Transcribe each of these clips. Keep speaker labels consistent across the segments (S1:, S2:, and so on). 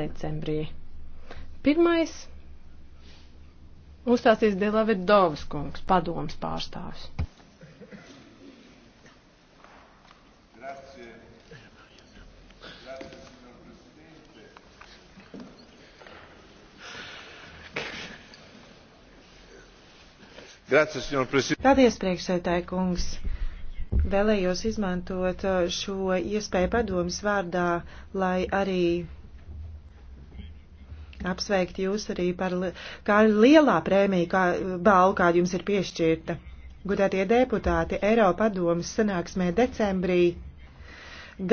S1: decembrī. Pirmais uzstāsies Delavedovas kungs, padomas pārstāvis.
S2: Paldies,
S3: priekšsētāji kungs. Vēlējos izmantot uh, šo iespēju padomas vārdā, lai arī apsveikt jūs arī par kā lielā prēmija, kā balvu, kāda jums ir piešķirta. Gudētie deputāti Eiropadomas sanāksmē decembrī.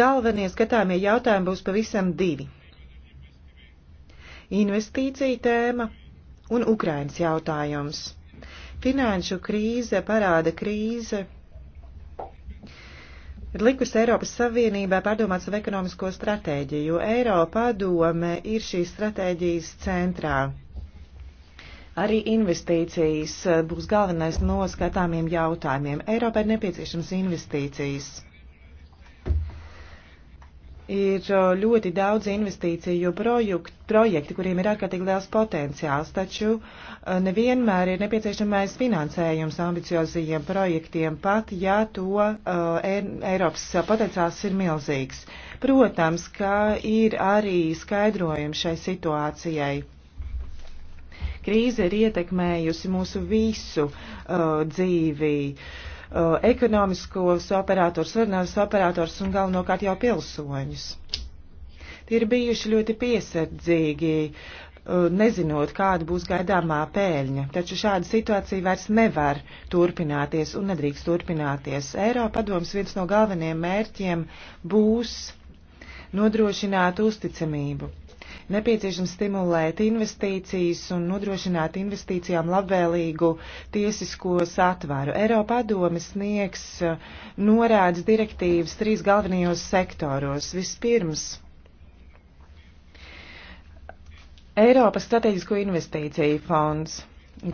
S3: Galvenie skatāmie jautājumi būs pavisam divi. Investīcija tēma un Ukrainas jautājums. Finanšu krīze parāda krīze ir likusi Eiropas Savienībā pārdomāt savu ekonomisko stratēģiju, jo Eiropa padome ir šīs stratēģijas centrā. Arī investīcijas būs galvenais no skatāmiem jautājumiem. Eiropai ir nepieciešams investīcijas ir uh, ļoti daudz investīciju projekt, projekti, kuriem ir ārkārtīgi liels potenciāls, taču uh, nevienmēr ir nepieciešamais finansējums ambiciozajiem projektiem, pat ja to uh, Eiropas potenciāls ir milzīgs. Protams, ka ir arī skaidrojumi šai situācijai. Krīze ir ietekmējusi mūsu visu uh, dzīvi. Uh, Uh, ekonomiskos operators, svarīgākos operators un galvenokārt jau pilsoņus. Tie ir bijuši ļoti piesardzīgi, uh, nezinot, kāda būs gaidāmā pēļņa. Taču šāda situācija vairs nevar turpināties un nedrīkst turpināties. Eiropa padoms viens no galvenajiem mērķiem būs nodrošināt uzticamību Nepieciešams stimulēt investīcijas un nodrošināt investīcijām labvēlīgu tiesisko satvaru. Eiropa padome sniegs uh, norādes direktīvas trīs galvenajos sektoros. Vispirms. Eiropas strateģisko investīciju fonds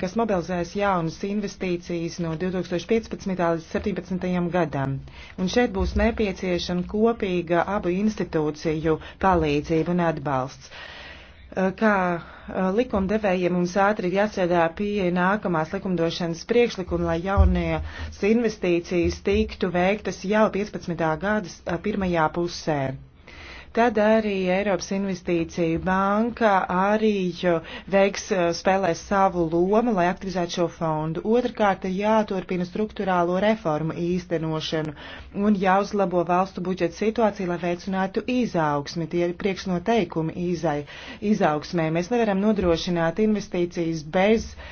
S3: kas mobilizēs jaunas investīcijas no 2015. līdz 2017. gadam. Un šeit būs nepieciešama kopīga abu institūciju palīdzība un atbalsts. Eh, kā eh, likumdevējiem mums ātri ir jāstrādā pie nākamās likumdošanas priekšlikuma, lai jaunās investīcijas tiktu veiktas jau 15. gada eh, pirmajā pusē. Tad arī Eiropas investīcija banka arī veiks eh, spēlēs savu lomu, lai aktivizētu šo fondu. Otrakārt, jāturpina struktūrālo reformu īstenošanu un jāuzlabo valstu budžeta situāciju, lai veicinātu izaugsmi. Tie ir priekšnoteikumi izai, izaugsmē. Mēs nevaram nodrošināt investīcijas bez uh,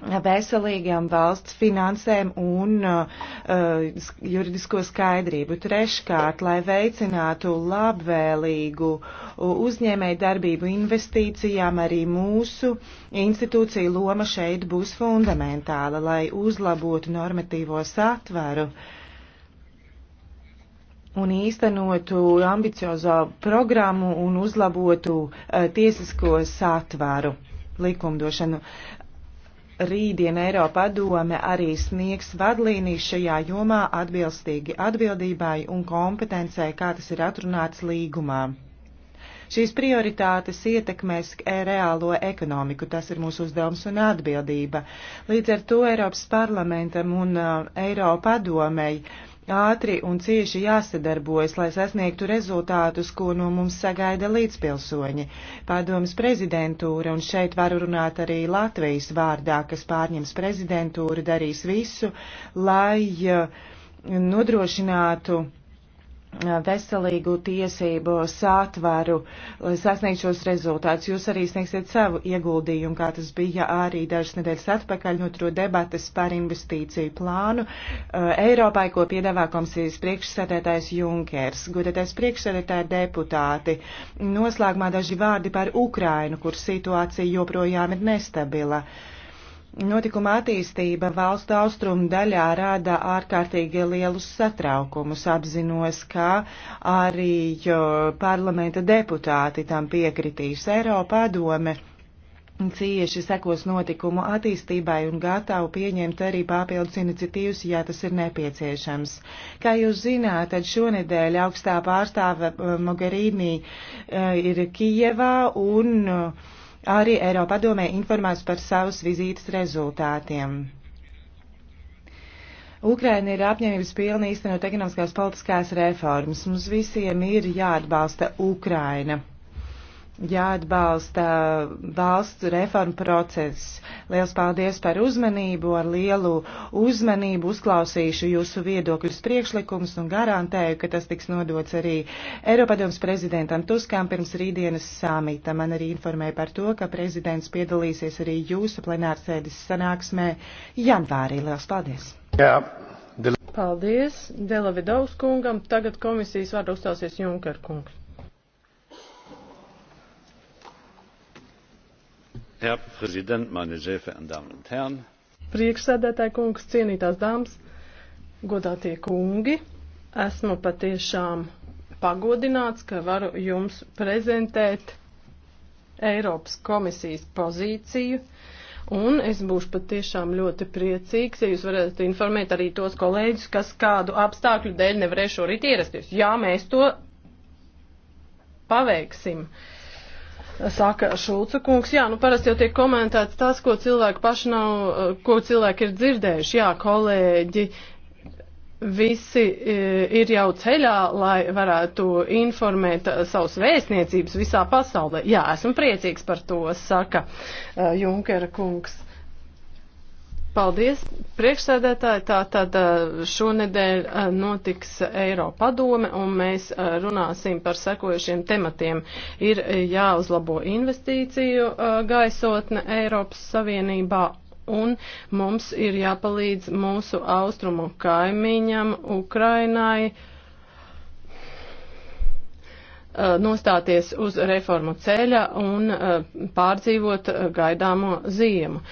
S3: veselīgām valsts finansēm un uh, uh, juridisko skaidrību. Treškārt, lai veicinātu labvēlīgu uzņēmēju darbību investīcijām, arī mūsu institūcija loma šeit būs fundamentāla, lai uzlabotu normatīvo satvaru un īstenotu ambiciozo programmu un uzlabotu uh, tiesisko satvaru likumdošanu rītdien Eiropa padome arī sniegs vadlīnijas šajā jomā atbilstīgi atbildībai un kompetencei, kā tas ir atrunāts līgumā. Šīs prioritātes ietekmēs reālo ekonomiku, tas ir mūsu uzdevums un atbildība. Līdz ar to Eiropas parlamentam un uh, Eiropa padomei uh, ātri un cieši jāsadarbojas, lai sasniegtu rezultātus, ko no mums sagaida līdzpilsoņi. Padomas prezidentūra, un šeit varu runāt arī Latvijas vārdā, kas pārņems prezidentūru, darīs visu, lai eh, nodrošinātu veselīgu tiesību sātvaru, lai sasniegtu šos rezultātus. Jūs arī sniegsiet savu ieguldījumu, kā tas bija arī dažas nedēļas atpakaļ, notro debatas par investīciju plānu uh, Eiropai, ko piedāvā komisijas priekšsēdētājs Junkers. Godētais priekšsēdētāji deputāti, noslēgumā daži vārdi par Ukrainu, kur situācija joprojām ir nestabila. Uh, Notikuma attīstība valstu austrumu daļā rada ārkārtīgi lielus satraukumus, apzinos, ka arī parlamenta deputāti tam piekritīs. Eiropā dome cieši sekos notikumu attīstībai un gatavu pieņemt arī papildus iniciatīvas, ja tas ir nepieciešams. Kā jūs zināt, tad šonedēļ augstā pārstāve eh, Mogherini eh, ir Kijevā un eh, arī Eiropadomē informēs par savas vizītes rezultātiem. Ukraina ir apņēmības pilna īstenot ekonomiskās politiskās reformas. Mums visiem ir jāatbalsta Ukraina jāatbalsta valsts reformu process. Liels paldies par uzmanību, ar lielu uzmanību uzklausīšu jūsu viedokļus priekšlikumus un garantēju, ka tas tiks nodots arī Eiropadoms prezidentam Tuskām pirms rītdienas samita. Man arī informēja par to, ka prezidents piedalīsies arī jūsu plenārsēdes sanāksmē janvārī. Liels paldies! Jā. Paldies Delavidovs
S1: kungam. Tagad komisijas vārdu uzstāsies Junker kungs.
S4: Herr Präsident, meine sehr verehrten Damen und Herren!
S1: Priekšsēdētāji kungs, cienītās dāmas, godātie kungi, esmu patiešām pagodināts, ka varu jums prezentēt Eiropas komisijas pozīciju. Un es būšu patiešām ļoti priecīgs, ja jūs varētu informēt arī tos kolēģus, kas kādu apstākļu dēļ nevarēs šorīt ierasties. Jā, mēs to paveiksim. Uh, Saka Šulca kungs, jā, nu parasti jau tiek komentēts tas, ko cilvēki paši nav, eh, ko cilvēki ir dzirdējuši. Jā, kolēģi visi eh, ir jau ceļā, lai varētu informēt eh, savus vēstniecības visā pasaulē. Jā, esmu priecīgs par to, saka Junkera kungs. Paldies, priekšsēdētāji. Tā tad eh, šonedēļ eh, notiks Eiropadome un mēs eh, runāsim par sekojušiem tematiem. Ir jāuzlabo investīciju gaisotne Eiropas Savienībā un mums ir jāpalīdz mūsu austrumu kaimiņam Ukrainai nostāties uz reformu ceļa un pārdzīvot gaidāmo ziemu.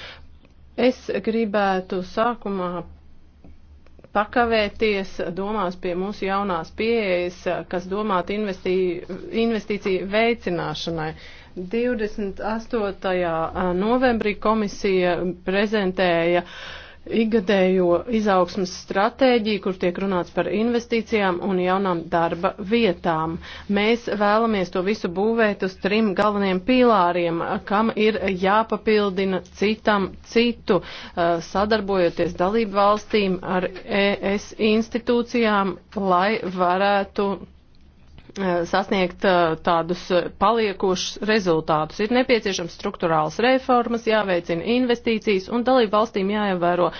S1: Es gribētu sākumā pakavēties domās pie mūsu jaunās pieejas, kas domāt investī, investīciju veicināšanai. 28. novembrī komisija prezentēja uh, igadējo izaugsmas stratēģiju, kur tiek runāts par investīcijām un jaunām darba vietām. Mēs vēlamies to visu būvēt uz trim galveniem pīlāriem, kam ir jāpapildina citam citu, eh, sadarbojoties dalību valstīm ar ES institūcijām, lai varētu Eh, sasniegt eh, tādus eh, paliekošus rezultātus. Ir nepieciešams struktūrāls reformas, jāveicina investīcijas un dalību valstīm jāievēro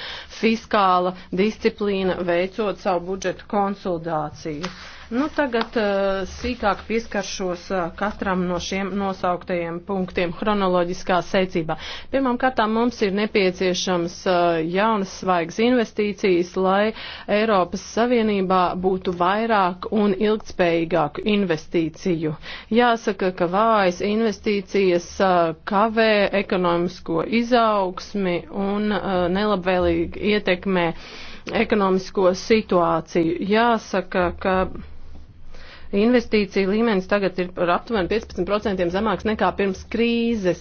S1: fiskāla disciplīna, veicot savu budžetu konsolidāciju. Uh, Nu, tagad uh, sīkāk pieskaršos uh, katram no šiem nosauktajiem punktiem chronoloģiskā secībā. Pirmkārt, mums ir nepieciešams uh, jaunas svaigas investīcijas, lai Eiropas Savienībā būtu vairāk un ilgtspējīgāku investīciju. Jāsaka, ka vājas investīcijas uh, kavē ekonomisko izaugsmi un uh, nelabvēlīgi ietekmē ekonomisko situāciju. Jāsaka, ka Investīcija līmenis tagad ir par aptuveni 15% zemāks nekā pirms krīzes.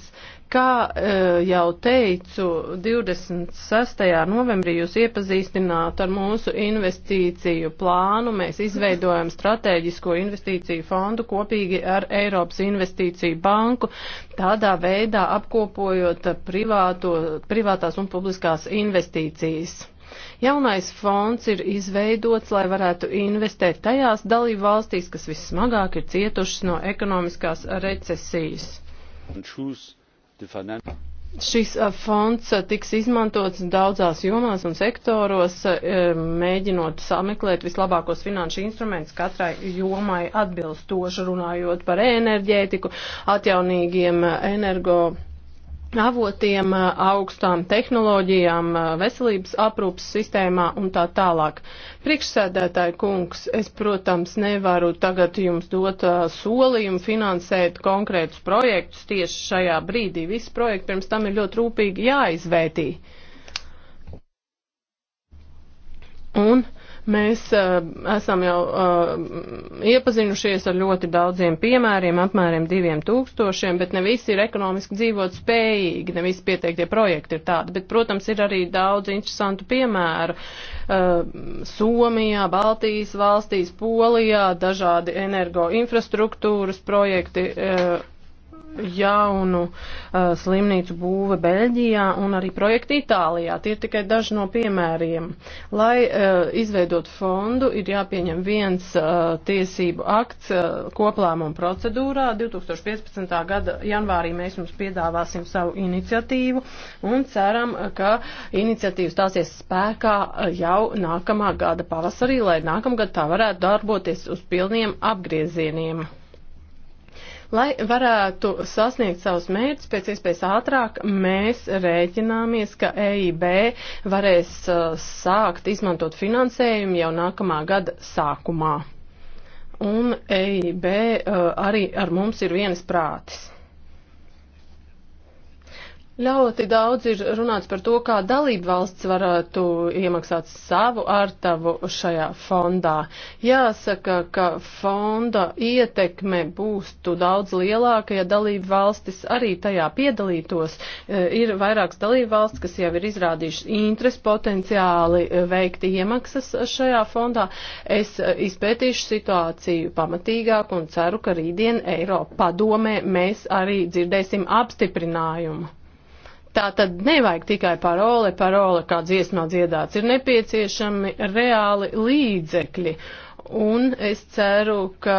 S1: Kā e, jau teicu, 26. novembrī jūs iepazīstināt ar mūsu investīciju plānu. Mēs izveidojam strateģisko investīciju fondu kopīgi ar Eiropas investīciju banku, tādā veidā apkopojot privāto, privātās un publiskās investīcijas. Jaunais fonds ir izveidots, lai varētu investēt tajās dalību valstīs, kas vissmagāk ir cietušas no ekonomiskās recesijas. Šis fonds tiks izmantots daudzās jomās un sektoros, e, mēģinot sameklēt vislabākos finanšu instrumentus katrai jomai atbilstoši runājot par enerģētiku, atjaunīgiem energo avotiem, augstām tehnoloģijām, veselības aprūpas sistēmā un tā tālāk. Priekšsēdētāji kungs, es, protams, nevaru tagad jums dot solījumu finansēt konkrētus projektus tieši šajā brīdī. Visi projekti pirms tam ir ļoti rūpīgi jāizvērtī. Un Mēs uh, esam jau uh, iepazinušies ar ļoti daudziem piemēriem, apmēram diviem tūkstošiem, bet ne visi ir ekonomiski dzīvot spējīgi, ne visi pieteiktie projekti ir tādi. Bet, protams, ir arī daudz interesantu piemēru. Uh, Somijā, Baltijas valstīs, Polijā dažādi energoinfrastruktūras projekti. Uh, jaunu uh, slimnīcu būve Beļģijā un arī projekti Itālijā. Tie ir tikai daži no piemēriem. Lai uh, izveidot fondu, ir jāpieņem viens uh, tiesību akts uh, koplēmuma procedūrā. 2015. gada janvārī mēs jums piedāvāsim savu iniciatīvu un ceram, ka iniciatīva stāsies spēkā uh, jau nākamā gada pavasarī, lai nākamgad tā varētu darboties uz pilniem apgriezieniem. Lai varētu sasniegt savus mērķus pēc iespējas ātrāk, mēs rēķināmies, ka EIB varēs uh, sākt izmantot finansējumu jau nākamā gada sākumā. Un EIB uh, arī ar mums ir vienas prātis. Ļoti daudz ir runāts par to, kā dalība valsts varētu iemaksāt savu ārtavu šajā fondā. Jāsaka, ka fonda ietekme būstu daudz lielāka, ja dalība valstis arī tajā piedalītos. E, ir vairākas dalība valsts, kas jau ir izrādījušas interes potenciāli veikt iemaksas šajā fondā. Es izpētīšu situāciju pamatīgāk un ceru, ka rītdien Eiropa padomē mēs arī dzirdēsim apstiprinājumu. Tā tad nevajag tikai parole, parole kā dziesmā dziedāts, ir nepieciešami reāli līdzekļi. Un es ceru, ka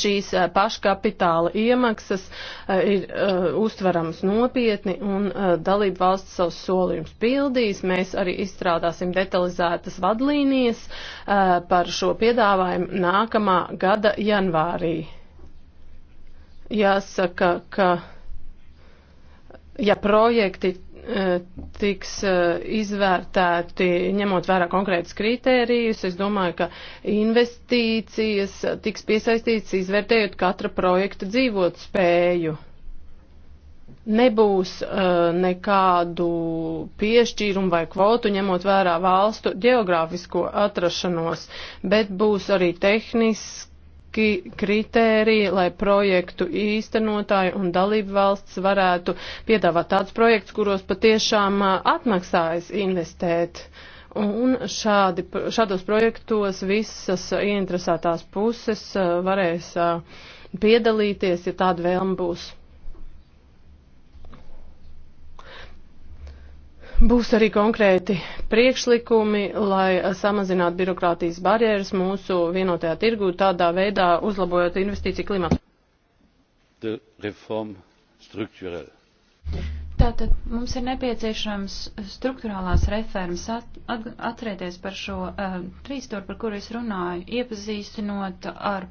S1: šīs eh, paškapitāla iemaksas eh, ir uh, uztveramas nopietni un uh, dalību valsts savus solījumus pildīs. Mēs arī izstrādāsim detalizētas vadlīnijas uh, par šo piedāvājumu nākamā gada janvārī. Jāsaka, ka ja projekti e, tiks e, izvērtēti ņemot vērā konkrētus kritērijus. Es domāju, ka investīcijas tiks piesaistītas izvērtējot katra projekta dzīvot spēju. Nebūs uh, nekādu piešķīrumu vai kvotu ņemot vērā valstu geogrāfisko atrašanos, bet būs arī tehnisks noteikti kritēriji, lai projektu īstenotāji un dalību valsts varētu piedāvāt tādus projektus, kuros patiešām atmaksājas investēt. Un šādi, šādos projektos visas ieinteresētās puses varēs piedalīties, ja tāda vēlme būs. Būs arī konkrēti priekšlikumi, lai samazinātu birokrātijas barjeras mūsu vienotajā tirgū, tādā veidā uzlabojot investīciju klimatu.
S5: Tātad mums ir nepieciešams struktūrālās reformas at, at, atrēties par šo uh, eh, trīsstūru, par kuru es runāju, iepazīstinot ar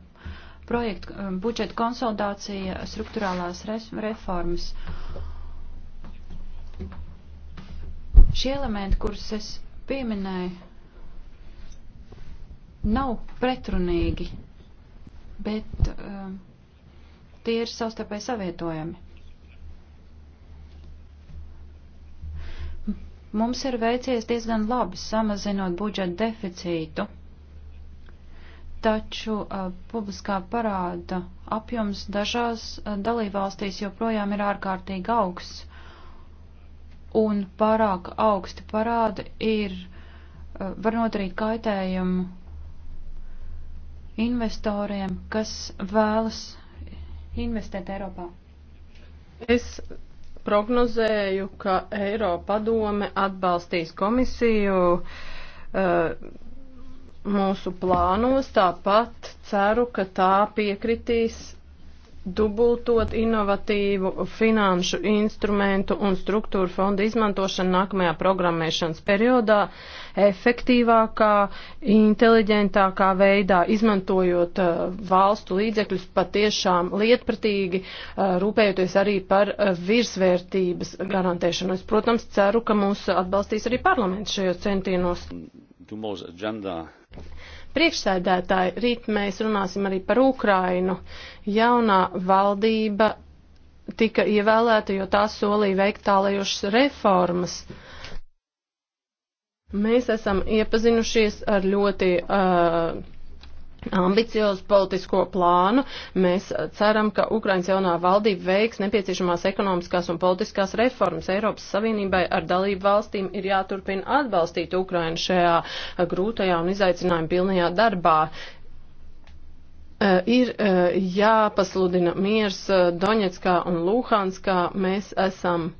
S5: projektu uh, budžeta konsolidācija struktūrālās res, reformas. Šie elementi, kurus es pieminēju, nav pretrunīgi, bet uh, tie ir savstarpēji savietojami. Mums ir veicies diezgan labi samazinot budžeta deficītu, taču uh, publiskā parāda apjoms dažās uh, dalībvalstīs joprojām ir ārkārtīgi augsts un pārāk augsti parādi ir, eh, var notarīt kaitējumu investoriem, kas vēlas investēt Eiropā.
S1: Es prognozēju, ka Eiropa padome atbalstīs komisiju uh, mūsu plānos, tāpat ceru, ka tā piekritīs dubultot inovatīvu finanšu instrumentu un struktūru fondu izmantošanu nākamajā programmēšanas periodā efektīvākā, inteliģentākā veidā, izmantojot uh, valstu līdzekļus patiešām lietpratīgi, uh, rūpējoties arī par uh, virsvērtības garantēšanu. Es, protams, ceru, ka mūs atbalstīs arī parlaments šajos centienos.
S4: Tomorrow's agenda
S1: Priekšsēdētāji, rīt mēs runāsim arī par Ukrainu. Jaunā valdība tika ievēlēta, jo tā solīja veikt tālējošas reformas. Mēs esam iepazinušies ar ļoti uh, ambiciozu politisko plānu. Mēs ceram, ka Ukrainas jaunā valdība veiks nepieciešamās ekonomiskās un politiskās reformas. Eiropas Savienībai ar dalību valstīm ir jāturpina atbalstīt Ukrainu šajā grūtajā un izaicinājuma pilnajā darbā. Eh, ir eh, jāpasludina miers eh, Doņetskā un Lūhanskā. Mēs esam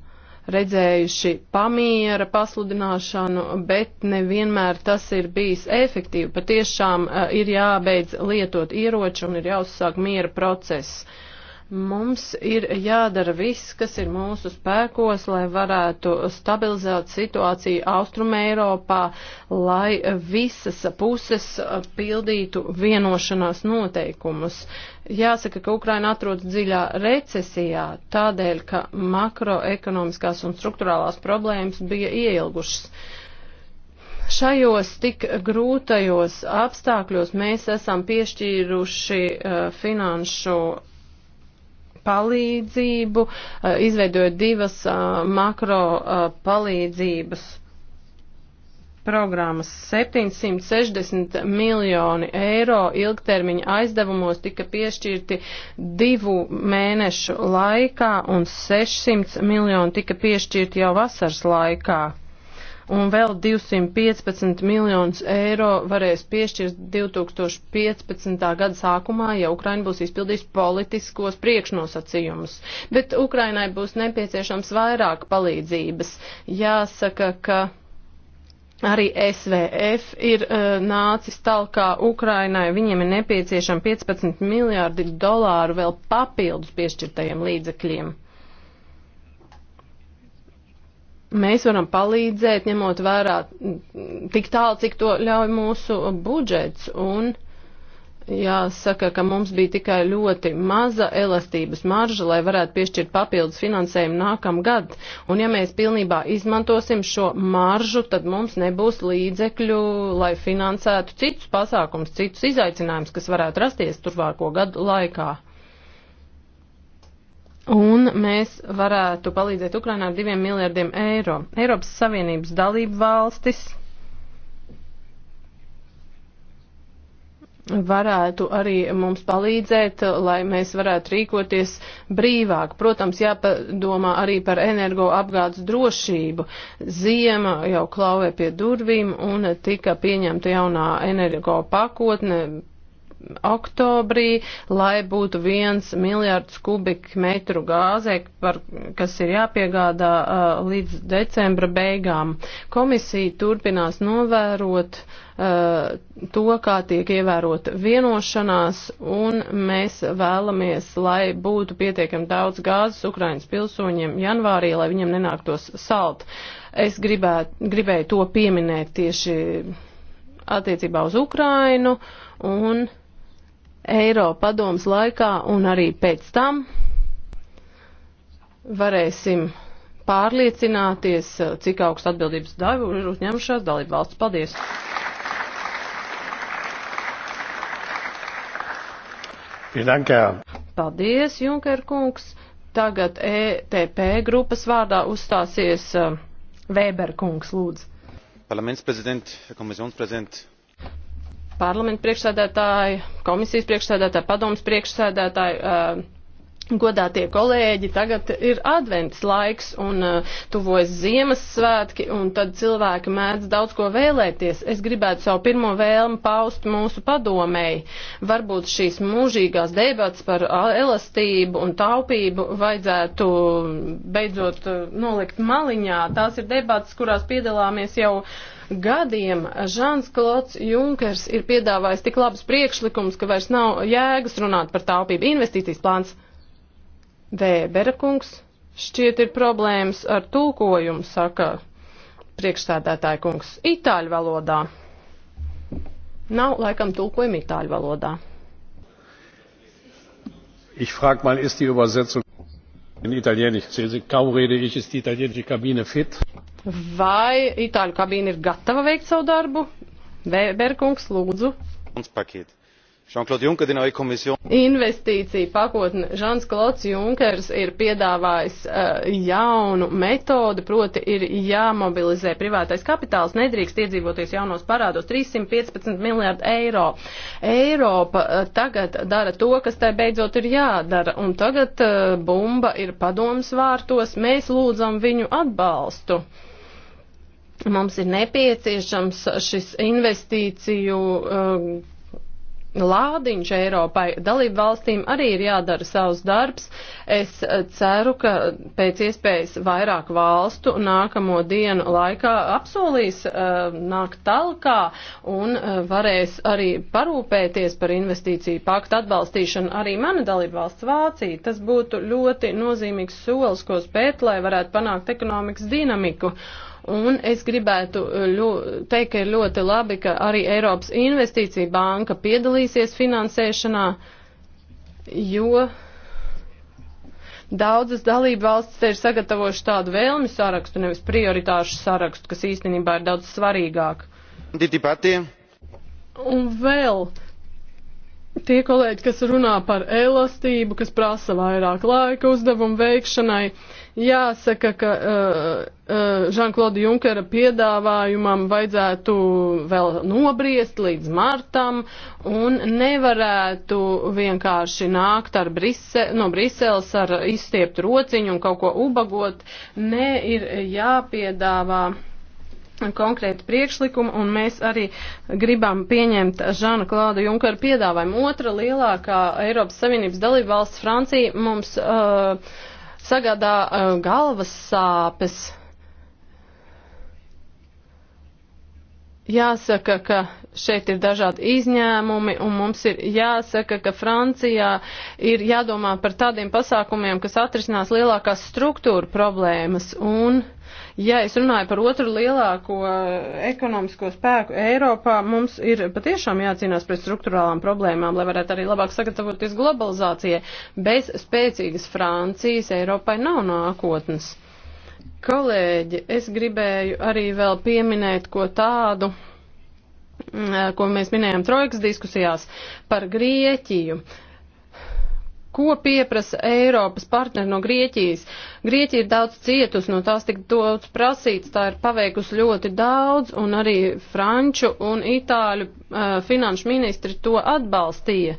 S1: redzējuši pamiera pasludināšanu, bet nevienmēr tas ir bijis efektīvi. Patiešām eh, ir jābeidz lietot ieroči un ir jāuzsāk miera process. Mums ir jādara viss, kas ir mūsu spēkos, lai varētu stabilizēt situāciju Austrum Eiropā, lai visas puses pildītu vienošanās noteikumus. Jāsaka, ka Ukraina atrodas dziļā recesijā, tādēļ, ka makroekonomiskās un struktūrālās problēmas bija ieilgušas šajos tik grūtajos apstākļos mēs esam piešķīruši uh, finanšu palīdzību, eh, izveidojot divas eh, makro eh, palīdzības programmas 760 miljoni eiro ilgtermiņa aizdevumos tika piešķirti divu mēnešu laikā un 600 miljoni tika piešķirti jau vasaras laikā un vēl 215 miljonus eiro varēs piešķirt 2015. gada sākumā, ja Ukraina būs izpildījusi politiskos priekšnosacījumus. Bet Ukrainai būs nepieciešams vairāk palīdzības. Jāsaka, ka. Arī SVF ir uh, nācis talkā Ukrainai. Viņiem ir nepieciešami 15 miljārdi dolāru vēl papildus piešķirtajiem līdzekļiem mēs varam palīdzēt, ņemot vērā tik tālu, cik to ļauj mūsu budžets. Un jāsaka, ka mums bija tikai ļoti maza elastības marža, lai varētu piešķirt papildus finansējumu nākamgad. Un ja mēs pilnībā izmantosim šo maržu, tad mums nebūs līdzekļu, lai finansētu citus pasākums, citus izaicinājumus, kas varētu rasties turvāko gadu laikā. Un mēs varētu palīdzēt Ukrainā ar diviem miljardiem eiro. Eiropas Savienības dalību valstis varētu arī mums palīdzēt, lai mēs varētu rīkoties brīvāk. Protams, jāpadomā arī par energoapgādes drošību. Ziema jau klauvē pie durvīm un tika pieņemta jaunā energo pakotne oktobrī, lai būtu viens miljards kubikmetru gāzē, par, kas ir jāpiegādā uh, līdz decembra beigām. Komisija turpinās novērot uh, to, kā tiek ievērota vienošanās, un mēs vēlamies, lai būtu pietiekami daudz gāzes Ukrainas pilsoņiem janvārī, lai viņiem nenāktos salt. Es gribētu, gribēju to pieminēt tieši attiecībā uz Ukrainu un Eiropa padomas laikā un arī pēc tam varēsim pārliecināties, cik augstu atbildības daļu ir uzņemšās dalību valsts. Paldies! Paldies, Junker kungs! Tagad ETP grupas vārdā uzstāsies uh, Weber kungs, lūdzu.
S2: Parlaments prezident, komisijas prezident
S1: parlamenta priekšsēdētāji, komisijas priekšsēdētāji, padomas priekšsēdētāji. Uh, Godātie kolēģi, tagad ir advents laiks un uh, tuvojas Ziemassvētki, un tad cilvēki mēdz daudz ko vēlēties. Es gribētu savu pirmo vēlmu paust mūsu padomēji. Varbūt šīs mūžīgās debats par elastību un taupību vajadzētu beidzot uh, nolikt maliņā. Tās ir debats, kurās piedalāmies jau uh, gadiem Žans Klots Junkers ir piedāvājis tik labus priekšlikumus, ka vairs nav jēgas runāt par taupību. Investīcijas plāns Vēbera kungs šķiet ir problēmas ar tulkojumu, saka priekšsēdētāja kungs, itāļu valodā. Nav laikam tulkojumi itāļu valodā.
S4: Ich frag mal, ist die Übersetzung Vai
S1: itāļu kabīne ir gatava veikt savu darbu? Vēberkungs, lūdzu.
S2: Paket. Investīcija
S1: pakotne Žans Klods Junkers ir piedāvājis uh, jaunu metodi, proti ir jāmobilizē privātais kapitāls, nedrīkst iedzīvoties jaunos parādos 315 miljārdu eiro. Eiropa uh, tagad dara to, kas tai beidzot ir jādara, un tagad uh, bumba ir padomas vārtos, mēs lūdzam viņu atbalstu. Mums ir nepieciešams šis investīciju. Uh, lādiņš Eiropai. Dalību valstīm arī ir jādara savs darbs. Es eh, ceru, ka pēc iespējas vairāk valstu nākamo dienu laikā apsolīs eh, nākt talkā un eh, varēs arī parūpēties par investīciju paktu atbalstīšanu. Arī mana dalību valsts Vācija. Tas būtu ļoti nozīmīgs solis, ko spēt, lai varētu panākt ekonomikas dinamiku. Un es gribētu eh, ļo, teikt, ka ir ļoti labi, ka arī Eiropas investīcija banka piedalīsies finansēšanā, jo daudzas dalība valstis ir sagatavojuši tādu vēlmi sarakstu, nevis prioritāšu sarakstu, kas īstenībā ir daudz svarīgāk.
S5: Un
S1: vēl tie kolēģi, kas runā par elastību, kas prasa vairāk laika uzdevumu veikšanai, Jāsaka, ka Žanklauda uh, uh, Junkera piedāvājumam vajadzētu vēl nobriest līdz martam un nevarētu vienkārši nākt ar Brise, no Briseles ar izstiept rociņu un kaut ko ubagot. Nē, ir jāpiedāvā konkrēti priekšlikumi, un mēs arī gribam pieņemt Žana Klauda Junkara piedāvājumu. Otra lielākā Eiropas Savienības dalība valsts Francija mums. Uh, sagādā uh, galvas sāpes. Jāsaka, ka šeit ir dažādi izņēmumi, un mums ir jāsaka, ka Francijā ir jādomā par tādiem pasākumiem, kas atrisinās lielākās struktūra problēmas, un uh, Ja es runāju par otru lielāko eh, ekonomisko spēku Eiropā, mums ir patiešām jācīnās pret struktūrālām problēmām, lai varētu arī labāk sagatavoties globalizācijai. Bez spēcīgas Francijas Eiropai nav nākotnes. Kolēģi, es gribēju arī vēl pieminēt ko tādu mm, eh, ko mēs minējām trojkas diskusijās par Grieķiju. Uh, Ko pieprasa Eiropas partneri no Grieķijas? Grieķija ir daudz cietus, no tās tik daudz prasīts, tā ir paveikusi ļoti daudz, un arī franču un itāļu uh, finanšu ministri to atbalstīja.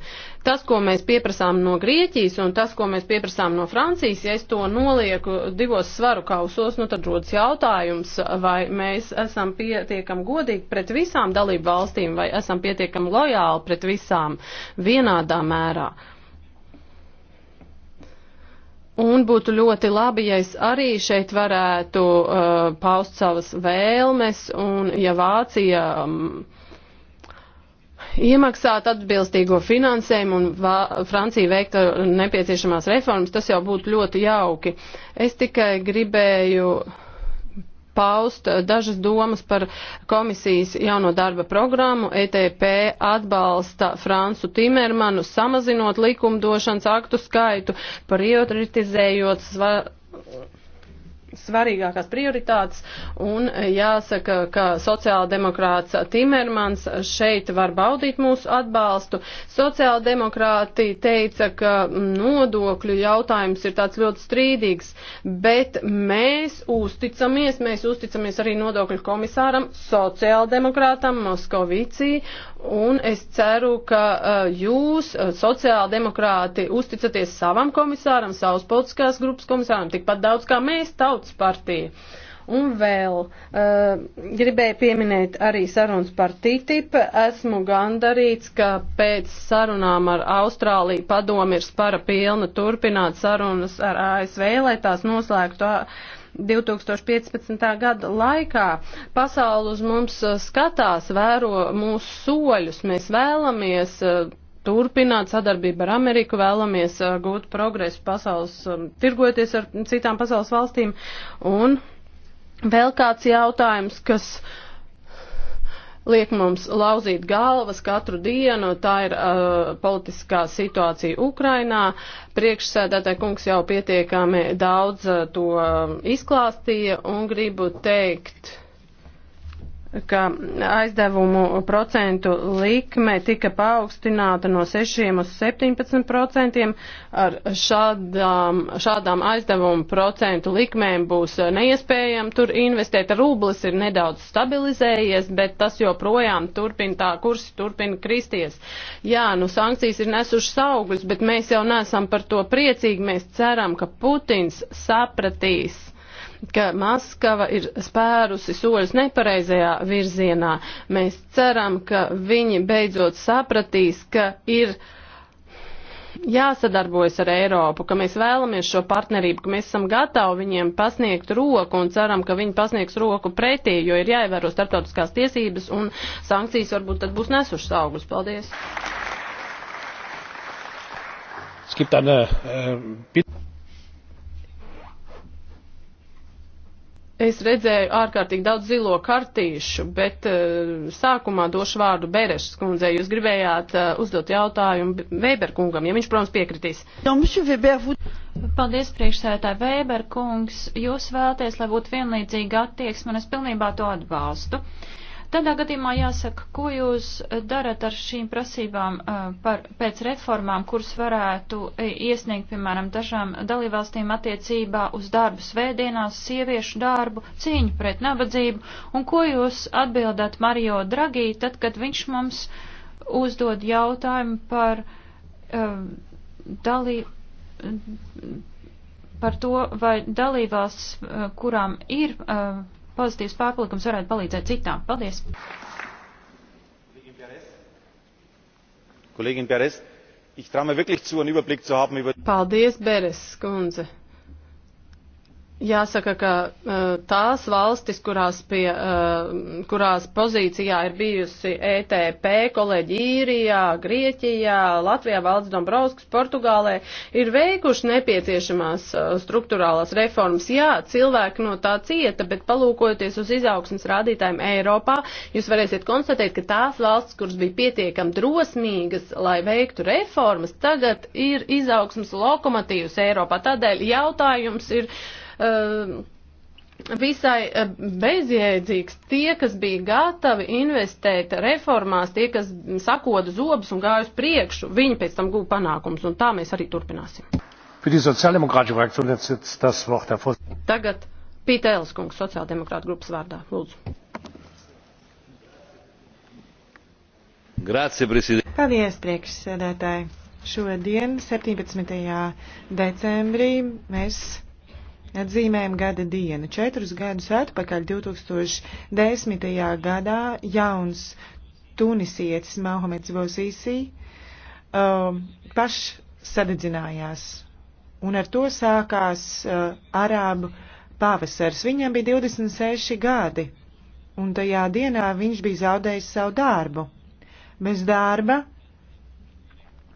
S1: Tas, ko mēs pieprasām no Grieķijas un tas, ko mēs pieprasām no Francijas, ja es to nolieku divos svaru kausos, nu tad rodas jautājums, vai mēs esam pietiekam godīgi pret visām dalību valstīm, vai esam pietiekam lojāli pret visām vienādā mērā. Un būtu ļoti labi, ja es arī šeit varētu uh, paust savas vēlmes, un ja Vācija um, iemaksātu atbilstīgo finansējumu un Vā Francija veiktu uh, nepieciešamās reformas, tas jau būtu ļoti jauki. Es tikai gribēju. Uh, paust dažas domas par komisijas jauno darba programmu. ETP atbalsta Francu Timermanu, samazinot likumdošanas aktu skaitu, prioritizējot sva svarīgākās prioritātes, un e, jāsaka, ka sociāldemokrāts Timermans šeit var baudīt mūsu atbalstu. Sociāldemokrāti teica, ka nodokļu jautājums ir tāds ļoti strīdīgs, bet mēs uzticamies, mēs uzticamies arī nodokļu komisāram, sociāldemokrātam Moskovicī, Un es ceru, ka uh, jūs, uh, sociāldemokrāti, uzticaties savam komisāram, savas politiskās grupas komisāram, tikpat daudz kā mēs, tautas partija. Un vēl uh, gribēju pieminēt arī sarunas par TTIP. Esmu gandarīts, ka pēc sarunām ar Austrāliju padomi ir spara pilna turpināt sarunas ar ASV, lai tās noslēgtu. Uh, 2015. gada laikā. Pasauli uz mums uh, skatās, vēro mūsu soļus, mēs vēlamies uh, turpināt sadarbību ar Ameriku, vēlamies uh, gūt progresu pasaules, um, tirgoties ar citām pasaules valstīm. Un vēl kāds jautājums, kas. Uh, liek mums lauzīt galvas katru dienu. Tā ir uh, politiskā situācija Ukrainā. Priekšsēdētāji kungs jau pietiekami daudz uh, to um, izklāstīja un gribu teikt ka aizdevumu procentu likme tika paaugstināta no 6 uz 17 procentiem. Ar šādām, šādām aizdevumu procentu likmēm būs neiespējami tur investēt. Rublis ir nedaudz stabilizējies, bet tas joprojām turpina tā kursi, turpina kristies. Jā, nu sankcijas ir nesušas augļus, bet mēs jau nesam par to priecīgi. Mēs ceram, ka Putins sapratīs ka Maskava ir spērusi soļus nepareizajā virzienā. Mēs ceram, ka viņi beidzot sapratīs, ka ir jāsadarbojas ar Eiropu, ka mēs vēlamies šo partnerību, ka mēs esam gatavi viņiem pasniegt roku un ceram, ka viņi pasniegs roku pretī, jo ir jāievēro starptautiskās tiesības un sankcijas varbūt tad būs nesušas augus. Paldies!
S4: Es gibt eine, äh,
S1: Es redzēju ārkārtīgi daudz zilo kartīšu, bet uh, sākumā došu vārdu Berešas kundzei. Jūs gribējāt uh, uzdot jautājumu Weber kungam, ja viņš, protams, piekritīs.
S5: Paldies, priekšsētāji Weber kungs. Jūs vēlaties, lai būtu vienlīdzīga attieksme, un es pilnībā to atbalstu. Uh, Tādā gadījumā jāsaka, ko jūs darat ar šīm prasībām par, pēc reformām, kuras varētu iesniegt, piemēram, dažām dalībvalstīm attiecībā uz darbu svētdienās, sieviešu darbu, cīņu pret nabadzību, un ko jūs atbildat Mario Dragī, tad, kad viņš mums uzdod jautājumu par um, dalī, par to, vai dalībās, kurām ir uh, pozitīvs pārpalikums varētu palīdzēt citām. Paldies!
S2: Kolēģin Pēres, ich traue mir wirklich zu, einen Überblick zu haben über.
S1: Paldies, Beres, Kunze! Jāsaka, ka eh, tās valstis, kurās, pie, eh, kurās pozīcijā ir bijusi ETP, kolēģi Īrijā, Grieķijā, Latvijā, Valdes Dombrovskis, Portugālē, ir veikuši nepieciešamās eh, struktūrālās reformas. Jā, cilvēki no tā cieta, bet palūkojoties uz izaugsmas rādītājiem Eiropā, jūs varēsiet konstatēt, ka tās valstis, kuras bija pietiekam drosmīgas, lai veiktu reformas, tagad ir izaugsmas lokomotīvas Eiropā. Tādēļ jautājums ir Uh, visai eh, bezjēdzīgs. Tie, kas bija gatavi investēt reformās, tie, kas sakoda zobus un gāja uz priekšu, viņi pēc tam gūja panākums, un tā mēs arī turpināsim. Tagad Pīta Elskungs, sociāldemokrāta grupas vārdā. Lūdzu.
S2: Grācie, prezident.
S3: Paldies, priekšsēdētāji. Šodien, 17. decembrī, mēs atzīmējam gada dienu. Četrus gadus atpakaļ, 2010. gadā, jauns tunisietis Mahomets Bosīsī um, paš sadedzinājās. Un ar to sākās uh, arābu pavasars. Viņam bija 26 gadi, un tajā dienā viņš bija zaudējis savu darbu. Bez darba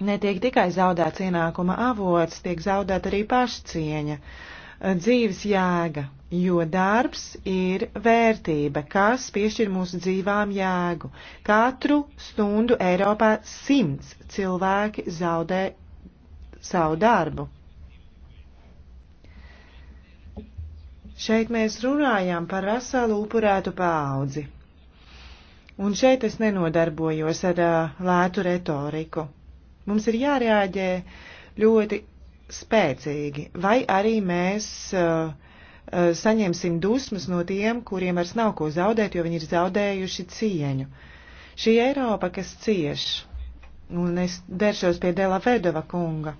S3: netiek tikai zaudēts ienākuma avots, tiek zaudēta arī pašcieņa. Uh, dzīves jēga, jo darbs ir vērtība, kas piešķir mūsu dzīvām jēgu. Katru stundu Eiropā simts cilvēki zaudē savu darbu. Šeit mēs runājām par veselu upurētu paudzi. Un šeit es nenodarbojos ar uh, lētu retoriku. Mums ir jārēģē ļoti spēcīgi, vai arī mēs uh, uh, saņemsim dusmas no tiem, kuriem vairs nav ko zaudēt, jo viņi ir zaudējuši cieņu. Šī Eiropa, kas cieš, un es deršos pie Dela Vedova kunga.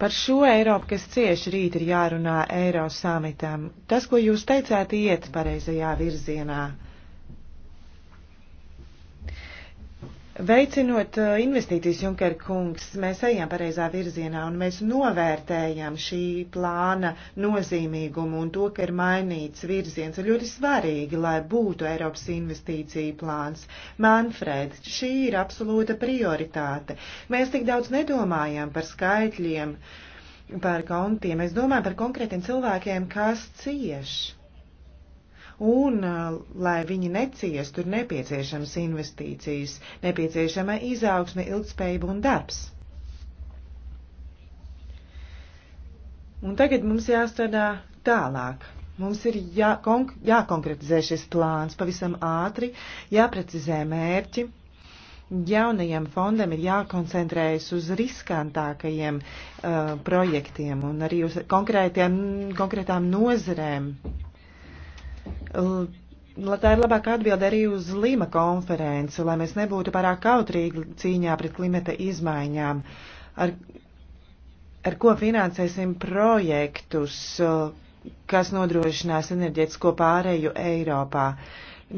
S3: Par šo Eiropu, kas cieši rīt ir jārunā Eiro samitam. Tas, ko jūs teicāt, iet pareizajā virzienā. Veicinot uh, investīcijas, Junker kungs, mēs ejam pareizā virzienā un mēs novērtējam šī plāna nozīmīgumu un to, ka ir mainīts virziens. Ir ļoti svarīgi, lai būtu Eiropas investīcija plāns. Manfred, šī ir absolūta prioritāte. Mēs tik daudz nedomājam par skaitļiem, par kontiem. Mēs domājam par konkrētiem cilvēkiem, kas cieši un, uh, lai viņi neciestu, ir nepieciešams investīcijas, nepieciešama izaugsme, ilgspējība un darbs. Un tagad mums jāstrādā tālāk. Mums ir jākonk jākonkretizē šis plāns pavisam ātri, jāprecizē mērķi. Jaunajam fondam ir jākoncentrējas uz riskantākajiem uh, projektiem un arī uz konkrētām nozerēm. Tā ir labāka atbilde arī uz Lima konferenci, lai mēs nebūtu pārāk kautrīgi cīņā pret klimata izmaiņām. Ar, ar ko finansēsim projektus, kas nodrošinās enerģētisko pārēju Eiropā?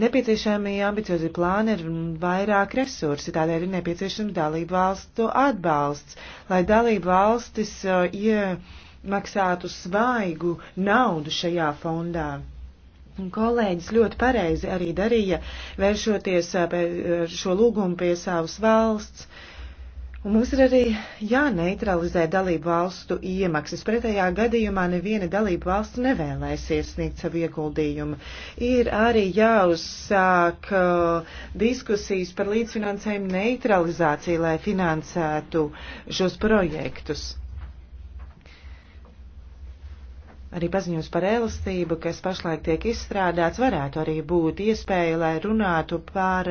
S3: Nepieciešami ambiciozi plāni ir vairāk resursi, tādēļ ir nepieciešams dalību valstu atbalsts, lai dalību valstis uh, iemaksātu svaigu naudu šajā fondā. Kolēģis ļoti pareizi arī darīja, vēršoties šo lūgumu pie savas valsts. Un mums ir arī jāneutralizē dalību valstu iemaksas. Pretējā gadījumā neviena dalību valsts nevēlēsies sniegt savu ieguldījumu. Ir arī jāuzsāk uh, diskusijas par līdzfinansējumu neutralizāciju, lai finansētu šos projektus. arī paziņos par elastību, kas pašlaik tiek izstrādāts, varētu arī būt iespēja, lai runātu par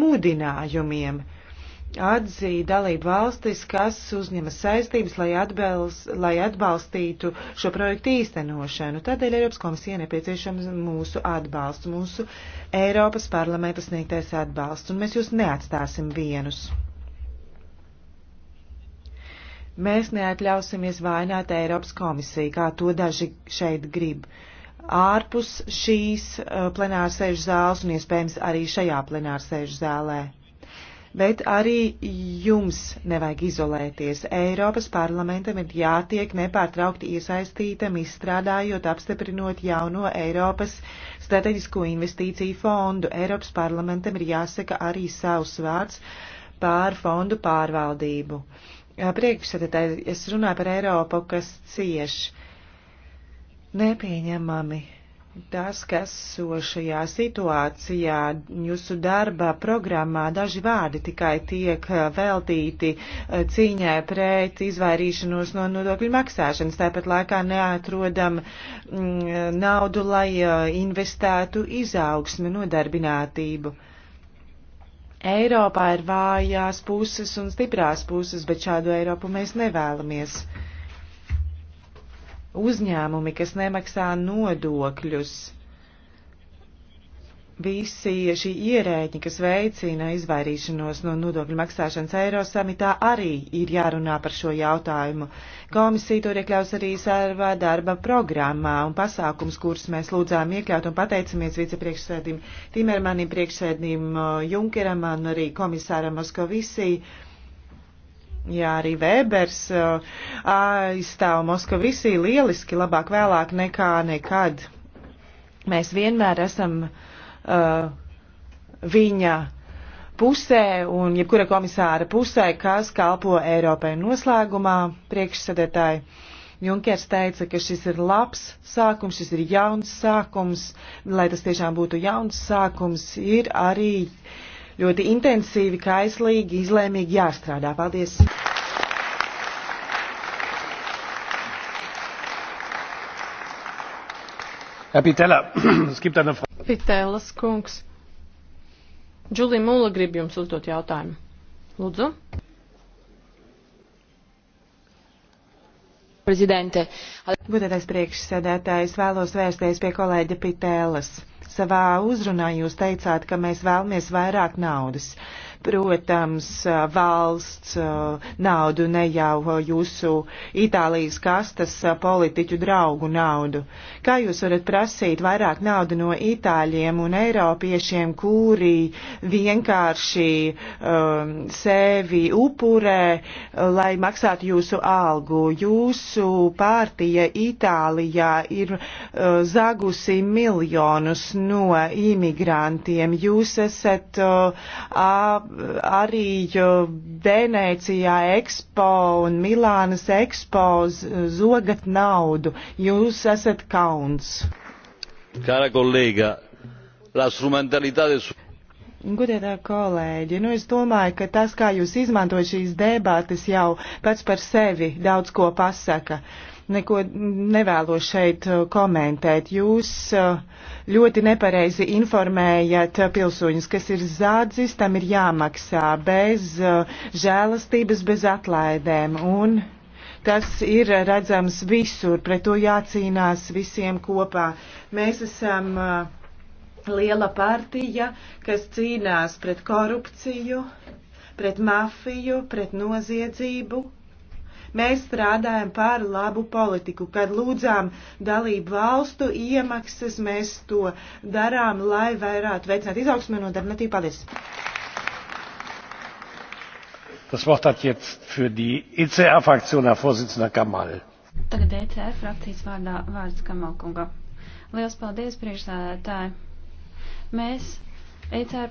S3: mūdinājumiem atzīt dalību valstis, kas uzņemas saistības, lai, atbalst, lai atbalstītu šo projektu īstenošanu. Tādēļ Eiropas komisija nepieciešams mūsu atbalsts, mūsu Eiropas parlamenta sniegtais atbalsts, un mēs jūs neatstāsim vienus. Mēs neatļausimies vainot Eiropas komisiju, kā to daži šeit grib. Ārpus šīs uh, plenārsēžu zāles un iespējams arī šajā plenārsēžu zālē. Bet arī jums nevajag izolēties. Eiropas parlamentam ir jātiek nepārtraukti iesaistītam, izstrādājot, apstiprinot jauno Eiropas strateģisko investīciju fondu. Eiropas parlamentam ir jāsaka arī savs vārds pār fondu pārvaldību. Uh, priekšsēdētāji, es runāju par Eiropu, kas cieš nepieņemami tas, kas sošajā situācijā jūsu darba programmā daži vārdi tikai tiek eh, veltīti eh, cīņai pret izvairīšanos no nodokļu maksāšanas. Tāpat laikā neatrodam mm, naudu, lai eh, investētu izaugsmi nodarbinātību. Eiropā ir vājās puses un stiprās puses, bet šādu Eiropu mēs nevēlamies. Uzņēmumi, kas nemaksā nodokļus, Visi šī ierēģi, kas veicina izvairīšanos no nodokļu maksāšanas Eirosamitā, arī ir jārunā par šo jautājumu. Komisija to iekļaus arī savā darba programmā un pasākums, kurus mēs lūdzām iekļaut un pateicamies vicepriekšsēdim Timermanim, priekšsēdim uh, Junkeram un arī komisāram Moskovisī. Jā, arī Vēbers uh, aizstāv Moskovisī lieliski, labāk vēlāk nekā nekad. Mēs vienmēr esam uh, uh, viņa pusē un jebkura komisāra pusē, kas kalpo Eiropai noslēgumā priekšsadētāji. Junkers teica, ka šis ir labs sākums, šis ir jauns sākums, lai tas tiešām būtu jauns sākums, ir arī ļoti intensīvi, kaislīgi, izlēmīgi jāstrādā. Paldies! Pitēlas
S1: kungs. Džulija Mūla grib jums uzdot jautājumu.
S3: Lūdzu. Prezidente. Budētais priekšsēdētājs vēlos vērsties pie kolēģa Pitēlas. Savā uzrunā jūs teicāt, ka mēs vēlamies vairāk naudas. Protams, valsts naudu, ne jau jūsu Itālijas kastas politiķu draugu naudu. Kā jūs varat prasīt vairāk naudu no itāļiem un eiropiešiem, kuri vienkārši um, sevi upurē, lai maksātu jūsu algu? Jūsu partija Itālijā ir uh, zagusi miljonus no imigrantiem. Jūs esat uh, uh, arī Venecijā ekspo un Milānas ekspo zogat naudu. Jūs esat kauns.
S2: Cara kolēga, la strumentalitāte.
S3: Gudētā kolēģi, nu es domāju, ka tas, kā jūs izmantojat šīs debātas, jau pats par sevi daudz ko pasaka. Uh, neko nevēlos šeit uh, komentēt. Jūs uh, ļoti nepareizi informējat uh, pilsoņus, kas ir zādzis, tam ir jāmaksā bez žēlastības, bez atlaidēm. Un tas ir redzams visur, pret to jācīnās visiem kopā. Mēs esam liela partija, kas cīnās pret korupciju, pret mafiju, pret noziedzību Mēs strādājam par labu politiku. Kad lūdzām dalību valstu iemaksas, mēs to darām, lai vairāk veicinātu izaugsmu un nodarbinātību. Paldies!
S4: Das Wort hat jetzt für die ECR-Fraktion Herr Vorsitzender Kamal.
S5: Tagad ECR frakcijas vārdā vārds Kamalkunga. Liels paldies, priekšsēdētāji! Mēs ECR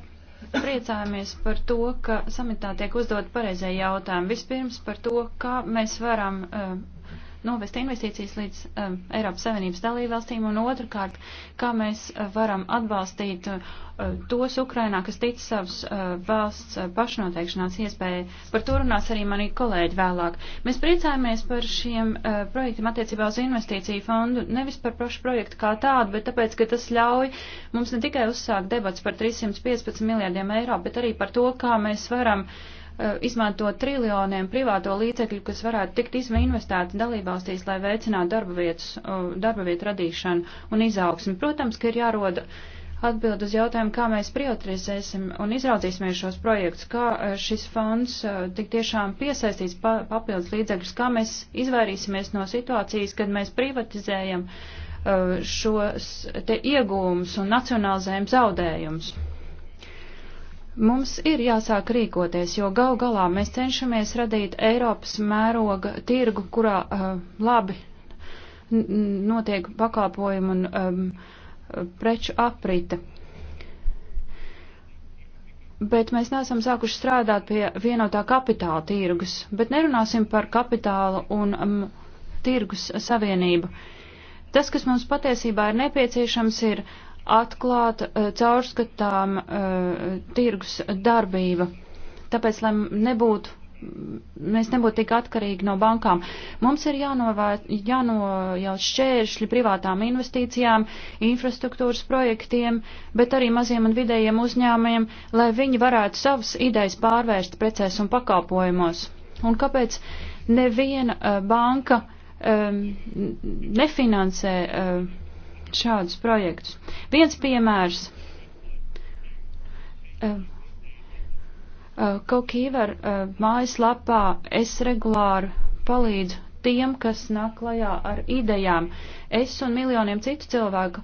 S5: Priecājamies par to, ka samitā tiek uzdot pareizie jautājumi. Vispirms par to, kā mēs varam uh, novest investīcijas līdz um, Eiropas Savienības dalībvalstīm, un otrkārt, kā mēs uh, varam atbalstīt uh, tos Ukrainā, kas tic savas uh, valsts uh, pašnoteikšanās iespēja. Par to runās arī mani kolēģi vēlāk. Mēs priecājamies par šiem uh, projektiem attiecībā uz investīciju fondu, nevis par pašu projektu kā tādu, bet tāpēc, ka tas ļauj mums ne tikai uzsākt debats par 315 miljardiem eiro, bet arī par to, kā mēs varam uh, Eh, izmantot triljoniem privāto līdzekļu, kas varētu tikt investēti dalībvalstīs, lai veicinātu darba, vietas, eh, darba vietu radīšanu un izaugsmi. Protams, ka ir jāroda atbild uz jautājumu, kā mēs prioritizēsim un izraudzīsimies šos projektus, kā eh, šis fonds tik tiešām piesaistīs pa, papildus līdzekļus, kā mēs izvairīsimies no situācijas, kad mēs privatizējam šos te iegūmus un nacionalizējam zaudējumus. Mums ir jāsāk rīkoties, jo gal galā mēs cenšamies radīt Eiropas mēroga tirgu, kurā uh, labi notiek pakalpojumu un um, preču aprite. Bet mēs neesam sākuši strādāt pie vienotā kapitāla tirgus, bet nerunāsim par kapitālu un um, tirgus savienību. Tas, kas mums patiesībā ir nepieciešams, ir uh, atklāta, e, caurskatām e, tirgus darbība. Tāpēc, lai nebūtu mēs nebūtu tik atkarīgi no bankām. Mums ir jānojauc šķēršļi privātām investīcijām, infrastruktūras projektiem, bet arī maziem un vidējiem uzņēmējiem, lai viņi varētu savas idejas pārvērst precēs un pakalpojumos. Un kāpēc neviena e, banka um, nefinansē um, šādus projektus. Viens piemērs. Uh, eh, eh, Kaukīver eh, mājaslapā es regulāri palīdzu tiem, kas nāk klajā ar idejām. Es un miljoniem citu cilvēku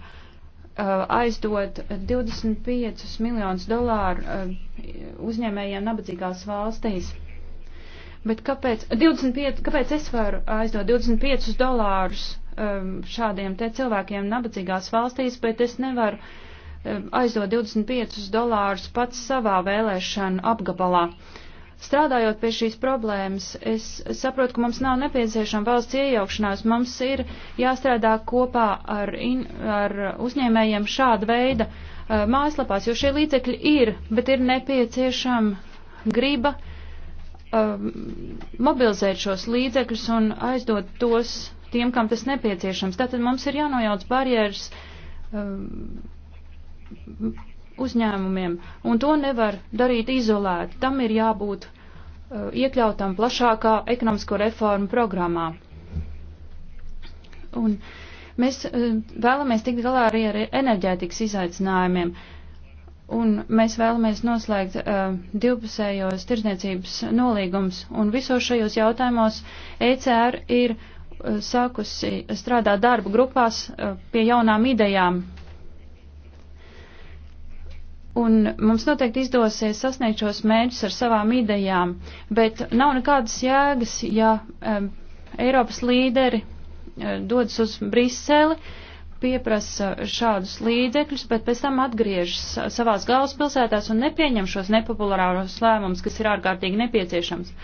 S5: aizdod 25 miljonus dolāru uzņēmējiem nabadzīgās valstīs. Bet kāpēc, 25, kāpēc es varu aizdot 25 dolārus Um, šādiem te cilvēkiem nabadzīgās valstīs, bet es nevaru um, aizdot 25 dolārus pats savā vēlēšana apgabalā. Strādājot pie šīs problēmas, es saprotu, ka mums nav nepieciešama valsts iejaukšanās. Mums ir jāstrādā kopā ar, in, ar uzņēmējiem šāda veida uh, mājaslapās, jo šie līdzekļi ir, bet ir nepieciešama griba uh, mobilizēt šos līdzekļus un aizdot tos tiem, kam tas nepieciešams. Tātad mums ir jānojauc barjeras um, uzņēmumiem, un to nevar darīt izolēti. Tam ir jābūt uh, iekļautam plašākā ekonomisko reformu programmā. Un mēs uh, vēlamies tikt galā arī ar enerģētikas izaicinājumiem. Un mēs vēlamies noslēgt uh, divpusējos tirdzniecības nolīgums, un visos šajos jautājumos ECR ir Eh, sākusi strādāt darba grupās eh, pie jaunām idejām. Un mums noteikti izdosies sasniegt šos mērķus ar savām idejām, bet nav nekādas jēgas, ja um, Eiropas līderi um, dodas uz Briseli, pieprasa šādus līdzekļus, bet pēc tam atgriežas savās galvaspilsētās un nepieņem šos nepopulāros lēmumus, kas ir ārkārtīgi nepieciešams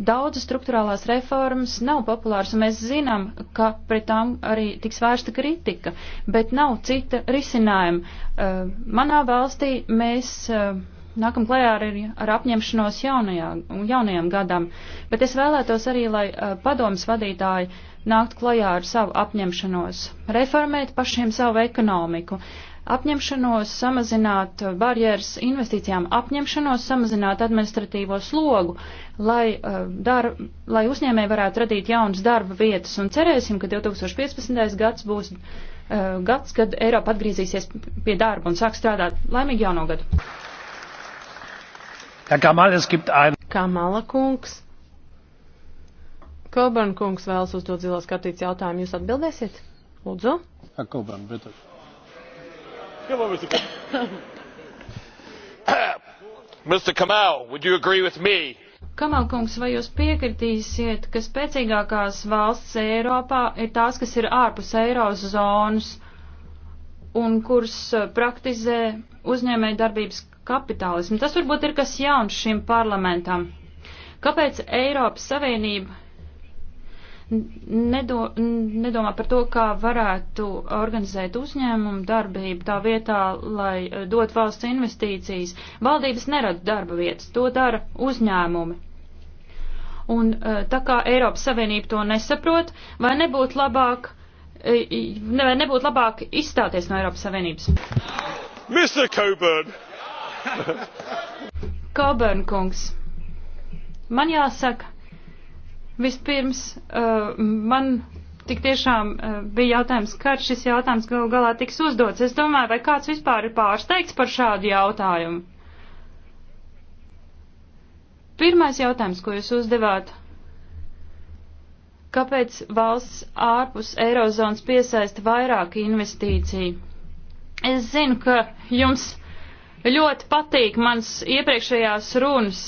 S5: Daudz struktūrālās reformas nav populāras, un mēs zinām, ka pret tām arī tiks vērsta kritika, bet nav cita risinājuma. Uh, manā valstī mēs. Uh, nākam klajā ar, ar apņemšanos jaunajā, jaunajam gadam, bet es vēlētos arī, lai uh, padomas vadītāji nākt klajā ar savu apņemšanos, reformēt pašiem savu ekonomiku, apņemšanos samazināt barjeras investīcijām, apņemšanos samazināt administratīvo slogu, lai, eh, dar, lai uzņēmēji varētu radīt jaunas darba vietas. Un cerēsim, ka 2015. gads būs uh, gads, kad Eiropa atgriezīsies pie darba un sāks strādāt. Laimīgi jauno gadu!
S1: Kamala kungs.
S5: Koban kungs vēlas uzdot
S1: zilās kartītes jautājumu. Jūs atbildēsiet? Lūdzu.
S4: Koban, bet. Mr. Kamal, would you agree with me?
S5: Kamalkungs, vai jūs piekritīsiet, ka spēcīgākās valsts Eiropā ir tās, kas ir ārpus eirozonas un kuras eh, praktizē uzņēmēja darbības kapitālismu? Tas varbūt ir kas jauns šim parlamentam. Kāpēc Eiropas Savienība nedo, nedomā par to, kā varētu organizēt uzņēmumu darbību tā vietā, lai eh, dot valsts investīcijas. Valdības nerada darba vietas, to dara uzņēmumi. Un eh, tā kā Eiropas Savienība to nesaprot, vai nebūtu labāk, eh, vai nebūtu labāk izstāties no Eiropas Savienības?
S4: Mr. Coburn!
S5: Coburn kungs, man jāsaka, Vispirms uh, man tik tiešām uh, bija jautājums, kad šis jautājums gal galā tiks uzdots. Es domāju, vai kāds vispār ir pārsteigts par šādu jautājumu. Pirmais jautājums, ko jūs uzdevāt. Kāpēc valsts ārpus Eirozonas piesaista vairāk investīciju? Es zinu, ka jums ļoti patīk mans iepriekšējās runas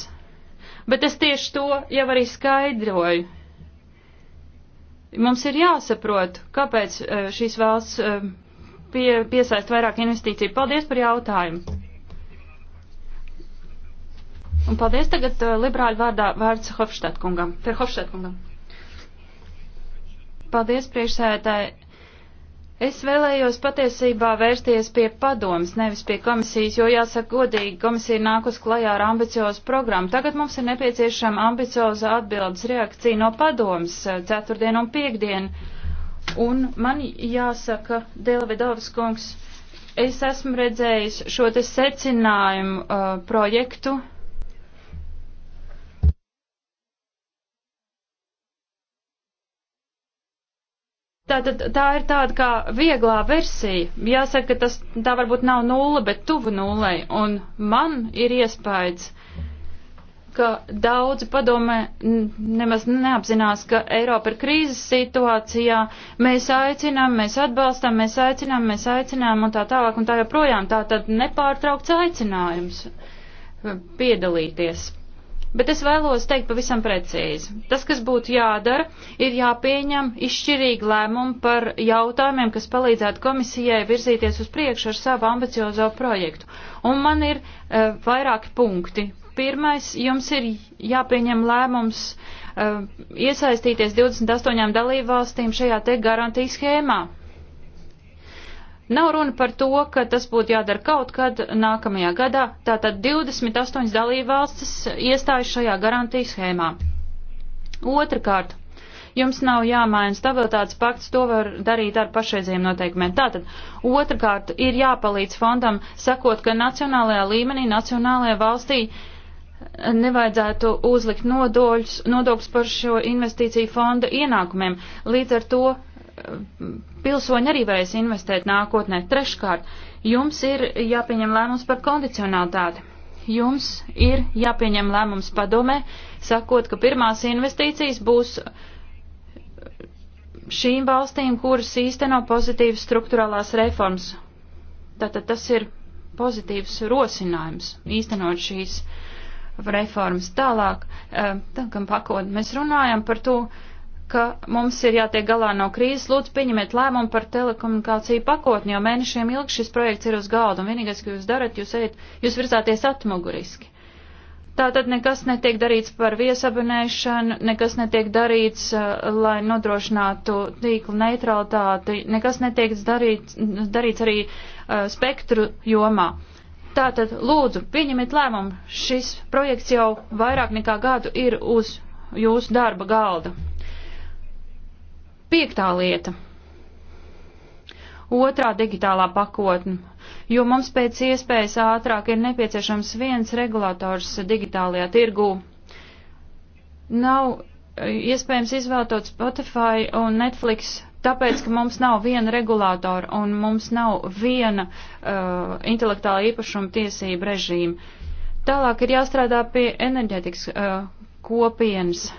S5: Bet es tieši to jau arī skaidroju. Mums ir jāsaprot, kāpēc e, šīs valsts e, pie, piesaist vairāk investīciju. Paldies par jautājumu. Un paldies tagad e, liberāļu vārdā vārds Hofštad kungam. Per Hofštad kungam. Paldies priekšsēdētāji. Es vēlējos patiesībā vērsties pie padomas, nevis pie komisijas, jo jāsaka godīgi, komisija nākus klajā ar ambiciozu programmu. Tagad mums ir nepieciešama ambicioza atbildes reakcija no padomas eh, ceturtdien un piekdien. Un man jāsaka, Delvedovs kungs, es esmu redzējis šo te secinājumu uh, projektu Tātad tā ir tāda kā vieglā versija. Jāsaka, ka tas tā varbūt nav nulle, bet tuvu nullei. Un man ir iespējas, ka daudzi padomē nemaz neapzinās, ka Eiropa ir krīzes situācijā. Mēs aicinām, mēs atbalstam, mēs aicinām, mēs aicinām un tā tālāk un tā joprojām. Tā tad nepārtraukts aicinājums piedalīties. Bet es vēlos teikt pavisam precīzi. Tas, kas būtu jādara, ir jāpieņem izšķirīgi lēmumi par jautājumiem, kas palīdzētu komisijai virzīties uz priekšu ar savu ambiciozo projektu. Un man ir e, vairāki punkti. Pirmais, jums ir jāpieņem lēmums e, iesaistīties 28 dalībvalstīm šajā te garantijas schēmā. Nav runa par to, ka tas būtu jādara kaut kad nākamajā gadā, tātad 28 dalībvalstis iestājas šajā garantijas schēmā. Otrakārt, jums nav jāmaina stabilitātes pakts, to var darīt ar pašreizējiem noteikumiem. Tātad, otrkārt, ir jāpalīdz fondam, sakot, ka nacionālajā līmenī, nacionālajā valstī nevajadzētu uzlikt nodoļus, nodokļus par šo investīciju fonda ienākumiem. Līdz ar to pilsoņi arī varēs investēt nākotnē. Treškārt, jums ir jāpieņem lēmums par kondicionalitāti. Jums ir jāpieņem lēmums padomē, sakot, ka pirmās investīcijas būs šīm valstīm, kuras īsteno pozitīvas struktūrālās reformas. Tātad tas ir pozitīvs rosinājums īstenot šīs reformas. Tālāk, eh, tā, kam pakot, mēs runājam par to, uh, ka mums ir jātiek galā no krīzes. Lūdzu, pieņemiet lēmumu par telekomunikāciju pakotni, jo mēnešiem ilgi šis projekts ir uz galda, un vienīgais, ko jūs darat, jūs, ejat, jūs virzāties atmuguriski. Tātad nekas netiek darīts par viesabunēšanu, nekas netiek darīts, uh, lai nodrošinātu tīklu neutralitāti, nekas netiek darīts, darīts arī uh, spektru jomā. Tātad, lūdzu, pieņemiet lēmumu. Šis projekts jau vairāk nekā gadu ir uz jūsu darba galda. Piektā lieta. Otrā digitālā pakotne, jo mums pēc iespējas ātrāk ir nepieciešams viens regulators digitālajā tirgū. Nav e, iespējams izvēlētot Spotify un Netflix, tāpēc, ka mums nav viena regulātora un mums nav viena uh, intelektuāla īpašuma tiesība režīma. Tālāk ir jāstrādā pie enerģetikas uh, e, kopienas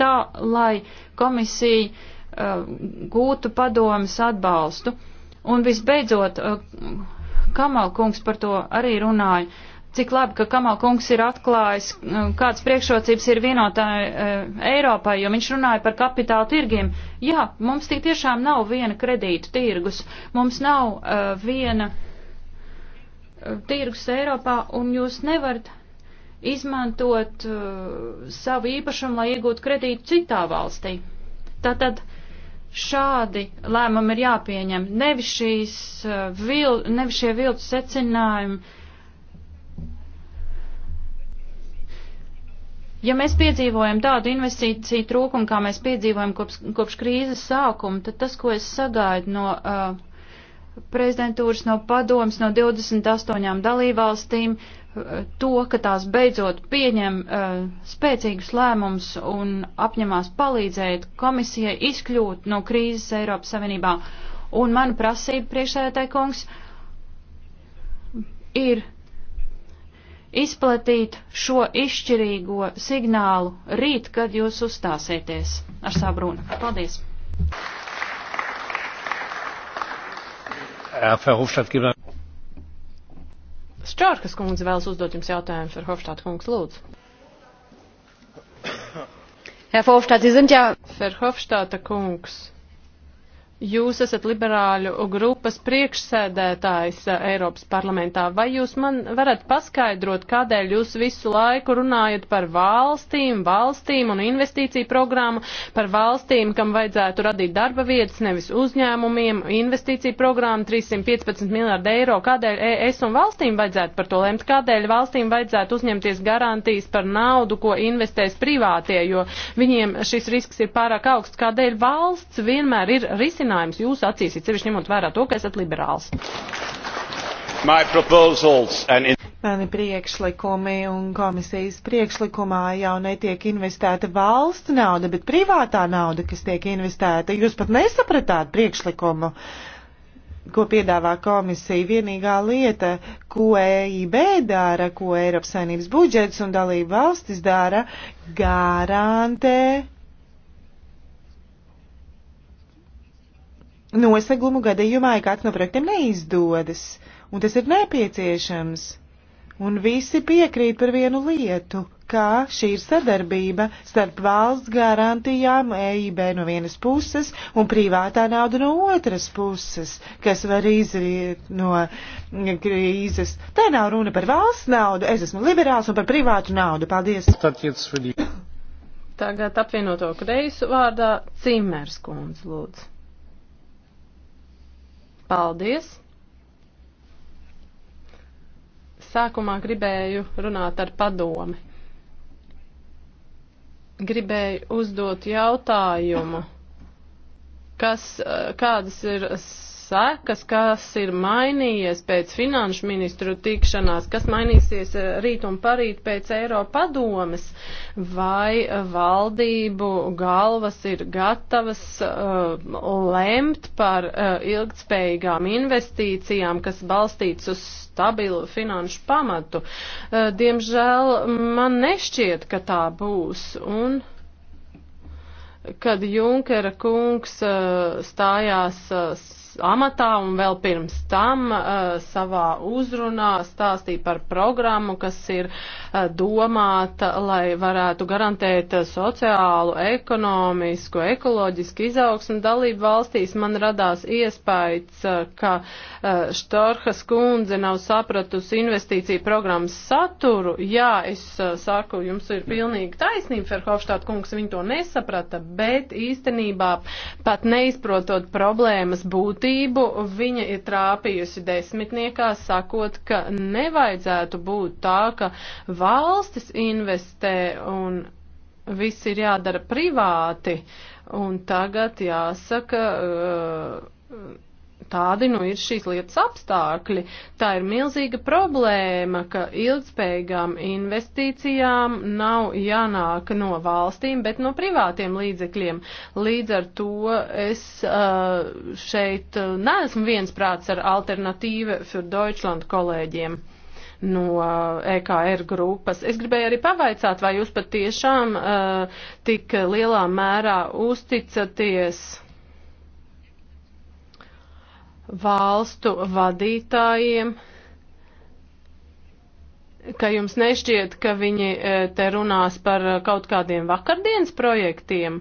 S5: tā, lai komisija uh, gūtu padomas atbalstu. Un visbeidzot, uh, Kamal kungs par to arī runāja. Cik labi, ka Kamal kungs ir atklājis, uh, kādas priekšrocības ir vienotāji uh, Eiropai, jo viņš runāja par kapitāla tirgiem. Jā, mums tik tiešām nav viena kredītu tirgus, mums nav uh, viena uh, tirgus Eiropā, un jūs nevarat izmantot uh, savu īpašumu, lai iegūtu kredītu citā valstī. Tātad šādi lēmumi ir jāpieņem, nevis, šīs, uh, vil, nevis šie viltu secinājumi. Ja mēs piedzīvojam tādu investīciju trūkumu, kā mēs piedzīvojam kopš, kopš krīzes sākuma, tad tas, ko es sagaidu no uh, prezidentūras, no padomas, no 28 dalībvalstīm, uh, to, ka tās beidzot pieņem uh, spēcīgus lēmumus un apņemās palīdzēt komisijai izkļūt no krīzes Eiropas Savienībā. Un mana prasība priekšsēdētāji kungs ir izplatīt šo izšķirīgo signālu rīt, kad jūs uzstāsieties ar savu runu. Paldies!
S4: Herr Verhofstadt,
S1: Šķārkas kundze vēlas uzdot jums jautājumus ar Hofstāt kungs lūdzu.
S5: Herr Verhofstadt, Sie sind ja...
S1: Verhofstadter Kungs, Jūs esat liberāļu grupas priekšsēdētājs Eiropas parlamentā. Vai jūs man varat paskaidrot, kādēļ jūs visu laiku runājat par valstīm, valstīm un investīciju programmu, par valstīm, kam vajadzētu radīt darba vietas, nevis uzņēmumiem, investīciju programmu 315 miljārdu eiro? Kādēļ es un valstīm vajadzētu par to lemt? Kādēļ valstīm vajadzētu uzņemties garantijas par naudu, ko investēs privātie, jo viņiem šis risks ir pārāk augsts? Kādēļ valsts vienmēr ir risinājums? risinājums jūsu acīs, ir cevišķi ņemot vērā to, ka esat liberāls?
S3: Mani priekšlikumi un komisijas priekšlikumā jau netiek investēta valsts nauda, bet privātā nauda, kas tiek investēta. Jūs pat nesapratāt priekšlikumu ko piedāvā komisija. Vienīgā lieta, ko EIB dara, ko Eiropas saimnības budžets un dalība valstis dara, garantē noslēgumu gadījumā, ja kāds no projektiem neizdodas, un tas ir nepieciešams. Un visi piekrīt par vienu lietu, kā šī ir sadarbība starp valsts garantijām EIB no vienas puses un privātā nauda no otras puses, kas var izriet no krīzes. Tā nav runa par valsts naudu, es esmu liberāls un par privātu naudu. Paldies!
S1: Tagad apvienoto kreisu vārdā Cimers kundze, lūdzu. Paldies! Sākumā gribēju runāt ar padomi. Gribēju uzdot jautājumu, kas, eh, kādas ir sekas, kas ir mainījies pēc finanšu ministru tikšanās, kas mainīsies eh, rīt un parīt pēc Eiropa padomes, vai eh, valdību galvas ir gatavas uh, lemt par uh, ilgtspējīgām investīcijām, kas balstīts uz stabilu finanšu pamatu. Uh, diemžēl man nešķiet, ka tā būs. Un kad Junkera kungs stājās amatā un vēl pirms tam uh, savā uzrunā stāstīja par programmu, kas ir uh, domāta, lai varētu garantēt uh, sociālu, ekonomisku, ekoloģisku izaugsmu dalību valstīs. Man radās iespējas, uh, ka uh, Štorhas kundze nav sapratusi investīciju programmas saturu. Jā, es uh, saku, jums ir pilnīgi taisnība, Ferhofštāt kungs, viņi to nesaprata, bet īstenībā pat neizprotot problēmas būt būtību viņa ir trāpījusi desmitniekā, sakot, ka nevajadzētu būt tā, ka valstis investē un viss ir jādara privāti. Un tagad jāsaka. Uh, tādi nu ir šīs lietas apstākļi. Tā ir milzīga problēma, ka ilgspējīgām investīcijām nav jānāk no valstīm, bet no privātiem līdzekļiem. Līdz ar to es uh, šeit uh, neesmu viensprāts ar alternatīvu für Deutschland kolēģiem no uh, EKR grupas. Es gribēju arī pavaicāt, vai jūs patiešām uh, tik lielā mērā uzticaties valstu vadītājiem, ka jums nešķiet, ka viņi e, te runās par e, kaut kādiem vakardienas projektiem.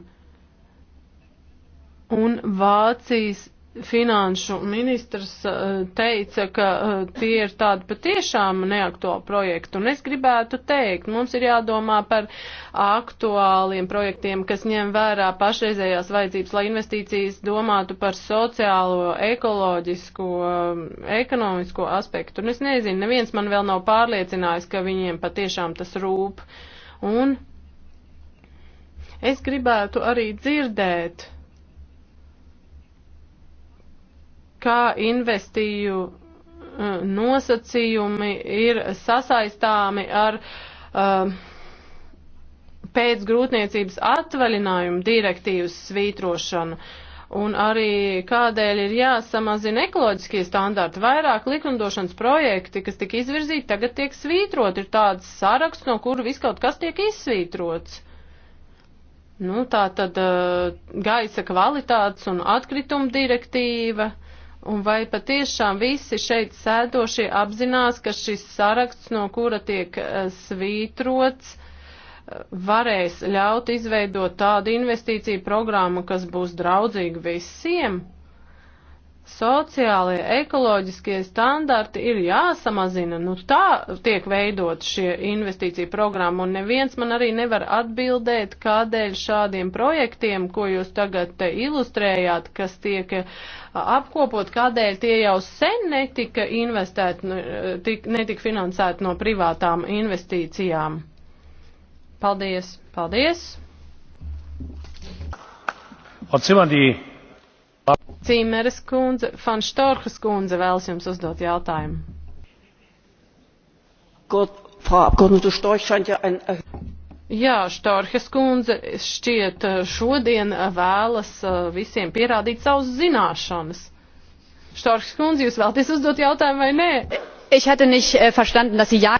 S1: Un Vācijas finanšu ministrs eh, teica, ka eh, tie ir tādi patiešām neaktuāli projekti. Un es gribētu teikt, mums ir jādomā par aktuāliem projektiem, kas ņem vērā pašreizējās vajadzības, lai investīcijas domātu par sociālo, ekoloģisko, eh, ekonomisko aspektu. Un es nezinu, neviens man vēl nav pārliecinājis, ka viņiem patiešām tas rūp. Un es gribētu arī dzirdēt, kā investīju eh, nosacījumi ir sasaistāmi ar uh, eh, pēc grūtniecības atvaļinājumu direktīvas svītrošanu. Un arī kādēļ ir jāsamazina ekoloģiskie standarti. Vairāk likumdošanas projekti, kas tika izvirzīti, tagad tiek svītrot. Ir tāds saraksts, no kura viskaut kas tiek izsvītrots. Nu, tā tad uh, gaisa kvalitātes un atkrituma direktīva. Uh, Un vai patiešām visi šeit sēdošie apzinās, ka šis saraksts, no kura tiek eh, svītrots, varēs ļaut izveidot tādu investīciju programmu, kas būs draudzīga visiem? sociālie, ekoloģiskie standarti ir jāsamazina. Nu, tā tiek veidot šie investīcija programma, un neviens man arī nevar atbildēt, kādēļ šādiem projektiem, ko jūs tagad te ilustrējāt, kas tiek eh, apkopot, kādēļ tie jau sen netika investēt, nu, eh, tik, netika finansēt no privātām investīcijām. Paldies, paldies!
S4: Frau Zimmer, die
S1: Cīmeres kundze, Fan Štorhas kundze vēlas jums uzdot jautājumu. God, Frau Abgeordnete Storch scheint ja ein äh, Jā, Štārhes kundze šķiet äh, šodien äh, vēlas visiem pierādīt savus zināšanas. Štārhes kundze, jūs vēlties uzdot jautājumu vai nē? Ich hatte nicht verstanden, dass Sie ja.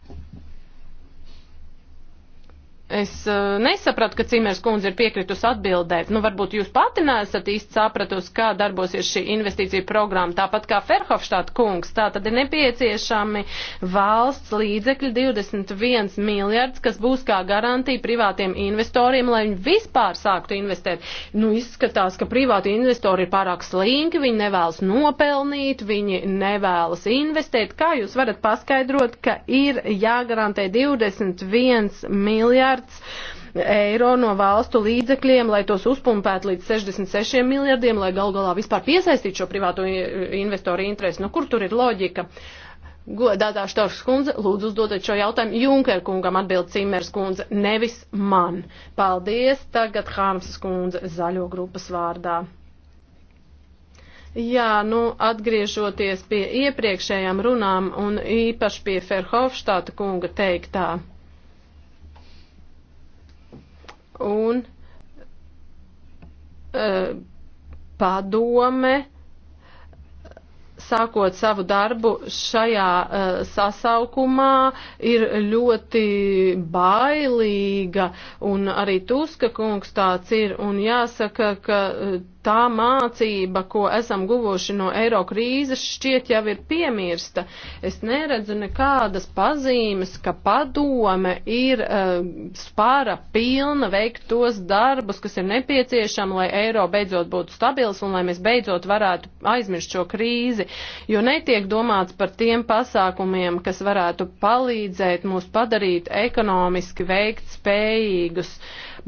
S1: Es uh, nesapratu, ka Cimers kundze ir piekritus atbildēt. Nu, varbūt jūs pati neesat īsti sapratusi, kā darbosies šī investīcija programma, tāpat kā Ferhofštāt kungs. Tā tad ir nepieciešami valsts līdzekļi 21 miljards, kas būs kā garantija privātiem investoriem, lai viņi vispār sāktu investēt. Nu, izskatās, ka privāti investori ir pārāk slinki, viņi nevēlas nopelnīt, viņi nevēlas investēt. Kā jūs varat paskaidrot, ka ir jāgarantē 21 miljardi? miljārds eiro no valstu līdzekļiem, lai tos uzpumpētu līdz 66 miljardiem, lai gal galā vispār piesaistītu šo privāto investoru interesi. Nu, kur tur ir loģika? Godātā Štoršs kundze, lūdzu uzdodat šo jautājumu Junker kungam, atbild Cimers kundze, nevis man. Paldies, tagad Hārmsas kundze zaļo grupas vārdā. Jā, nu, atgriežoties pie iepriekšējām runām un īpaši pie Ferhofštāta kunga teiktā un uh, padome sākot savu darbu šajā uh, sasaukumā, ir ļoti bailīga, un arī Tuska kungs tāds ir, un jāsaka, ka uh, tā mācība, ko esam guvuši no eiro krīzes, šķiet jau ir piemirsta. Es neredzu nekādas pazīmes, ka padome ir uh, e, spāra pilna veikt tos darbus, kas ir nepieciešami, lai eiro beidzot būtu stabils un lai mēs beidzot varētu aizmirst šo krīzi, jo netiek domāts par tiem pasākumiem, kas varētu palīdzēt mūs padarīt ekonomiski veikt spējīgus.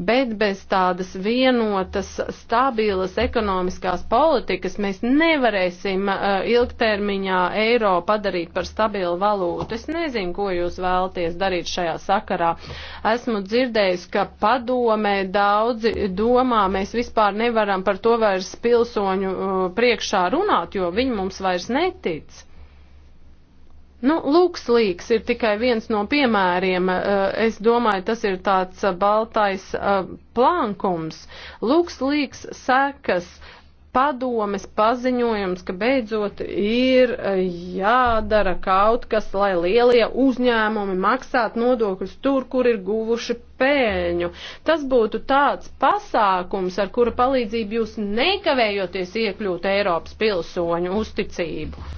S1: Bet bez tādas vienotas, stabilas ekonomiskās politikas mēs nevarēsim uh, ilgtermiņā eiro padarīt par stabilu valūtu. Es nezinu, ko jūs vēlaties darīt šajā sakarā. Esmu dzirdējis, ka padomē daudzi domā, mēs vispār nevaram par to vairs pilsoņu uh, priekšā runāt, jo viņi mums vairs netic. Nu, Lūkslīgs ir tikai viens no piemēriem. Eh, es domāju, tas ir tāds eh, baltais eh, plankums. Lūkslīgs sekas padomes paziņojums, ka beidzot ir jādara kaut kas, lai lielie uzņēmumi maksātu nodokļus tur, kur ir guvuši pēļņu. Tas būtu tāds pasākums, ar kura palīdzību jūs nekavējoties iekļūt Eiropas pilsoņu uzticību.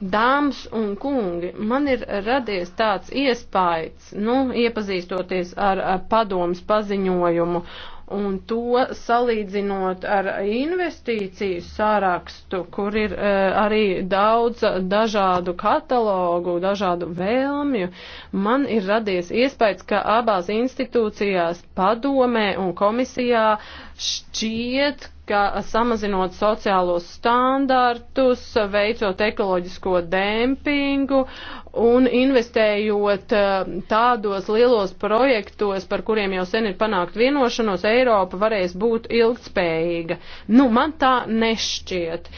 S1: Dāmas un kungi, man ir radies tāds iespējas, nu, iepazīstoties ar, ar padomas paziņojumu un to salīdzinot ar investīciju sārakstu, kur ir uh, arī daudz dažādu katalogu, dažādu vēlmju, man ir radies iespējas, ka abās institūcijās padomē un komisijā šķiet, ka samazinot sociālos standartus, veicot ekoloģisko dempingu un investējot eh, tādos lielos projektos, par kuriem jau sen ir panākt vienošanos, Eiropa varēs būt ilgtspējīga. Nu, man tā nešķiet.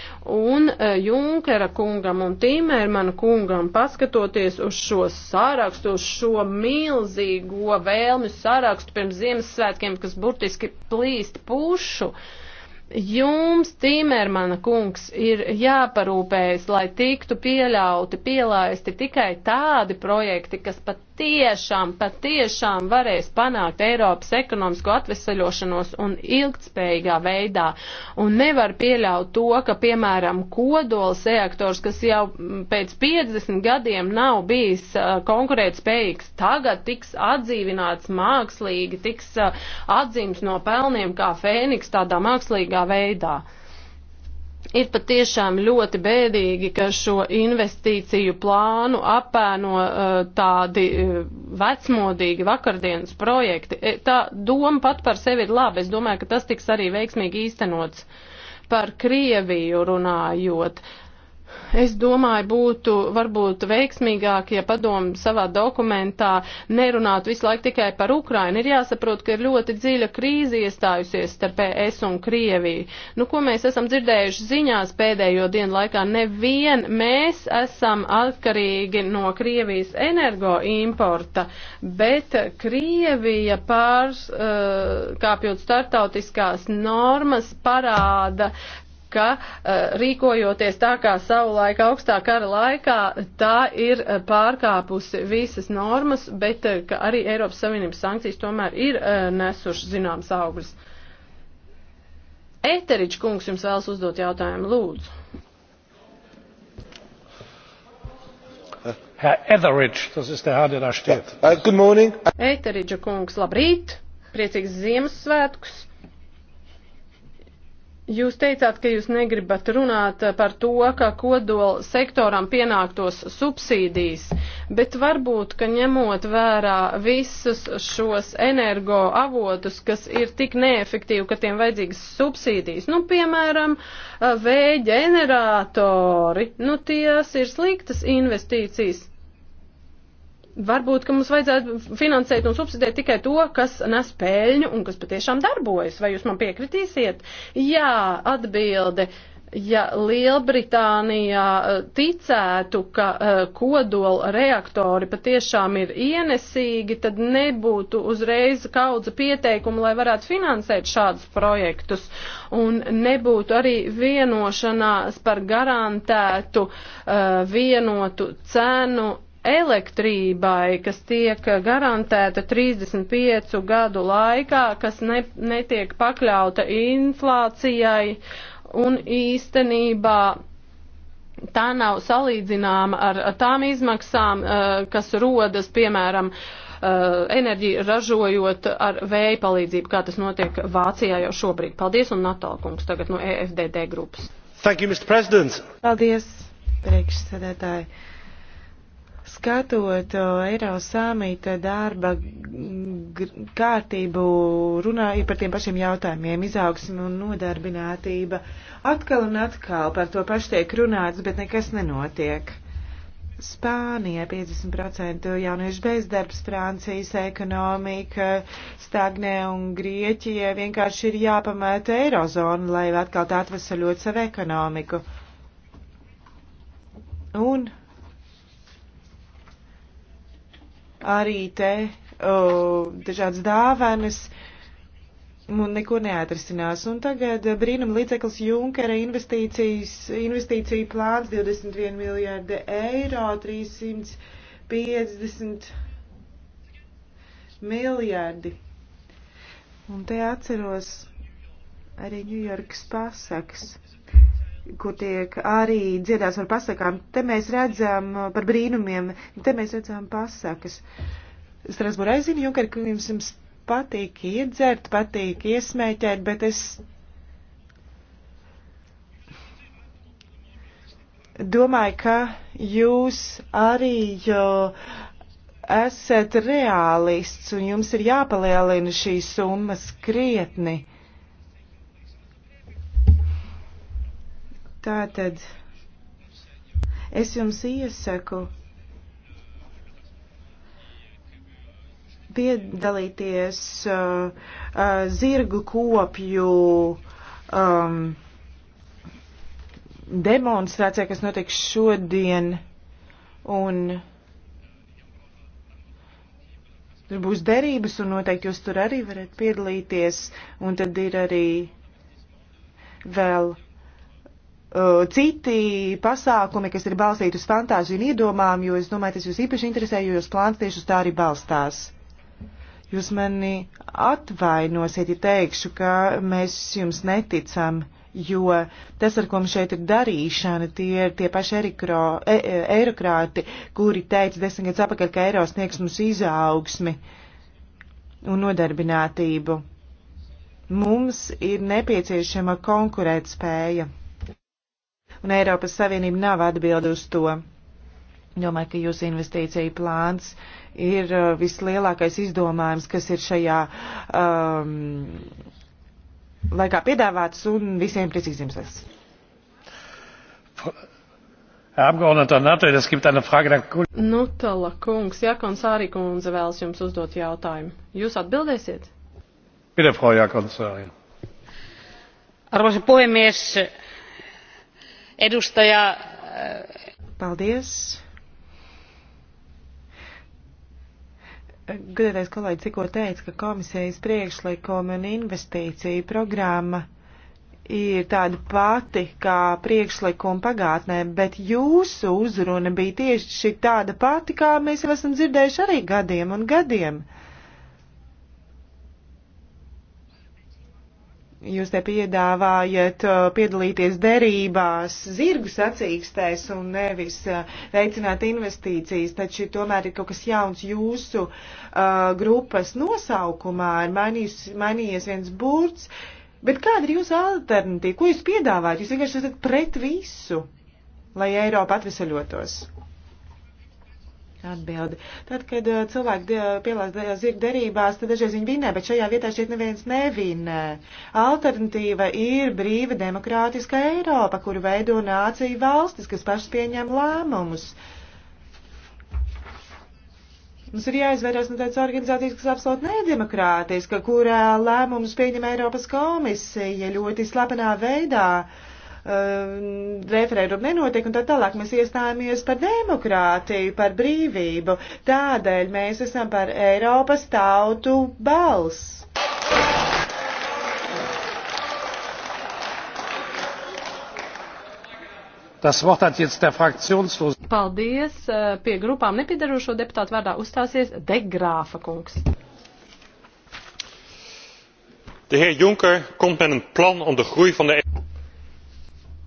S1: Un eh, Junkera kungam un Tīmērmana kungam, paskatoties uz šo sārakstu, uz šo milzīgo vēlmi sārakstu pirms Ziemassvētkiem, kas burtiski plīst pušu, uh, Jums, Timermana kungs, ir jāparūpējas, lai tiktu pieļauti, pielaisti tikai tādi projekti, kas pat patiešām, patiešām varēs panākt Eiropas ekonomisko atvesaļošanos un ilgtspējīgā veidā. Un nevar pieļaut to, ka, piemēram, kodols reaktors, kas jau mm, pēc 50 gadiem nav bijis uh, konkurētspējīgs, tagad tiks atdzīvināts mākslīgi, tiks uh, atzīms no pelniem kā fēniks tādā mākslīgā veidā. Ir patiešām ļoti bēdīgi, ka šo investīciju plānu apēno uh, tādi uh, vecmodīgi vakardienas projekti. E, tā doma pat par sevi ir laba. Es domāju, ka tas tiks arī veiksmīgi īstenots par Krieviju runājot. Uh, es domāju, būtu varbūt veiksmīgāk, ja padomu savā dokumentā nerunātu visu laiku tikai par Ukrainu. Ir jāsaprot, ka ir ļoti dziļa krīze iestājusies starp ES un Krieviju. Nu, ko mēs esam dzirdējuši ziņās pēdējo dienu laikā? Nevien mēs esam atkarīgi no Krievijas energo importa, bet Krievija pārkāpjot uh, startautiskās normas parāda, ka eh, rīkojoties tā kā savulaik augstā kara laikā, tā ir eh, pārkāpusi visas normas, bet eh, ka arī Eiropas Savienības sankcijas tomēr ir nesušas zināmas augļas. Eterič kungs jums vēlas uzdot jautājumu, lūdzu.
S4: Herr Etheridge, tas ir der Herr, der da steht. Uh,
S2: good morning.
S1: Etheridge kungs, labrīt. Priecīgs Ziemassvētkus. Jūs teicāt, ka jūs negribat runāt par to, ka kodola sektoram pienāktos subsīdijas, bet varbūt, ka ņemot vērā visus šos energo avotus, kas ir tik neefektīvi, ka tiem vajadzīgas subsīdijas, nu, piemēram, vēja ģeneratori, nu, tās ir sliktas investīcijas varbūt, ka mums vajadzētu finansēt un subsidēt tikai to, kas nes pēļņu un kas patiešām darbojas. Vai jūs man piekritīsiet? Jā, atbilde. Ja Lielbritānijā eh, ticētu, ka eh, kodola reaktori patiešām ir ienesīgi, tad nebūtu uzreiz kaudze pieteikumu, lai varētu finansēt šādus projektus, un nebūtu arī vienošanās par garantētu eh, vienotu cenu elektrībai, kas tiek garantēta 35 gadu laikā, kas ne, netiek pakļauta inflācijai un īstenībā tā nav salīdzināma ar tām izmaksām, eh, kas rodas, piemēram, eh, enerģiju ražojot ar vēja palīdzību, kā tas notiek Vācijā jau šobrīd. Paldies un Natāla kungs tagad no
S3: EFDD grupas. Thank you, Mr. President. Paldies, priekšsēdētāji. Skatot Eiro samīta darba kārtību, runāja par tiem pašiem jautājumiem - izaugsme un nodarbinātība. Atkal un atkal par to pašu tiek runāts, bet nekas nenotiek. Spānija 50% jauniešu bezdarbs, Francijas ekonomika stagnē un Grieķija vienkārši ir jāpamēta Eirozona, lai atkal tā atvesaļot savu ekonomiku. Un arī te uh, dažādas dāvanas un nekur neatrisinās. Un tagad brīnum līdzeklis Junkera investīcijas, investīcija plāns 21 miljārdi eiro, 350 miljārdi. Un te atceros arī Ņujorkas pasakas kur tiek arī dziedās par pasakām. Te mēs redzam uh, par brīnumiem, te mēs redzam pasakas. Strasbūrā es zinu, Junker, ka jums, jums patīk iedzert, patīk iesmēķēt, bet es domāju, ka jūs arī jo, esat reālists un jums ir jāpalielina šīs summas krietni. Tātad es jums iesaku piedalīties uh, uh, zirgu kopju um, demonstrācijā, kas notiek šodien, un tur būs derības, un noteikti jūs tur arī varat piedalīties, un tad ir arī vēl Uh, citi pasākumi, kas ir balstīti uz fantāziju un iedomām, jo es domāju, tas jūs īpaši interesē, jo jūs plāns tieši uz tā arī balstās. Jūs mani atvainosiet, ja teikšu, ka mēs jums neticam, jo tas, ar ko mums šeit ir darīšana, tie ir tie paši erikro, e, e, eirokrāti, kuri teica desmit gadus apakaļ, ka eiro sniegs mums izaugsmi un nodarbinātību. Mums ir nepieciešama konkurētspēja un Eiropas Savienība nav atbildi uz to. Domāju, ka jūsu investīcija plāns ir uh, vislielākais izdomājums, kas ir šajā um, laikā piedāvāts un visiem priecīgs Ziemassvētks. Herr
S4: Abgeordneter Nuttall, es gibt eine Frage der Kollegin.
S1: Nuttala kungs, Jakonsāri kundze vēlas jums uzdot jautājumu. Jūs
S5: atbildēsiet?
S4: Bitte, Frau Jakonsāri.
S5: Arvoisa puhemies, Edustaja... Äh, Paldies.
S3: Gudētais kolēģis tikko teica, ka komisijas priekšlikumi un investīcija programma ir tāda pati kā priekšlikuma pagātnē, bet jūsu uzruna bija tieši tāda pati, kā mēs jau esam dzirdējuši arī gadiem un gadiem. Uh, Jūs te piedāvājat uh, piedalīties derībās, zirgu sacīkstēs un nevis uh, veicināt investīcijas, taču tomēr ir kaut kas jauns jūsu uh, grupas nosaukumā, ir mainījus, mainījies viens burts, bet kāda ir jūsu alternatīva, ko jūs piedāvājat? Jūs vienkārši esat pret visu, lai Eiropa atvesaļotos. Atbildi. Tad, kad uh, cilvēki uh, pielās uh, zirga derībās, tad dažreiz viņi vinē, bet šajā vietā šķiet neviens nevinē. Alternatīva ir brīva demokrātiska Eiropa, kuru veido nācija valstis, kas pašas pieņem lēmumus. Mums ir jāizvairās no tādas organizācijas, kas absolūti nedemokrātiska, kurā lēmumus pieņem Eiropas komisija ļoti slapenā veidā. Uh, Eh, referēdumu nenotiek un tā tālāk mēs iestājāmies par demokrātiju, par brīvību. Tādēļ mēs esam par Eiropas tautu balss.
S4: Das Wort hat jetzt der Fraktionslose.
S1: Paldies. Eh, pie grupām nepiedarošo deputātu vārdā uzstāsies Degrāfa kungs.
S4: De heer Juncker komt met een plan om de groei van de.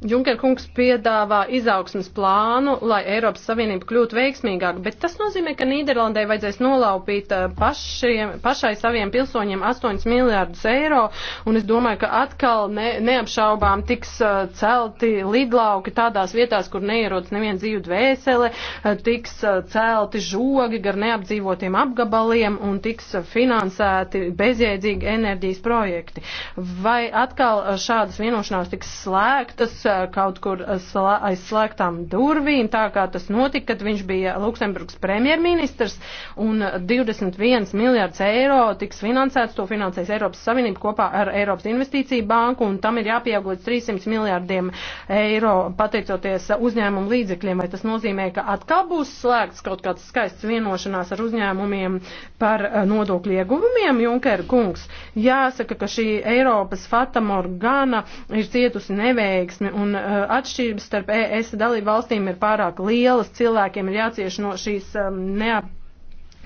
S1: Junker kungs piedāvā izaugsmas plānu, lai Eiropas Savienība kļūtu veiksmīgāka, bet tas nozīmē, ka Nīderlandē vajadzēs nolaupīt eh, pašiem, pašai saviem pilsoņiem 8 miljārdus eiro, un es domāju, ka atkal ne, neapšaubām tiks eh, celti lidlauki tādās vietās, kur neierodas neviena dzīvu dvēsele, eh, tiks celti žogi gar neapdzīvotiem apgabaliem un tiks finansēti bezjēdzīgi enerģijas projekti. Vai atkal šādas vienošanās tiks slēgtas? kaut kur eh, aizslēgtām durvīm, tā kā tas notika, kad viņš bija Luksemburgas premjerministrs, un 21 miljārds eiro tiks finansēts, to finansēs Eiropas Savienība kopā ar Eiropas Investīciju banku, un tam ir jāpieaug līdz 300 miljārdiem eiro, pateicoties uzņēmumu līdzekļiem, vai tas nozīmē, ka atkal būs slēgts kaut kāds skaists vienošanās ar uzņēmumiem par eh, nodokļu ieguvumiem, Junker kungs. Jāsaka, ka šī Eiropas Fata Morgana ir cietusi neveiksmi, un un uh, atšķirības starp ES dalību valstīm ir pārāk lielas, cilvēkiem ir jācieš no šīs um, neap,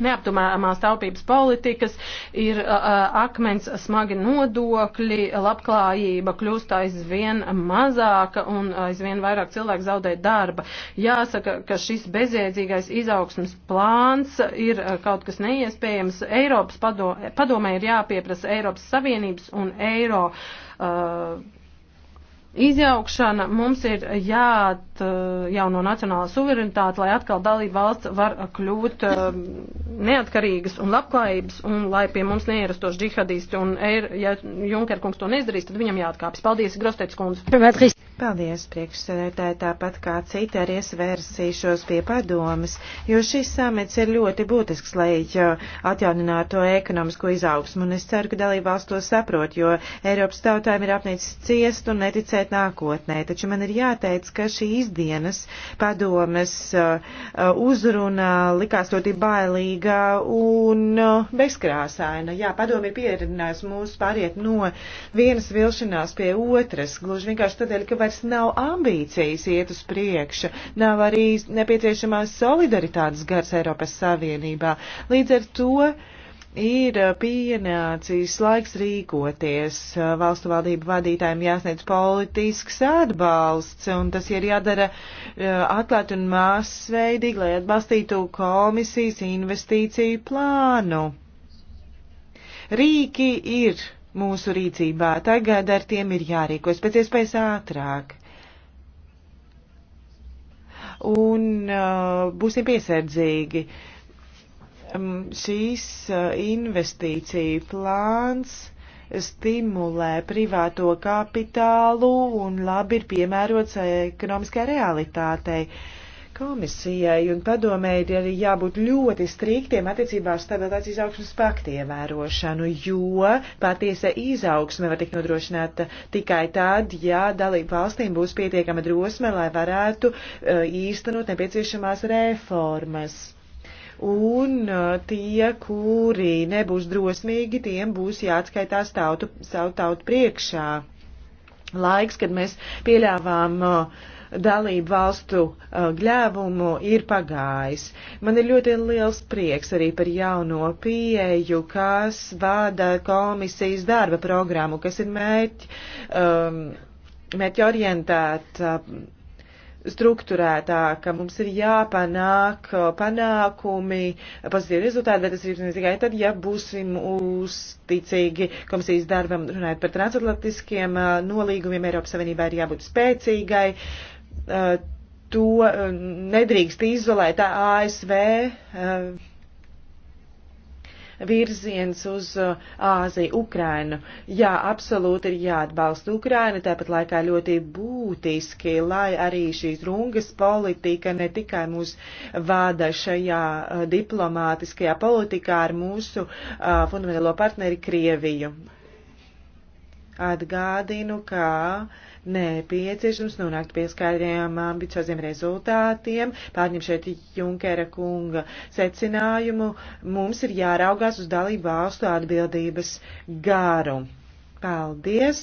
S1: neaptumāmās taupības politikas, ir uh, uh, akmens smagi nodokļi, labklājība kļūst aizvien mazāka un aizvien vairāk cilvēku zaudē darba. Jāsaka, ka šis bezjēdzīgais izaugsmas plāns ir uh, kaut kas neiespējams. Eiropas padome, padome ir jāpieprasa Eiropas Savienības un Eiro. Uh, Izjaukšana mums ir jāatjauno eh, nacionālā suverenitāte, lai atkal dalība valsts var kļūt eh, neatkarīgas un labklājības, un lai pie mums neierastos džihadisti. Un, ja Junkerkungs to neizdarīs, tad viņam jāatkāpjas. Paldies, Grostets kundze.
S3: Paldies, priekšsēdētāji, tāpat kā citi arī es vērsīšos pie padomas, jo šis samets ir ļoti būtisks, lai atjauninātu ekonomisko izaugsmu, un es ceru, ka dalībvalsts to saprot, jo Eiropas tautājiem ir apnicis ciest un neticēt nākotnē. Taču man ir jāteic, ka šīs dienas padomas uzruna likās ļoti bailīga un bezkrāsaina. Jā, padomi ir pieredzinājusi mūs pāriet no vienas vilšanās pie otras, gluži vienkārši tādēļ, ka vairs nav ambīcijas iet uz priekšu, nav arī nepieciešamās solidaritātes gars Eiropas Savienībā. Līdz ar to ir pienācis laiks rīkoties. Valstu valdību vadītājiem jāsniedz politisks atbalsts, un tas ir jādara eh, atklāt un māsveidīgi, lai atbalstītu komisijas investīciju plānu. Rīki ir mūsu rīcībā. Tagad ar tiem ir jārīkojas pēc iespējas ātrāk. Un uh, būsim piesardzīgi. Um, šīs uh, investīcija plāns stimulē privāto kapitālu un labi ir piemērots uh, ekonomiskajai realitātei. Uh, Komisijai un padomēji ir arī jābūt ļoti striktiem attiecībā ar stabilitātes izaugsmas paktu ievērošanu, jo patiesa izaugsme var tikt nodrošināta tikai tad, ja dalību valstīm būs pietiekama drosme, lai varētu uh, īstenot nepieciešamās reformas. Un uh, tie, kuri nebūs drosmīgi, tiem būs jāatskaitās tautu, savu tautu priekšā. Laiks, kad mēs pieļāvām uh, dalību valstu uh, gļēvumu ir pagājis. Man ir ļoti liels prieks arī par jauno pieeju, kas vada komisijas darba programmu, kas ir mērķi, um, mērķi orientēta. Uh, struktūrētāka, mums ir jāpanāk uh, panākumi, uh, pozitīvi rezultāti, bet tas ir ne tikai tad, ja būsim uzticīgi komisijas darbam, runājot par transatlantiskiem uh, nolīgumiem, Eiropas Savienībā ir jābūt spēcīgai. Uh, Eh, to eh, nedrīkst izolēt ASV eh, virziens uz Āziju, Ukrainu. Jā, absolūti ir jāatbalsta Ukraina, tāpat laikā ļoti būtiski, lai arī šīs rungas politika ne tikai mūs vada šajā diplomātiskajā politikā ar mūsu uh, fundamentālo partneri Krieviju. Atgādinu, ka uh, nepieciešams nonākt pie skaidriem ambicioziem rezultātiem, pārņem šeit Junkera kunga secinājumu, mums ir jāraugās uz dalību valstu atbildības garu. Paldies,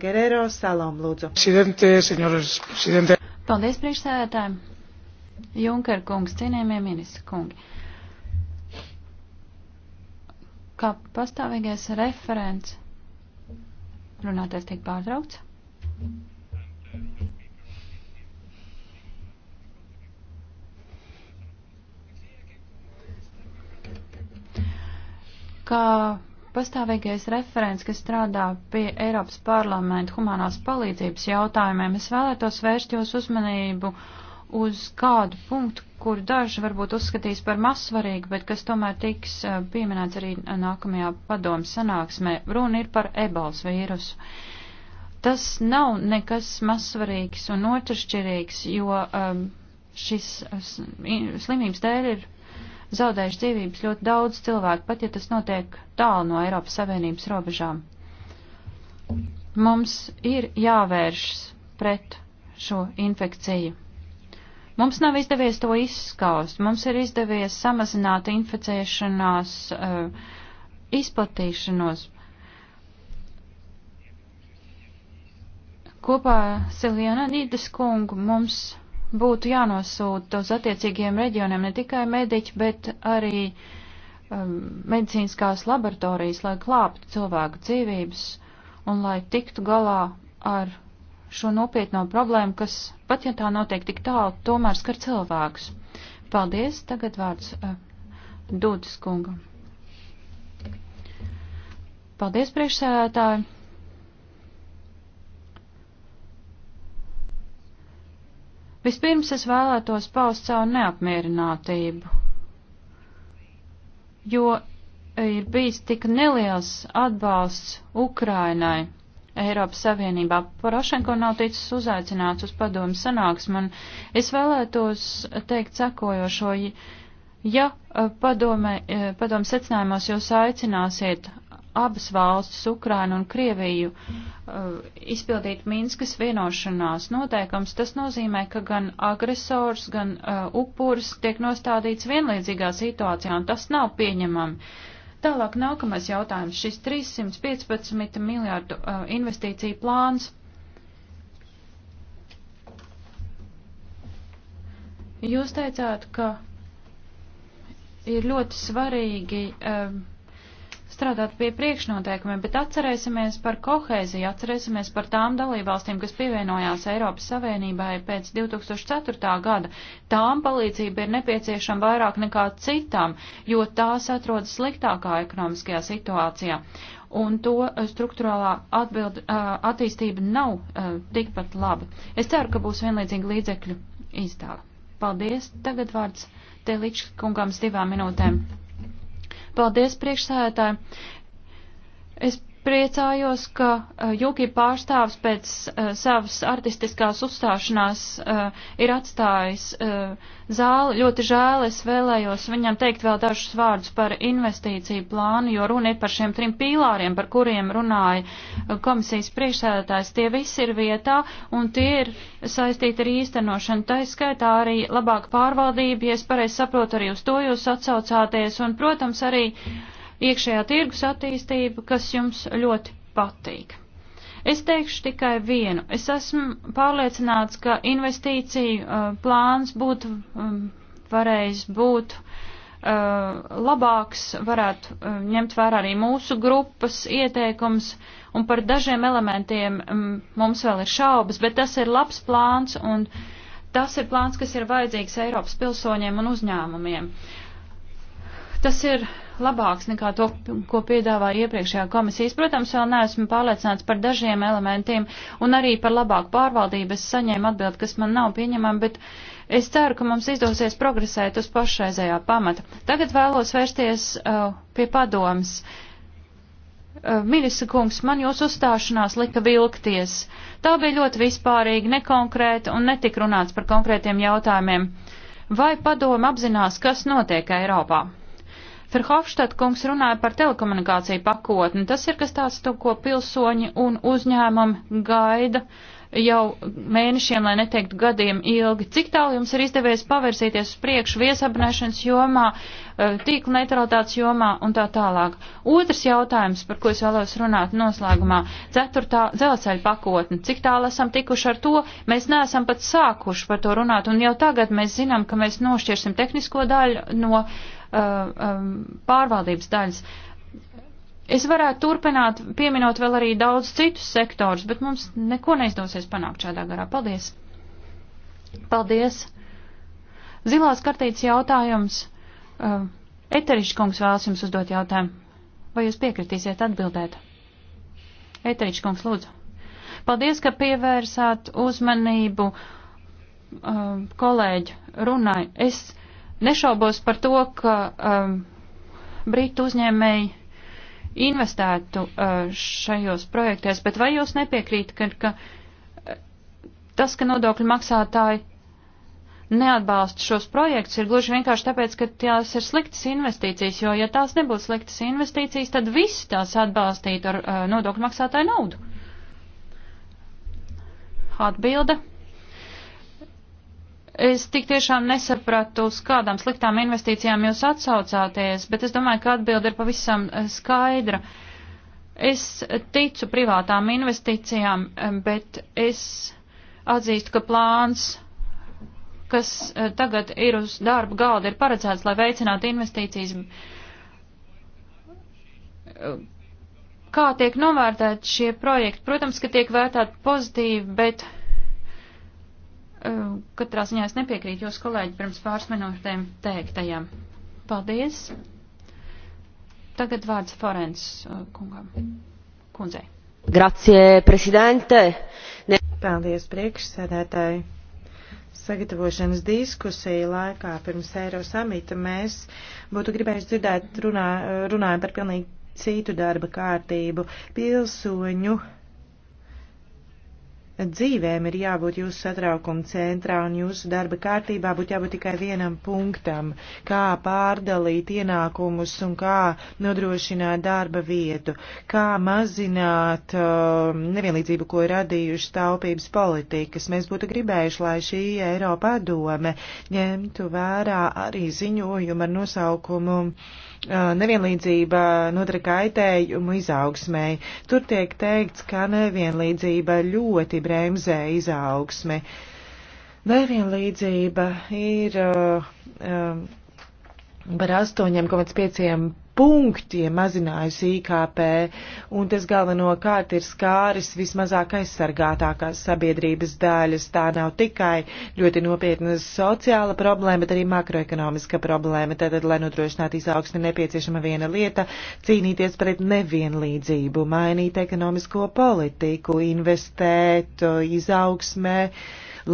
S3: Gerero Salom, lūdzu.
S5: Paldies, priekšsēdētājiem. Junker kungs, cienījamie ministri kungi. Kā pastāvīgais referents runātais tiek pārtraukts? Kā pastāvīgais referents, kas strādā pie Eiropas parlamenta humanās palīdzības jautājumiem, es vēlētos vērst jūs uzmanību uz kādu punktu, kur daži varbūt uzskatīs par mazsvarīgu, bet kas tomēr tiks eh, pieminēts arī nākamajā padomu sanāksmē. Runa ir par ebols vīrusu. Tas nav nekas mazsvarīgs un otršķirīgs, jo um, šis slimības dēļ ir zaudējuši dzīvības ļoti daudz cilvēku, pat ja tas notiek tālu no Eiropas Savienības robežām. Mums ir jāvēršas pret šo infekciju. Mums nav izdevies to izskaust, mums ir izdevies samazināt inficēšanās uh, izplatīšanos, Kopā Siljana Nīdas kungu mums būtu jānosūta uz attiecīgiem reģioniem ne tikai mediķi, bet arī um, medicīniskās laboratorijas, lai klāptu cilvēku dzīvības un lai tiktu galā ar šo nopietno problēmu, kas pat ja tā notiek tik tālu, tomēr skar cilvēkus. Paldies, tagad vārds uh, Dūdas kungam. Paldies, priekšsēdētāji! Vispirms es vēlētos paust savu neapmierinātību, jo ir bijis tik neliels atbalsts Ukrainai Eiropas Savienībā. Porošenko nav ticis uzaicināts uz padomu sanāksmu, un es vēlētos teikt sekojošo, ja eh, padome, eh, padomu secinājumos jūs aicināsiet abas valstis, Ukrainu un Krieviju, uh, izpildīt Minskas vienošanās noteikums, tas nozīmē, ka gan agresors, gan uh, upurs tiek nostādīts vienlīdzīgā situācijā, un tas nav pieņemami. Tālāk nākamais jautājums. Šis 315 miljārdu uh, investīciju plāns. Jūs teicāt, ka ir ļoti svarīgi um, strādāt pie priekšnoteikumiem, bet atcerēsimies par kohēziju, atcerēsimies par tām dalībvalstīm, kas pievienojās Eiropas Savienībai pēc 2004. gada. Tām palīdzība ir nepieciešama vairāk nekā citām, jo tās atrodas sliktākā ekonomiskajā situācijā. Un to eh, struktūrālā atbild, eh, attīstība nav eh, tikpat laba. Es ceru, ka būs vienlīdzīgi līdzekļu izdāla. Paldies. Tagad vārds Teličs kungams divām minūtēm. Paldies, priekšsēdētāji. Es priecājos, ka eh, Juki pārstāvs pēc uh, savas artistiskās uzstāšanās uh, ir atstājis uh, zāli. Ļoti žēl, es vēlējos viņam teikt vēl dažus vārdus par investīciju plānu, jo runa ir par šiem trim pīlāriem, par kuriem runāja komisijas priekšsēdētājs. Tie visi ir vietā un tie ir saistīti ar īstenošanu. Tā skaitā arī labāka pārvaldība, ja es pareizi saprotu, arī uz to jūs atsaucāties un, protams, arī. Uh, iekšējā tirgus attīstība, kas jums ļoti patīk. Es teikšu tikai vienu. Es esmu pārliecināts, ka investīciju uh, plāns būtu um, varējis būt uh, labāks, varētu uh, ņemt vērā arī mūsu grupas ieteikums, un par dažiem elementiem um, mums vēl ir šaubas, bet tas ir labs plāns, un tas ir plāns, kas ir vajadzīgs Eiropas pilsoņiem un uzņēmumiem. Tas ir labāks nekā to, ko piedāvāja iepriekšējā komisijas. Protams, vēl neesmu pārliecināts par dažiem elementiem un arī par labāku pārvaldību. Es saņēmu atbildi, kas man nav pieņemama, bet es ceru, ka mums izdosies progresēt uz pašreizējā pamata. Tagad vēlos vērsties uh, pie padomas. Uh, Ministra kungs, man jūs uzstāšanās lika vilkties. Tā bija ļoti vispārīga, nekonkrēta un netika runāts par konkrētiem jautājumiem. Vai padoma apzinās, kas notiek Eiropā? Ferhofštad kungs runāja par telekomunikāciju pakotni. Tas ir kas tāds, to, ko pilsoņi un uzņēmumi gaida jau mēnešiem, lai neteiktu gadiem ilgi. Cik tālu jums ir izdevies pavērsīties uz priekšu viesabunēšanas jomā, eh, tīkla neutralitātes jomā un tā tālāk? Otrs jautājums, par ko es vēlos runāt noslēgumā. Ceturtā dzelzceļa pakotne. Cik tālu esam tikuši ar to? Mēs neesam pat sākuši par to runāt, un jau tagad mēs zinām, ka mēs nošķirsim tehnisko daļu no. Uh, Uh, um, pārvaldības daļas. Es varētu turpināt, pieminot vēl arī daudz citus sektors, bet mums neko neizdosies panākt šādā garā. Paldies! Paldies! Zilās kartītes jautājums. Uh, Eterišs kungs vēlas jums uzdot jautājumu. Vai jūs piekritīsiet atbildēt? Eterišs kungs, lūdzu. Paldies, ka pievērsāt uzmanību um, uh, kolēģu runai. Es Nešaubos par to, ka um, Brītu uzņēmēji investētu uh, šajos projektēs, bet vai jūs nepiekrīt, ka, ka uh, tas, ka nodokļu maksātāji neatbalsta šos projektus, ir gluži vienkārši tāpēc, ka tās ir sliktas investīcijas, jo ja tās nebūtu sliktas investīcijas, tad visi tās atbalstītu ar uh, nodokļu maksātāju naudu. Atbilde. Es tik tiešām nesapratu, uz kādām sliktām investīcijām jūs atsaucāties, bet es domāju, ka atbilde ir pavisam eh, skaidra. Es ticu privātām investīcijām, eh, bet es atzīstu, ka plāns, kas eh, tagad ir uz darba galda, ir paredzēts, lai veicinātu investīcijas. Kā tiek novērtēti šie projekti? Protams, ka tiek vērtēti pozitīvi, bet Eh, katrā ziņā es nepiekrītu jūs kolēģi pirms pāris minūtēm teiktajam. Paldies. Tagad vārds Forens eh, kungam. Kundzei.
S3: Grazie, prezidente. Ne... Paldies, priekšsēdētāji. Sagatavošanas diskusiju laikā pirms Eiro samita mēs būtu gribējuši dzirdēt runā, runājumu par pilnīgi citu darba kārtību pilsoņu dzīvēm ir jābūt jūsu satraukuma centrā un jūsu darba kārtībā būtu jābūt tikai vienam punktam, kā pārdalīt ienākumus un kā nodrošināt darba vietu, kā mazināt uh, nevienlīdzību, ko ir radījuši taupības politikas. Mēs būtu gribējuši, lai šī Eiropa padome ņemtu vērā arī ziņojumu ar nosaukumu. Uh, nevienlīdzība nodara kaitējumu izaugsmēji. Tur tiek teikts, ka nevienlīdzība ļoti bremzē izaugsmi. Nevienlīdzība ir uh, um, par 8,5 punktiem mazinājusi IKP, un tas galvenokārt ir skāris vismazāk aizsargātākās sabiedrības daļas. Tā nav tikai ļoti nopietna sociāla problēma, bet arī makroekonomiska problēma. Tātad, lai nodrošinātu izaugsmi, nepieciešama viena lieta - cīnīties pret nevienlīdzību, mainīt ekonomisko politiku, investēt izaugsmē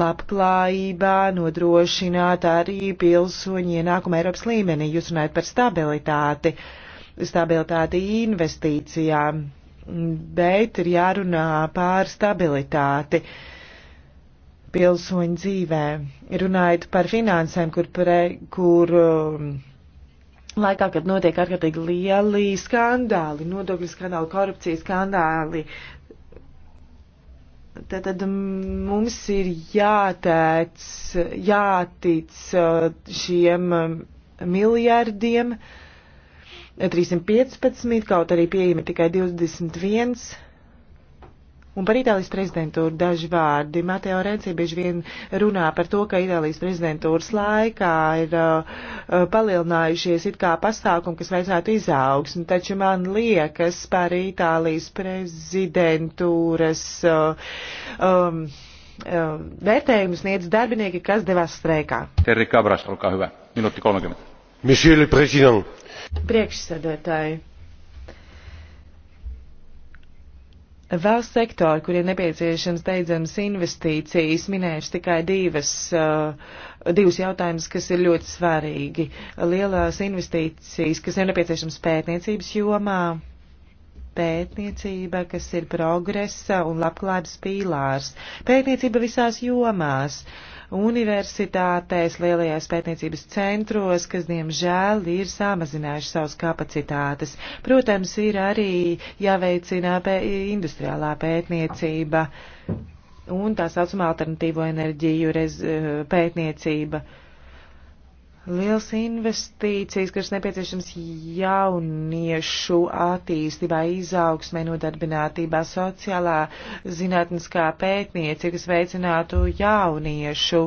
S3: labklājībā, nodrošināt arī pilsoņu ienākumu Eiropas līmenī. Jūs runājat par stabilitāti, stabilitāti investīcijām, bet ir jārunā pār stabilitāti pilsoņu dzīvē. Runājot par finansēm, kur, pre, kur um, laikā, kad notiek ārkārtīgi lieli skandāli, nodokļu skandāli, korupcijas skandāli, Tātad mums ir jātēc, jātic uh, šiem um, miljardiem, 315, kaut arī pieejami tikai 21. Un par Itālijas prezidentūru daži vārdi. Mateo Renci bieži vien runā par to, ka Itālijas prezidentūras laikā ir uh, uh palielinājušies it kā pasākumi, kas veicētu izaugsmu, taču man liekas par Itālijas prezidentūras. Uh, um, uh, Vērtējumu sniedz darbinieki, kas devās streikā.
S2: Terri Kabras, olkā hyvä. Minūti 30.
S4: Monsieur le Président.
S3: Priekšsēdētāji. Vēl sektori, kuriem nepieciešams teidzamas investīcijas, minējuši tikai divas, uh, divas jautājumas, kas ir ļoti svarīgi. Lielās investīcijas, kas ir nepieciešams pētniecības jomā pētniecība, kas ir progresa un labklājības pīlārs. Pētniecība visās jomās, universitātēs, lielajās pētniecības centros, kas, diemžēl, ir samazinājuši savas kapacitātes. Protams, ir arī jāveicina pē industriālā pētniecība un tā saucamā alternatīvo enerģiju rez, eh, pētniecība. Uh, Liels investīcijas, kas nepieciešams jauniešu attīstībā, izaugsmē, nodarbinātībā, sociālā zinātniskā pētniecība, kas veicinātu jauniešu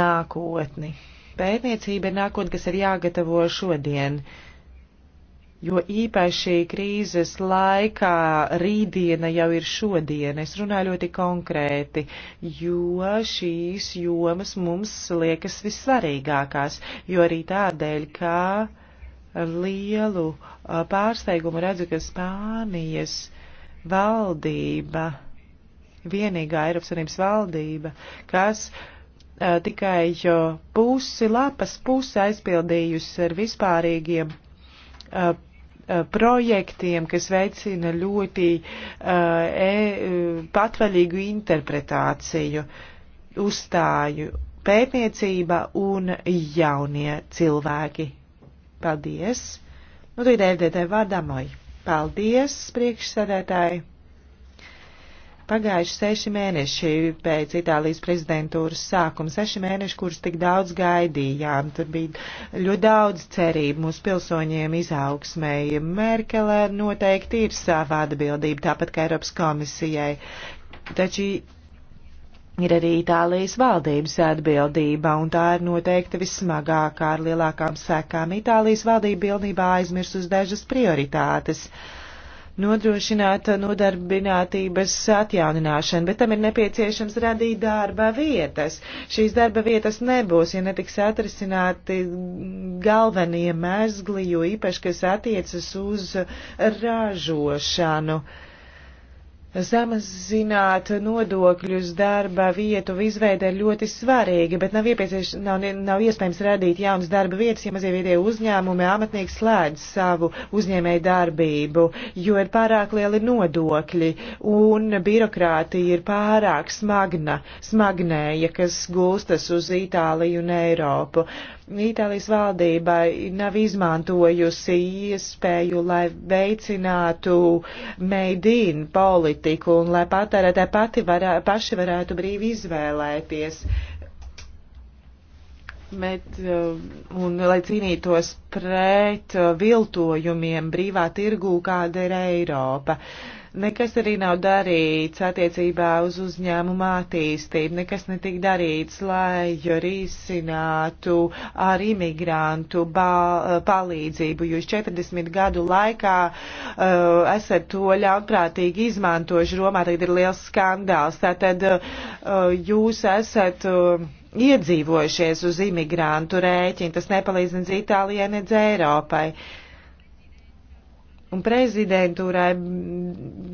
S3: nākotni. Pētniecība ir nākotne, kas ir jāgatavo šodien. Uh, jo īpaši krīzes laikā rītdiena jau ir šodiena. Es runāju ļoti konkrēti, jo šīs jomas mums liekas vissvarīgākās, jo arī tādēļ, ka ar lielu pārsteigumu redzu, ka Spānijas valdība, vienīgā Eiropas Savienības valdība, kas tikai pusi lapas pusi aizpildījusi ar vispārīgiem Eh, projektiem, kas veicina ļoti eh, e, patvaļīgu interpretāciju, uzstāju pētniecība un jaunie cilvēki. Paldies! Nu, tad ir vārdā moji. Paldies, priekšsēdētāji! Pagājuši seši mēneši pēc Itālijas prezidentūras sākuma, seši mēneši, kurus tik daudz gaidījām. Tur bija ļoti daudz cerību mūsu pilsoņiem izaugsmēji. Merkele noteikti ir savā atbildība, tāpat kā Eiropas komisijai. Taču ir arī Itālijas valdības atbildība, un tā ir noteikti vissmagākā ar lielākām sekām. Itālijas valdība pilnībā aizmirst uz dažas prioritātes. Uh, nodrošināt nodarbinātības atjaunināšanu, bet tam ir nepieciešams radīt darba vietas. Šīs darba vietas nebūs, ja netiks atrisināti galvenie mēzgli, jo īpaši, kas attiecas uz ražošanu. Uh, Samazināt nodokļus darba vietu izveidē ir ļoti svarīgi, bet nav, nav, nav iespējams radīt jaunas darba vietas, ja mazie viedie uzņēmumi amatnieki slēdz savu uzņēmēju darbību, jo ir pārāk lieli nodokļi un birokrātija ir pārāk smagna, smagnēja, kas gulstas uz Itāliju un Eiropu. Uh, Itālijas valdībai nav izmantojusi iespēju, lai veicinātu meidīnu politiku un lai patērētāji pati varā, paši varētu brīvi izvēlēties. Bet, um, un lai cīnītos pret uh, viltojumiem brīvā tirgū, kāda ir Eiropa. Uh, Nekas arī nav darīts attiecībā uz uzņēmumu attīstību, nekas netika darīts, lai risinātu ar imigrantu eh, palīdzību. Jūs 40 gadu laikā uh, esat to ļaunprātīgi izmantojuši. Romā tagad ir liels skandāls. Tātad uh, jūs esat. Uh, Iedzīvojušies uz imigrantu rēķinu, tas nepalīdz ne Itālijai, ne Eiropai. Uh, un prezidentūrai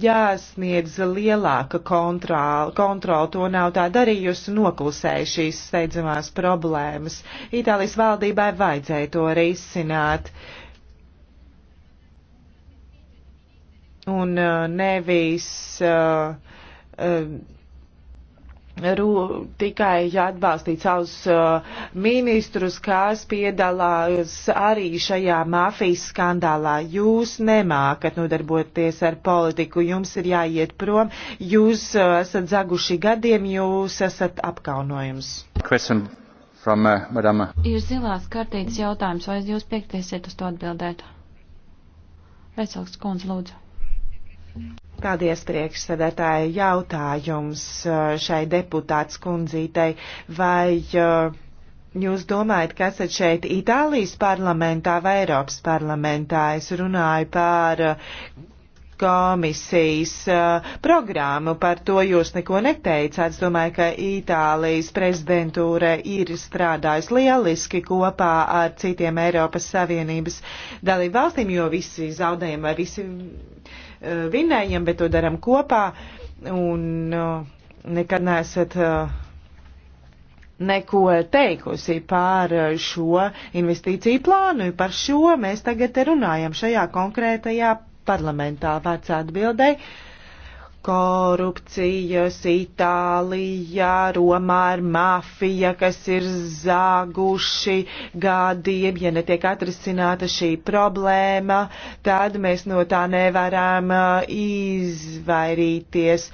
S3: jāsniedz lielāka kontrola, kontrola to nav tā darījusi, noklusēja šīs steidzamās problēmas. Itālijas valdībai vajadzēja to arī izsināt. Un uh, nevis uh, uh, Rū, tikai atbalstīt savus uh, ministrus, kas piedalās arī šajā mafijas skandālā. Jūs nemākat nodarboties ar politiku, jums ir jāiet prom, jūs uh, esat zaguši gadiem, jūs esat apkaunojums.
S2: From, uh, madama.
S5: ir zilās kartītes jautājums, vai jūs piektiesiet uz to atbildēt? Veselks kundze, lūdzu.
S3: Paldies, priekšsēdētāji. Jautājums eh, šai deputāts kundzītei. Vai eh, jūs domājat, ka esat šeit Itālijas parlamentā vai Eiropas parlamentā? Es runāju par eh, komisijas uh, programmu. Par to jūs neko neteicāt. Es domāju, ka Itālijas prezidentūra ir strādājusi lieliski kopā ar citiem Eiropas Savienības dalību valstīm, jo visi zaudējumi vai visi Eh, vinējam, bet to daram kopā un eh, nekad neesat eh, neko teikusi par šo investīciju plānu. Par šo mēs tagad runājam šajā konkrētajā parlamentā. Vārds atbildēji korupcijas, Itālijā, Romā ir mafija, kas ir zāguši gadiem. Ja netiek atrisināta šī problēma, tad mēs no tā nevaram uh, izvairīties.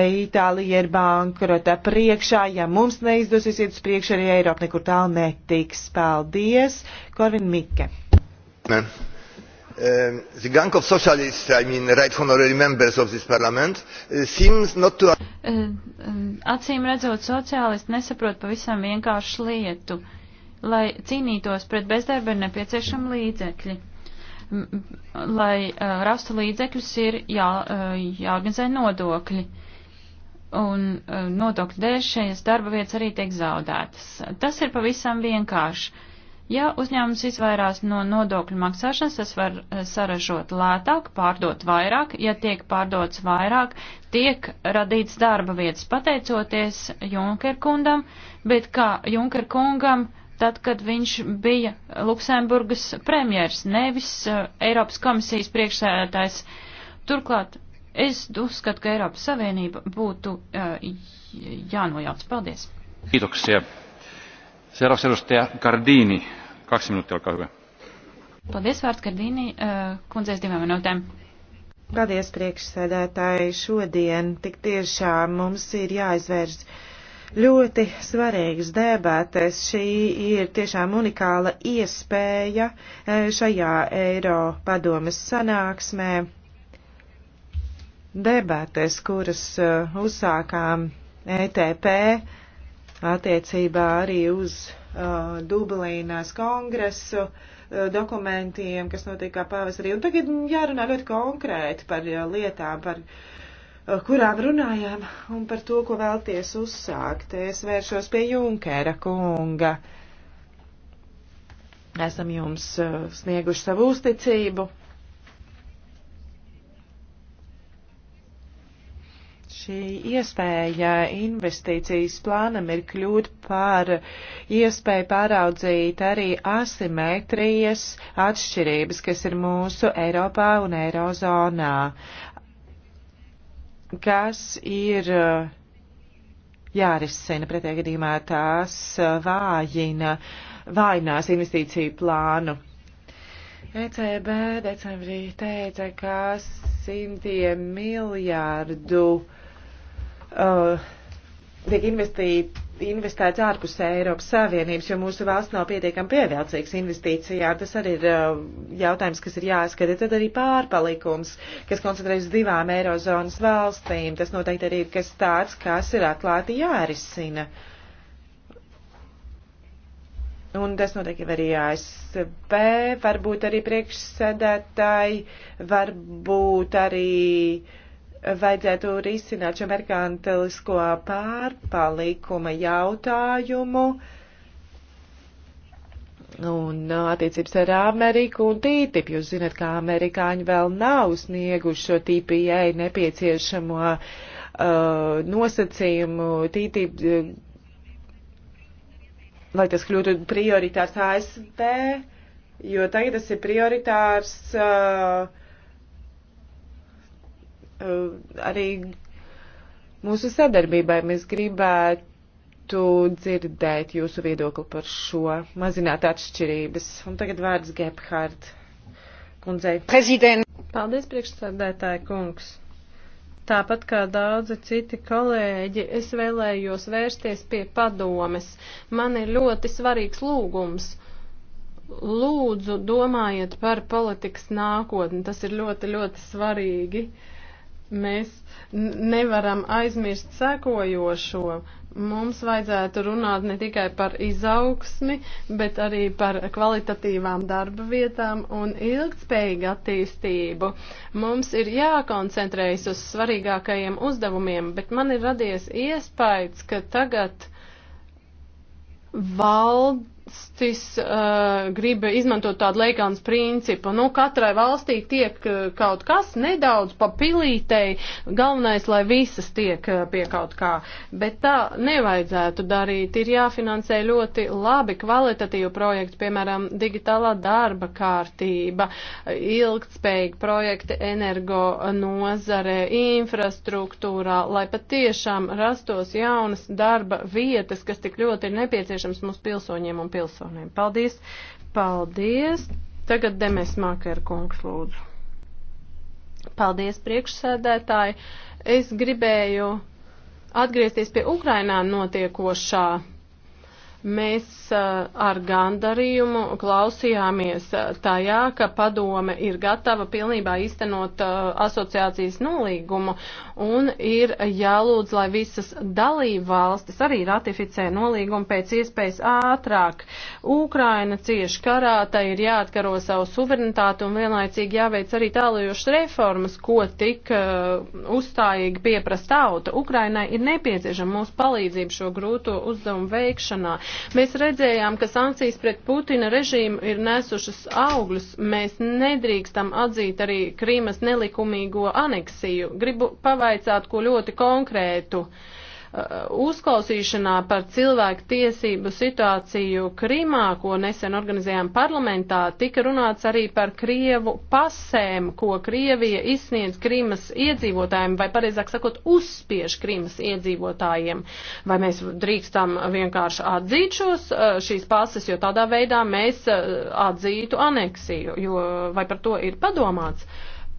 S3: Itālija ir bankrota priekšā, ja mums neizdosies iet uz priekšu, arī Eiropa nekur tālu netiks. Paldies, Korvin Mike.
S6: Ne. Um, the gang of socialists i mean right honourable members of this parliament uh, seems not to. Uh,
S5: um, acīm redzot sociālisti nesaprot pavisam vienkāršu lietu lai cīnītos pret bezdarbu ir nepieciešami līdzekļi. Lai uh, rastu līdzekļus ir jā, uh, jāorganizē nodokļi. Un uh, nodokļu dēļ šīs darba vietas arī tiek zaudētas. Tas ir pavisam vienkārši. Uh, Ja uzņēmums izvairās no nodokļu maksāšanas, tas var eh, saražot lētāk, pārdot vairāk. Ja tiek pārdots vairāk, tiek radīts darba vietas pateicoties Junkerkundam, bet kā Junkerkungam, tad, kad viņš bija Luksemburgas premjers, nevis uh, Eiropas komisijas priekšsēdētājs. Turklāt es uzskatu, ka Eiropas Savienība būtu uh, jānojauc. Paldies!
S2: Kiitoksia. Seuraavaksi edustaja Gardini. Kaksi minuuttia, olkaa hyvä.
S5: Paldies, vārds Gardīnī. Eh, Kundzēs divām
S3: minūtēm. Paldies, priekšsēdētāji. Šodien tik tiešām mums ir jāizvērš ļoti svarīgas debētes. Šī ir tiešām unikāla iespēja eh, šajā Eiro padomas sanāksmē. Debētes, kuras eh, uzsākām ETP attiecībā arī uz uh, Dublīnas kongresu uh, dokumentiem, kas notika pavasarī. Un tagad jārunā ļoti konkrēti par uh, lietām, par uh, kurām runājām un par to, ko vēlties uzsākt. Es vēršos pie Junkera kunga. Esam jums uh, snieguši savu uzticību Šī iespēja investīcijas plānam ir kļūt par iespēju pāraudzīt arī asimetrijas atšķirības, kas ir mūsu Eiropā un Eirozonā, kas ir uh, jārisina, pretējā gadījumā tās uh, vājina, vājinās investīciju plānu. ECB decembrī teica, ka simtiem miljārdu uh, tiek investīt, investēts ārpus Eiropas Savienības, jo mūsu valsts nav pietiekami pievilcīgs investīcijām. Tas arī ir uh, jautājums, kas ir jāskata. Tad arī pārpalikums, kas koncentrējas uz divām Eirozonas valstīm. Tas noteikti arī ir kas tāds, kas ir atklāti jārisina. Un tas notiek arī ASV, varbūt arī priekšsēdētāji, varbūt arī uh, vajadzētu risināt šo merkantilisko pārpalikuma jautājumu un attiecības ar Ameriku un TTIP. Jūs zināt, ka amerikāņi vēl nav snieguši šo TPA nepieciešamo uh, nosacījumu TTIP, uh, lai tas kļūtu prioritārs ASV, jo tagad tas ir prioritārs. Uh, Eh, arī mūsu sadarbībai. Mēs gribētu dzirdēt jūsu viedokli par šo mazināt atšķirības. Un tagad vārds Gebhard kundzei. Prezident.
S1: Paldies, priekšsēdētāja kungs. Tāpat kā daudzi citi kolēģi, es vēlējos vērsties pie padomes. Man ir ļoti svarīgs lūgums. Lūdzu, domājiet par politikas nākotni. Tas ir ļoti, ļoti svarīgi. Uh, Mēs nevaram aizmirst sekojošo. Mums vajadzētu runāt ne tikai par izaugsmi, bet arī par kvalitatīvām darba vietām un ilgtspējīgu attīstību. Mums ir jākoncentrējas uz svarīgākajiem uzdevumiem, bet man ir radies iespējas, ka tagad valda valstis uh, eh, grib izmantot tādu leikāns principu. Nu, katrai valstī tiek uh, kaut kas nedaudz papilītei, galvenais, lai visas tiek uh, pie kaut kā. Bet tā nevajadzētu darīt. Ir jāfinansē ļoti labi kvalitatīvu projektu, piemēram, digitālā darba kārtība, ilgtspējīgi projekti energo nozare, infrastruktūrā, lai patiešām rastos jaunas darba vietas, kas tik ļoti ir nepieciešams mūsu pilsoņiem un pilsoņiem pilsoniem. Paldies! Paldies! Tagad Demes Makar kungs lūdzu. Paldies, priekšsēdētāji! Es gribēju atgriezties pie Ukrainā notiekošā Mēs ar gandarījumu klausījāmies tajā, ka padome ir gatava pilnībā iztenot asociācijas nolīgumu un ir jālūdz, lai visas dalība valstis arī ratificē nolīgumu pēc iespējas ātrāk. Ukraina cieši karā, tai ir jāatkaro savu suverenitātu un vienlaicīgi jāveic arī tālajošas reformas, ko tik uh, uzstājīgi pieprasa tauta. Ukrainai ir nepieciešama mūsu palīdzība šo grūto uzdevumu veikšanā. Mēs redzējām, ka sankcijas pret Putina režīmu ir nesušas augļus. Mēs nedrīkstam atzīt arī Krīmas nelikumīgo aneksiju. Gribu pavaicāt ko ļoti konkrētu. Uh, Uh, uzklausīšanā par cilvēku tiesību situāciju Krimā, ko nesen organizējām parlamentā, tika runāts arī par Krievu pasēm, ko Krievija izsniedz Krimas iedzīvotājiem, vai pareizāk sakot, uzspiež Krimas iedzīvotājiem. Vai mēs drīkstam vienkārši atzīt šos, uh, šīs pases, jo tādā veidā mēs uh, atzītu aneksiju, jo vai par to ir padomāts?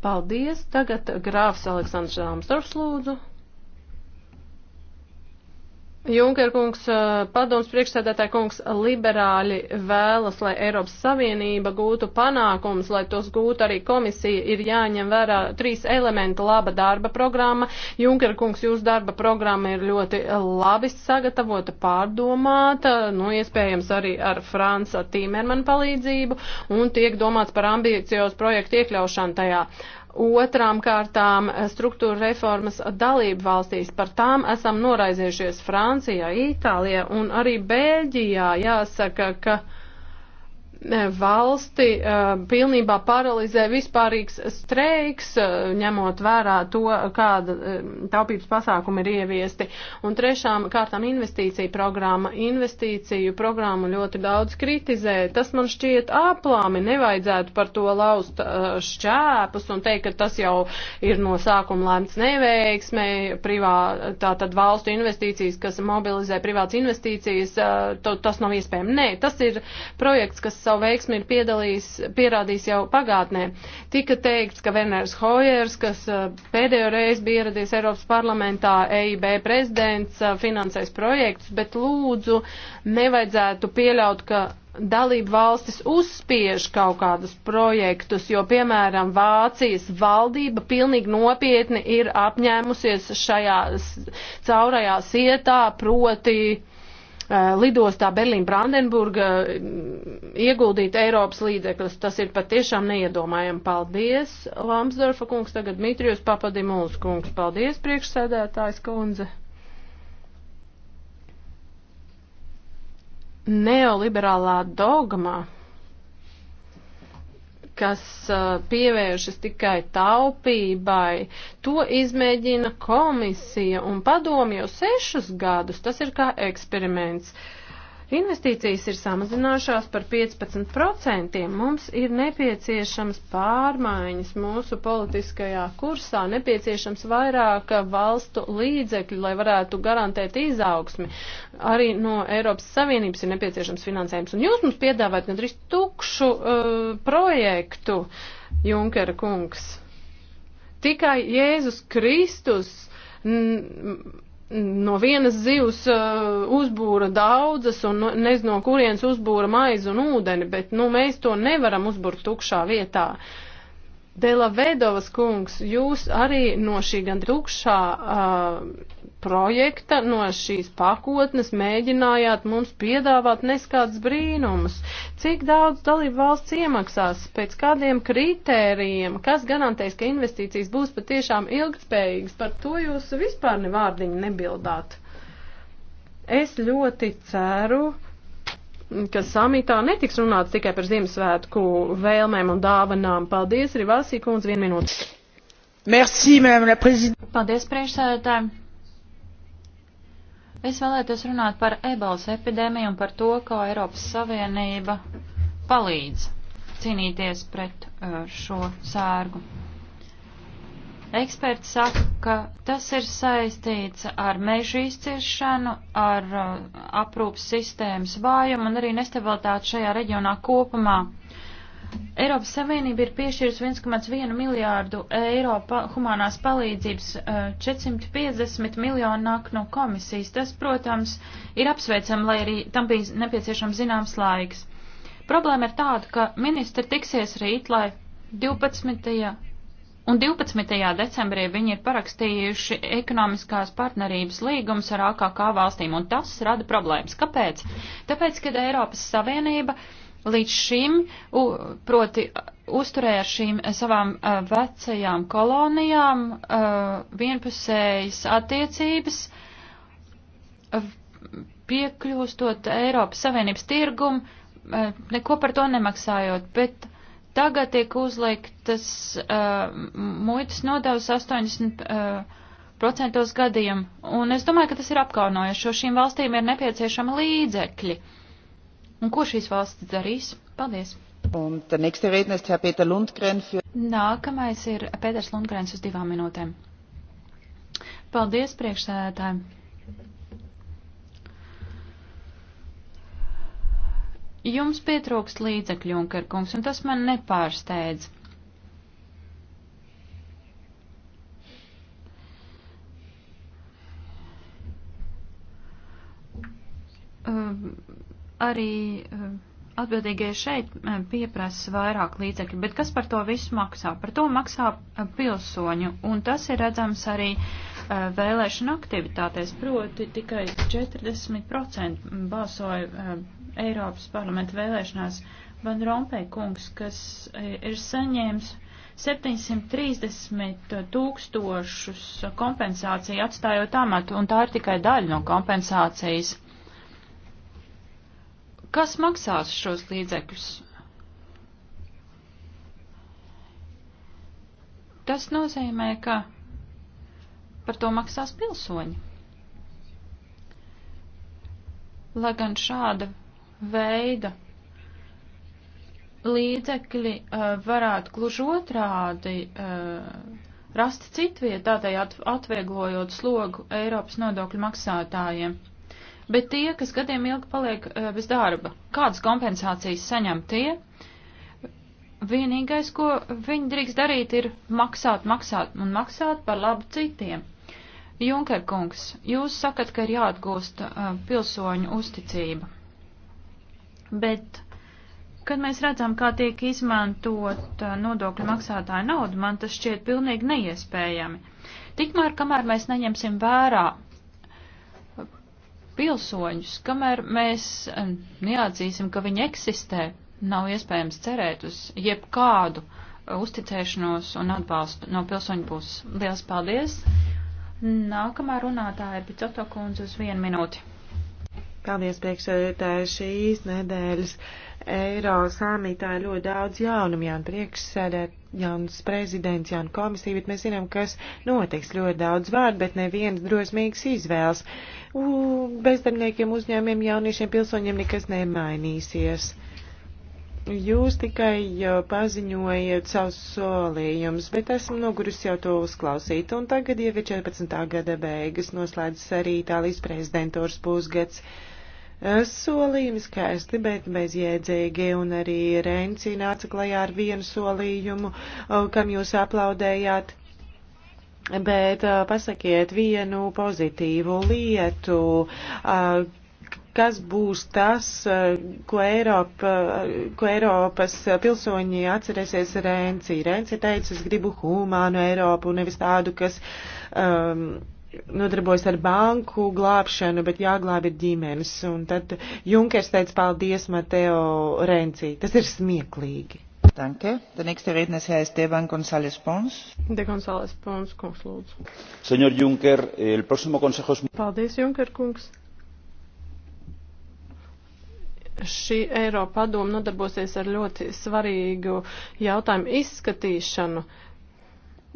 S1: Paldies. Tagad grāfs Aleksandrs Dāmsdorfs lūdzu. Junker kungs, padoms priekšsēdētāja kungs, liberāļi vēlas, lai Eiropas Savienība gūtu panākums, lai tos gūtu arī komisija, ir jāņem vērā trīs elementi - laba darba programma. Junker kungs, jūsu darba programma ir ļoti labi sagatavota, pārdomāta, nu, iespējams arī ar Franca Timermana palīdzību, un tiek domāts par ambiciozu projektu iekļaušanu tajā. Otrām kārtām eh, struktūra reformas dalību valstīs. Par tām esam noraizējušies Francijā, Itālijā un arī Bēļģijā. Jāsaka, ka valsti pilnībā paralizē vispārīgs streiks, ņemot vērā to, kāda taupības pasākuma ir ieviesti. Un trešām kārtām investīcija programma. Investīciju programmu ļoti daudz kritizē. Tas man šķiet aplāmi. Nevajadzētu par to laust šķēpus un teikt, ka tas jau ir no sākuma lēmts neveiksmē. Privā, tā tad valstu investīcijas, kas mobilizē privāts investīcijas, to, tas nav iespējams. Nē, tas ir projekts, kas savu savu veiksmi ir pierādījis jau pagātnē. Tika teikts, ka Werners Hojers, kas eh, pēdējo reizi bija ieradies Eiropas parlamentā, EIB prezidents, eh, finansēs projekts, bet lūdzu nevajadzētu pieļaut, ka dalību valstis uzspiež kaut kādus projektus, jo, piemēram, Vācijas valdība pilnīgi nopietni ir apņēmusies šajā caurajā sietā proti uh, Eh, lidostā Berlīna-Brandenburga mm, ieguldīt Eiropas līdzekļus. Tas ir patiešām neiedomājami. Paldies, Lamsdorfa kungs, tagad Mitrijus Papadimuls kungs. Paldies, priekšsēdētājs kundze. Neoliberālā dogmā kas uh, pievēršas tikai taupībai, to izmēģina komisija un padomi jau sešus gadus. Tas ir kā eksperiments. Uh, Investīcijas ir samazinājušās par 15%. Mums ir nepieciešams pārmaiņas mūsu politiskajā kursā, nepieciešams vairāk valstu līdzekļu, lai varētu garantēt izaugsmi. Arī no Eiropas Savienības ir nepieciešams finansējums. Un jūs mums piedāvājat gandrīz tukšu uh, projektu, Junkera kungs. Tikai Jēzus Kristus. Mm, no vienas zivs uh, uzbūra daudzas un nezinu, no kurienes uzbūra maizi un ūdeni, bet nu, mēs to nevaram uzbūrt tukšā vietā. Uh, Dela Vēdovas kungs, jūs arī no šī gan tukšā uh, projekta, no šīs pakotnes mēģinājāt mums piedāvāt neskāds brīnumus. Cik daudz dalību valsts iemaksās, pēc kādiem kritērijiem, kas garantēs, ka investīcijas būs patiešām ilgtspējīgas, par to jūs vispār nevārdiņu nebildāt. Es ļoti ceru, uh, ka samitā netiks runāts tikai par Ziemassvētku vēlmēm un dāvanām. Paldies, Rivasī kundze, vienu minūti.
S7: Merci, madame la prezidente.
S5: Paldies, priekšsēdētāji. Es vēlētos runāt par ebolas epidēmiju un par to, kā Eiropas Savienība palīdz cīnīties pret uh, šo sērgu. Eksperti saka, ka tas ir saistīts ar mežu izciešanu, ar uh, aprūpas sistēmas vājumu un arī nestabilitāti šajā reģionā kopumā. Eiropas Savienība ir piešķīrusi 1,1 miljārdu eiro pa, humanās palīdzības, 450 uh, miljonu nāk no komisijas. Tas, protams, ir apsveicam, lai arī tam bija nepieciešams zināms laiks. Problēma ir tāda, ka ministri tiksies rīt, lai 12. Un 12. decembrī viņi ir parakstījuši ekonomiskās partnerības līgumus ar AKK valstīm, un tas rada problēmas. Kāpēc? Tāpēc, kad Eiropas Savienība līdz šim, u, proti, uzturēja ar šīm savām uh, vecajām kolonijām uh, vienpusējas attiecības, uh, piekļūstot Eiropas Savienības tirgumu, uh, neko par to nemaksājot, bet Tagad tiek uzliktas uh, muitas nodevas 80. Uh, procentos gadījumu, un es domāju, ka tas ir apkaunojoši, jo šīm valstīm ir nepieciešama līdzekļi. Un ko šīs valstis darīs? Paldies!
S3: Für...
S5: Nākamais ir Pēters Lundgrens uz divām minūtēm. Paldies priekšsēdētājiem! Jums pietrūkst līdzekļu, Junkerkungs, un tas man nepārsteidz. Ehm, arī ehm, atbildīgie šeit ehm, pieprasa vairāk līdzekļu, bet kas par to visu maksā? Par to maksā pilsoņu, un tas ir redzams arī vēlēšana aktivitātēs, proti tikai 40% balsoja Eiropas parlamenta vēlēšanās, Van Rompē kungs, kas e, ir saņēmis 730 tūkstošus kompensāciju atstājot amatu, un tā ir tikai daļa no kompensācijas. Kas maksās šos līdzekļus? Tas nozīmē, ka par to maksās pilsoņi. Lai gan šāda veida līdzekļi uh, varētu gluži otrādi uh, rast citviet, tādai atvieglojot slogu Eiropas nodokļu maksātājiem. Bet tie, kas gadiem ilgi paliek uh, bez darba, kādas kompensācijas saņem tie, vienīgais, ko viņi drīkst darīt, ir maksāt, maksāt un maksāt par labu citiem. Junkerkungs, jūs sakat, ka ir jāatgūst uh, pilsoņu uzticība. Bet, kad mēs redzam, kā tiek izmantot uh, nodokļu maksātāju naudu, man tas šķiet pilnīgi neiespējami. Tikmēr, kamēr mēs neņemsim vērā uh, pilsoņus, kamēr mēs um, neatzīsim, ka viņi eksistē, nav iespējams cerēt uz jebkādu uh, uzticēšanos un atbalstu no pilsoņu puses. Lielas paldies! Nākamā runātāja ir Picoto kundze uz vienu minūti. Paldies, priekšsēdētāji, šīs nedēļas
S3: Eiro samitā ir ļoti daudz jaunumu, jaunu priekšsēdētāju, jauns prezidents, jauna komisija, bet mēs zinām, kas notiks ļoti daudz vārdu, bet neviens drosmīgs izvēles. U, bezdarbniekiem, uzņēmiem, jauniešiem, pilsoņiem nekas nemainīsies jūs tikai paziņojat savus solījumus, bet esmu nogurusi jau to uzklausīt, un tagad jau ir 14. gada beigas, noslēdzas arī Itālijas prezidentūras pusgads. Uh, solījumi skaisti, bet bezjēdzīgi, un arī Renci nāca klajā ar vienu solījumu, kam jūs aplaudējāt. Bet pasakiet vienu pozitīvu lietu, kas būs tas, ko, Eiropa, ko Eiropas pilsoņi atcerēsies Renci. Renci teica, es gribu humānu Eiropu, nevis tādu, kas. Um, nodarbojas ar banku glābšanu, bet jāglāb ir ģimenes. Un tad Junkers teica paldies Mateo Renci. Tas ir smieklīgi. Danke. Der nächste Redner ist Herr Esteban González Pons. De González Pons, kungs, lūdzu.
S2: Senor Juncker, el próximo consejo es... Paldies, Junker, kungs.
S1: Šī Eiropa padoma nodarbosies ar ļoti svarīgu jautājumu izskatīšanu. Uh,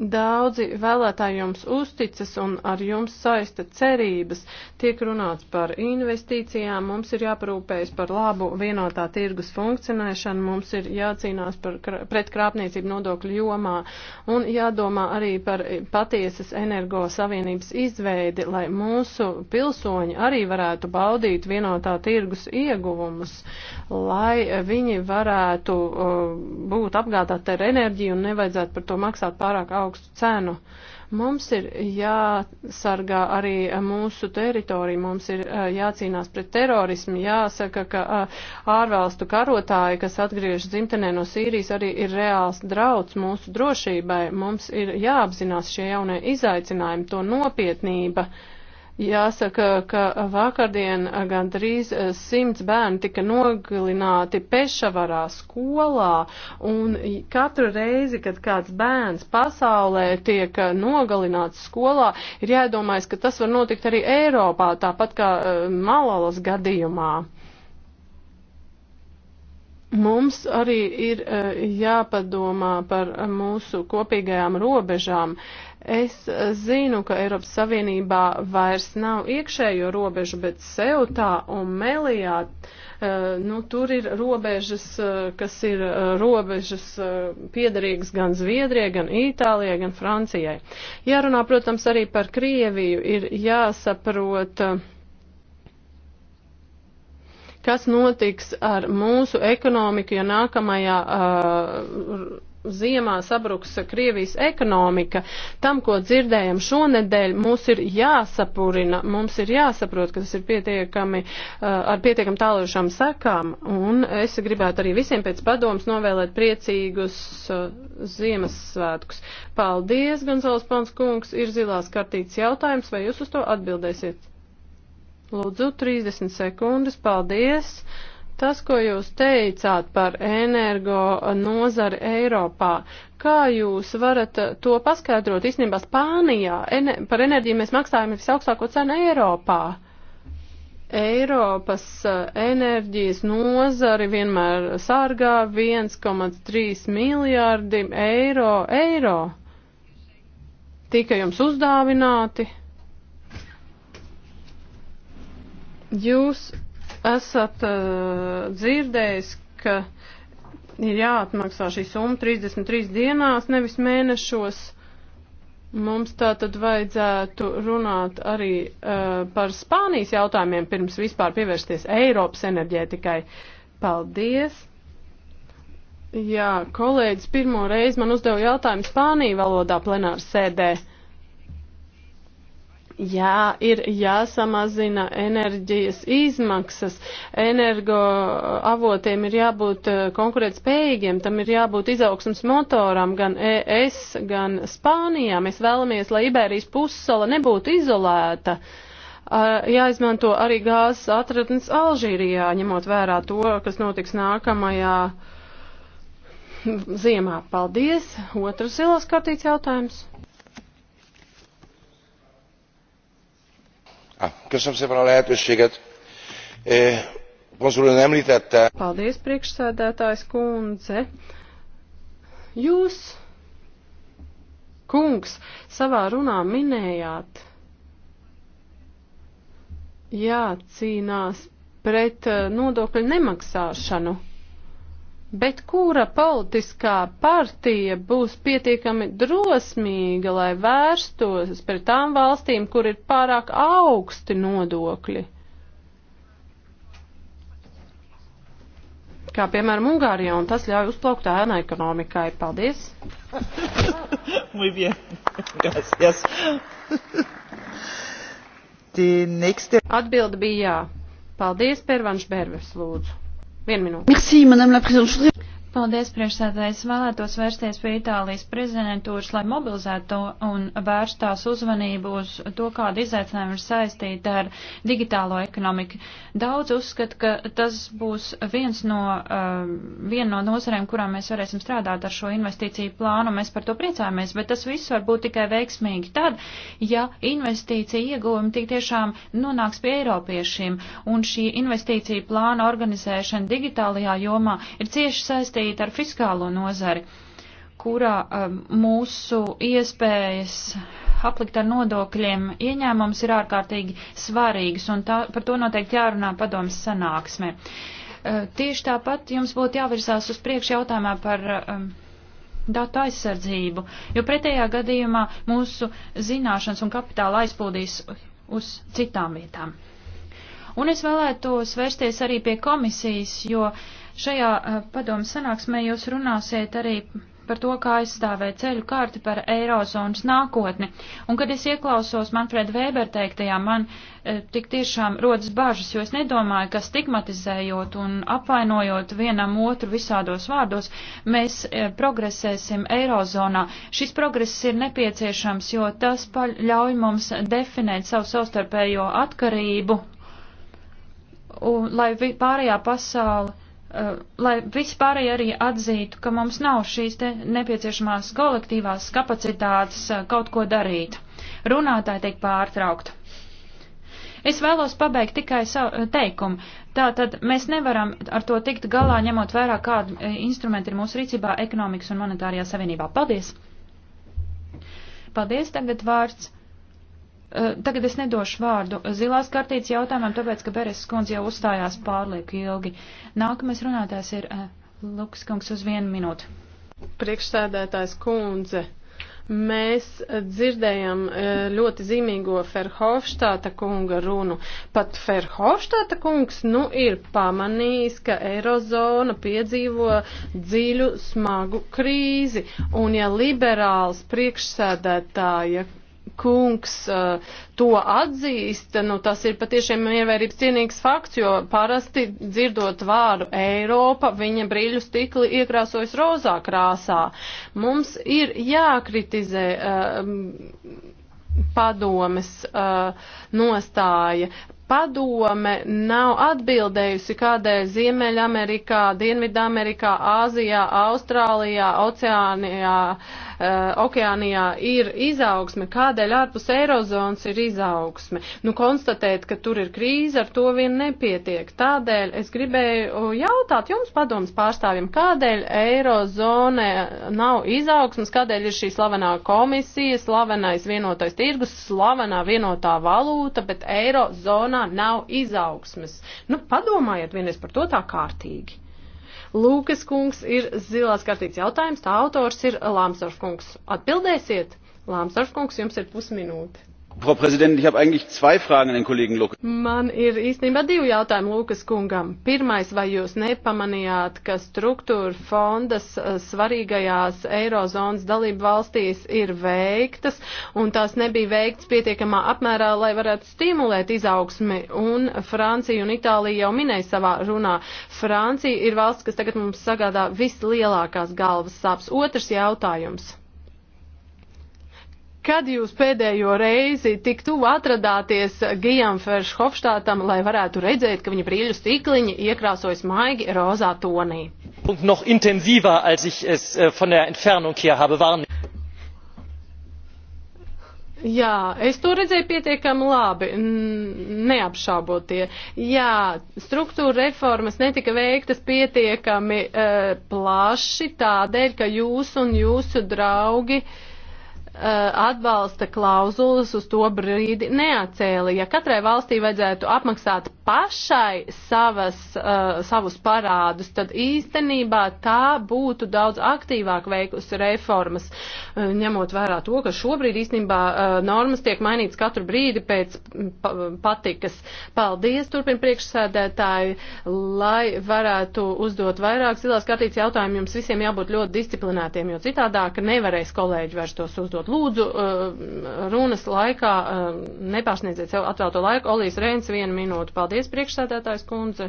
S1: Daudzi vēlētāji jums uzticas un ar jums saista cerības. Tiek runāts par investīcijām, mums ir jāparūpējas par labu vienotā tirgus funkcionēšanu, mums ir jācīnās par, pret krāpniecību nodokļu jomā un jādomā arī par patiesas energo savienības izveidi, lai mūsu pilsoņi arī varētu baudīt vienotā tirgus ieguvumus, lai viņi varētu uh, būt apgādāti ar enerģiju un nevajadzētu par to maksāt pārāk augstu augstu cenu. Mums ir jāsargā arī mūsu teritorija, mums ir jācīnās pret terorismu, jāsaka, ka ārvalstu karotāji, kas atgriežas dzimtenē no Sīrijas, arī ir reāls drauds mūsu drošībai. Mums ir jāapzinās šie jaunie izaicinājumi, to nopietnība. Uh, Jāsaka, ka vakardien gandrīz eh, simts bērni tika nogalināti pešavarā skolā, un katru reizi, kad kāds bērns pasaulē tiek eh, nogalināts skolā, ir jādomājas, ka tas var notikt arī Eiropā, tāpat kā eh, Malalas gadījumā. Mums arī ir jāpadomā par mūsu kopīgajām robežām. Uh, Es zinu, ka Eiropas Savienībā vairs nav iekšējo robežu, bet Seutā un Melijā, eh, nu, tur ir robežas, eh, kas ir eh, robežas piederīgas gan Zviedrijai, gan Itālijai, gan Francijai. Jārunā, protams, arī par Krieviju ir jāsaprot kas notiks ar mūsu ekonomiku, ja nākamajā uh, ziemā sabruks Krievijas ekonomika. Tam, ko dzirdējam šonedēļ, mums ir jāsapurina, mums ir jāsaprot, ka tas ir pietiekami, uh, ar pietiekami tālušām sekām. Un es gribētu arī visiem pēc padoms novēlēt priecīgus uh, Ziemassvētkus. Paldies, Gonzales Pons kungs, ir zilās kartītes jautājums, vai jūs uz to atbildēsiet? Lūdzu, 30 sekundes, paldies. Tas, ko jūs teicāt par energo nozari Eiropā, kā jūs varat to paskaidrot? Īstenībā Spānijā ene, par enerģiju mēs maksājam visaugstāko cenu Eiropā. Eiropas eh, enerģijas nozari vienmēr sargā 1,3 miljārdi eiro. eiro. Tika jums uzdāvināti. Jūs esat uh, dzirdējis, ka ir jāatmaksā šī summa 33 dienās, nevis mēnešos. Mums tā tad vajadzētu runāt arī uh, par Spānijas jautājumiem pirms vispār pievērsties Eiropas enerģētikai. Paldies! Jā, kolēģis pirmo reizi man uzdeva jautājumu Spāniju valodā plenāru sēdē. Uh, Jā, ir jāsamazina enerģijas izmaksas, energo avotiem ir jābūt eh, konkurētspējīgiem, tam ir jābūt izaugsmas motoram gan ES, gan Spānijā. Mēs vēlamies, lai Iberijas pussala nebūtu izolēta. Eh, jāizmanto arī gāzes atradnes Alžīrijā, ņemot vērā to, kas notiks nākamajā ziemā. Paldies! Otrs zilas kartīts jautājums.
S4: Ah, köszönöm szépen a lehetőséget. Konzul ön említette.
S1: Paldies, priekšsēdētājs kundze. Jūs, kungs, savā runā minējāt jācīnās pret eh, nodokļu nemaksāšanu. Bet kura politiskā partija būs pietiekami drosmīga, lai vērstos pret tām valstīm, kur ir pārāk augsti nodokļi? Kā piemēram Ungārijā, un tas ļauj uzplaukt ēna ekonomikai. Paldies! Muy bien.
S2: Gracias.
S1: Next... Atbilde bija jā. Paldies, Pervanš Bervers, lūdzu. Vienu minūti. Merci,
S2: madame
S5: la présidente. Paldies, priekšsēdājs. Vēlētos vērsties pie Itālijas prezidentūras, lai mobilizētu un vērstu tās uzmanību uz to, kāda izaicinājuma ir saistīta ar digitālo ekonomiku. Daudz uzskata, ka tas būs viens no, uh, viena no nozarēm, kurā mēs varēsim strādāt ar šo investīciju plānu. Mēs par to priecājamies, bet tas viss var būt tikai veiksmīgi tad, ja investīcija ieguvumi tik tiešām nonāks pie Eiropiešiem. Un šī investīcija plāna organizēšana digitālajā jomā ir cieši saistīta saistīta ar fiskālo nozari, kurā um, mūsu iespējas aplikt ar nodokļiem ieņēmums ir ārkārtīgi svarīgs, un tā, par to noteikti jārunā padomas sanāksmē. Uh, tieši tāpat jums būtu jāvirzās uz priekšu jautājumā par um, datu aizsardzību, jo pretējā gadījumā mūsu zināšanas un kapitāla aizpildīs uz citām vietām. Un es vēlētos vērsties arī pie komisijas, jo uh, Šajā eh, padomu sanāksmē jūs runāsiet arī par to, kā aizstāvēt ceļu kārti par eirozonas nākotni. Un, kad es ieklausos Manfred Weber teiktajā, man e, tik tiešām rodas bažas, jo es nedomāju, ka stigmatizējot un apvainojot vienam otru visādos vārdos, mēs e, progresēsim eirozonā. Šis progress ir nepieciešams, jo tas ļauj mums definēt savu savstarpējo atkarību, un, lai vi, pārējā pasaule Uh, lai vispārēji arī atzītu, ka mums nav šīs nepieciešamās kolektīvās kapacitātes uh, kaut ko darīt. Runātāji tiek pārtraukti. Es vēlos pabeigt tikai savu uh, teikumu. Tātad mēs nevaram ar to tikt galā, ņemot vērā, kādi instrumenti ir mūsu rīcībā ekonomikas un monetārajā savienībā. Paldies! Paldies, tagad vārds Eh, tagad es nedošu vārdu zilās kartītes jautājumam, tāpēc, ka Beres skundze jau uzstājās pārlieku ilgi. Nākamais runātājs ir eh, Lukas kungs uz vienu minūtu. Priekšsēdētājs kundze,
S1: mēs dzirdējam eh, ļoti zīmīgo Ferhofštāta kunga runu. Pat Ferhofštāta kungs nu ir pamanījis, ka Eirozona piedzīvo dziļu smagu krīzi. Un ja liberāls priekšsēdētāja kungs eh, to atzīst, nu, tas ir patiešām ievērības cienīgs fakts, jo parasti dzirdot vārdu Eiropa, viņa brīļu stikli iekrāsojas rozā krāsā. Mums ir jākritizē. Eh, padomes uh, nostāja padome nav atbildējusi, kādēļ Ziemeļamerikā, Dienvidamerikā, Āzijā, Austrālijā, Oceānijā, uh, Eh, okeānijā ir izaugsme, kādēļ ārpus Eirozonas ir izaugsme. Nu, konstatēt, ka tur ir krīze, ar to vien nepietiek. Tādēļ es gribēju jautāt jums padomas pārstāvjiem, kādēļ Eirozonē nav izaugsmas, kādēļ ir šī slavenā komisija, slavenais vienotais tirgus, slavenā vienotā valūta, bet Eirozonā nav izaugsmes. Nu, padomājiet vienreiz par to tā kārtīgi. Lūkas kungs ir zilās kartīts jautājums, tā autors ir Lāmsdorf kungs. Atbildēsiet? Lāmsdorf kungs, jums ir pusminūte.
S2: Frau Präsidentin, ich habe eigentlich zwei Fragen an den Kollegen Lukas.
S1: Man ir īstenībā divi jautājumi Lukas kungam. Pirmais, vai jūs nepamanījāt, ka struktūra fondas eh, svarīgajās eirozonas dalību valstīs ir veiktas, un tās nebija veikts pietiekamā apmērā, lai varētu stimulēt izaugsmi, un Francija un Itālija jau minēja savā runā. Francija ir valsts, kas tagad mums sagādā vislielākās galvas sāpes. Otrs jautājums. Kad jūs pēdējo reizi tik tuvu atradāties Gijam Feršhofštātam, lai varētu redzēt, ka viņa brīļu stikliņi iekrāsojas maigi rozā tonī?
S4: Noch intensīvāk, als ich es äh, von der Entfernung hier habe wahrnehmen.
S1: Jā, es to redzēju pietiekami labi, neapšaubotie. Jā, struktūra reformas netika veiktas pietiekami uh, plaši tādēļ, ka jūs un jūsu draugi uh, Uh, atbalsta klauzulas uz to brīdi neatcēla. Ja katrai valstī vajadzētu apmaksāt pašai savas, uh, savus parādus, tad īstenībā tā būtu daudz aktīvāk veikusi reformas, uh, ņemot vērā to, ka šobrīd īstenībā uh, normas tiek mainītas katru brīdi pēc pa patikas. Paldies, turpin priekšsēdētāji, lai varētu uzdot vairāk zilās kartītes jautājumu, jums visiem jābūt ļoti disciplinētiem, jo citādāk nevarēs kolēģi vairs tos uzdot. Lūdzu, eh, runas laikā eh, nepārsniedziet sev atvēlto laiku. Olīs Rēns, vienu minūtu. Paldies, priekšsēdētājs kundze.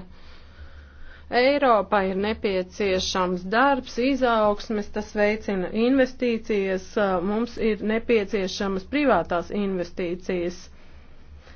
S1: Eiropā ir nepieciešams darbs, izaugsmes, tas veicina investīcijas, eh, mums ir nepieciešamas privātās investīcijas.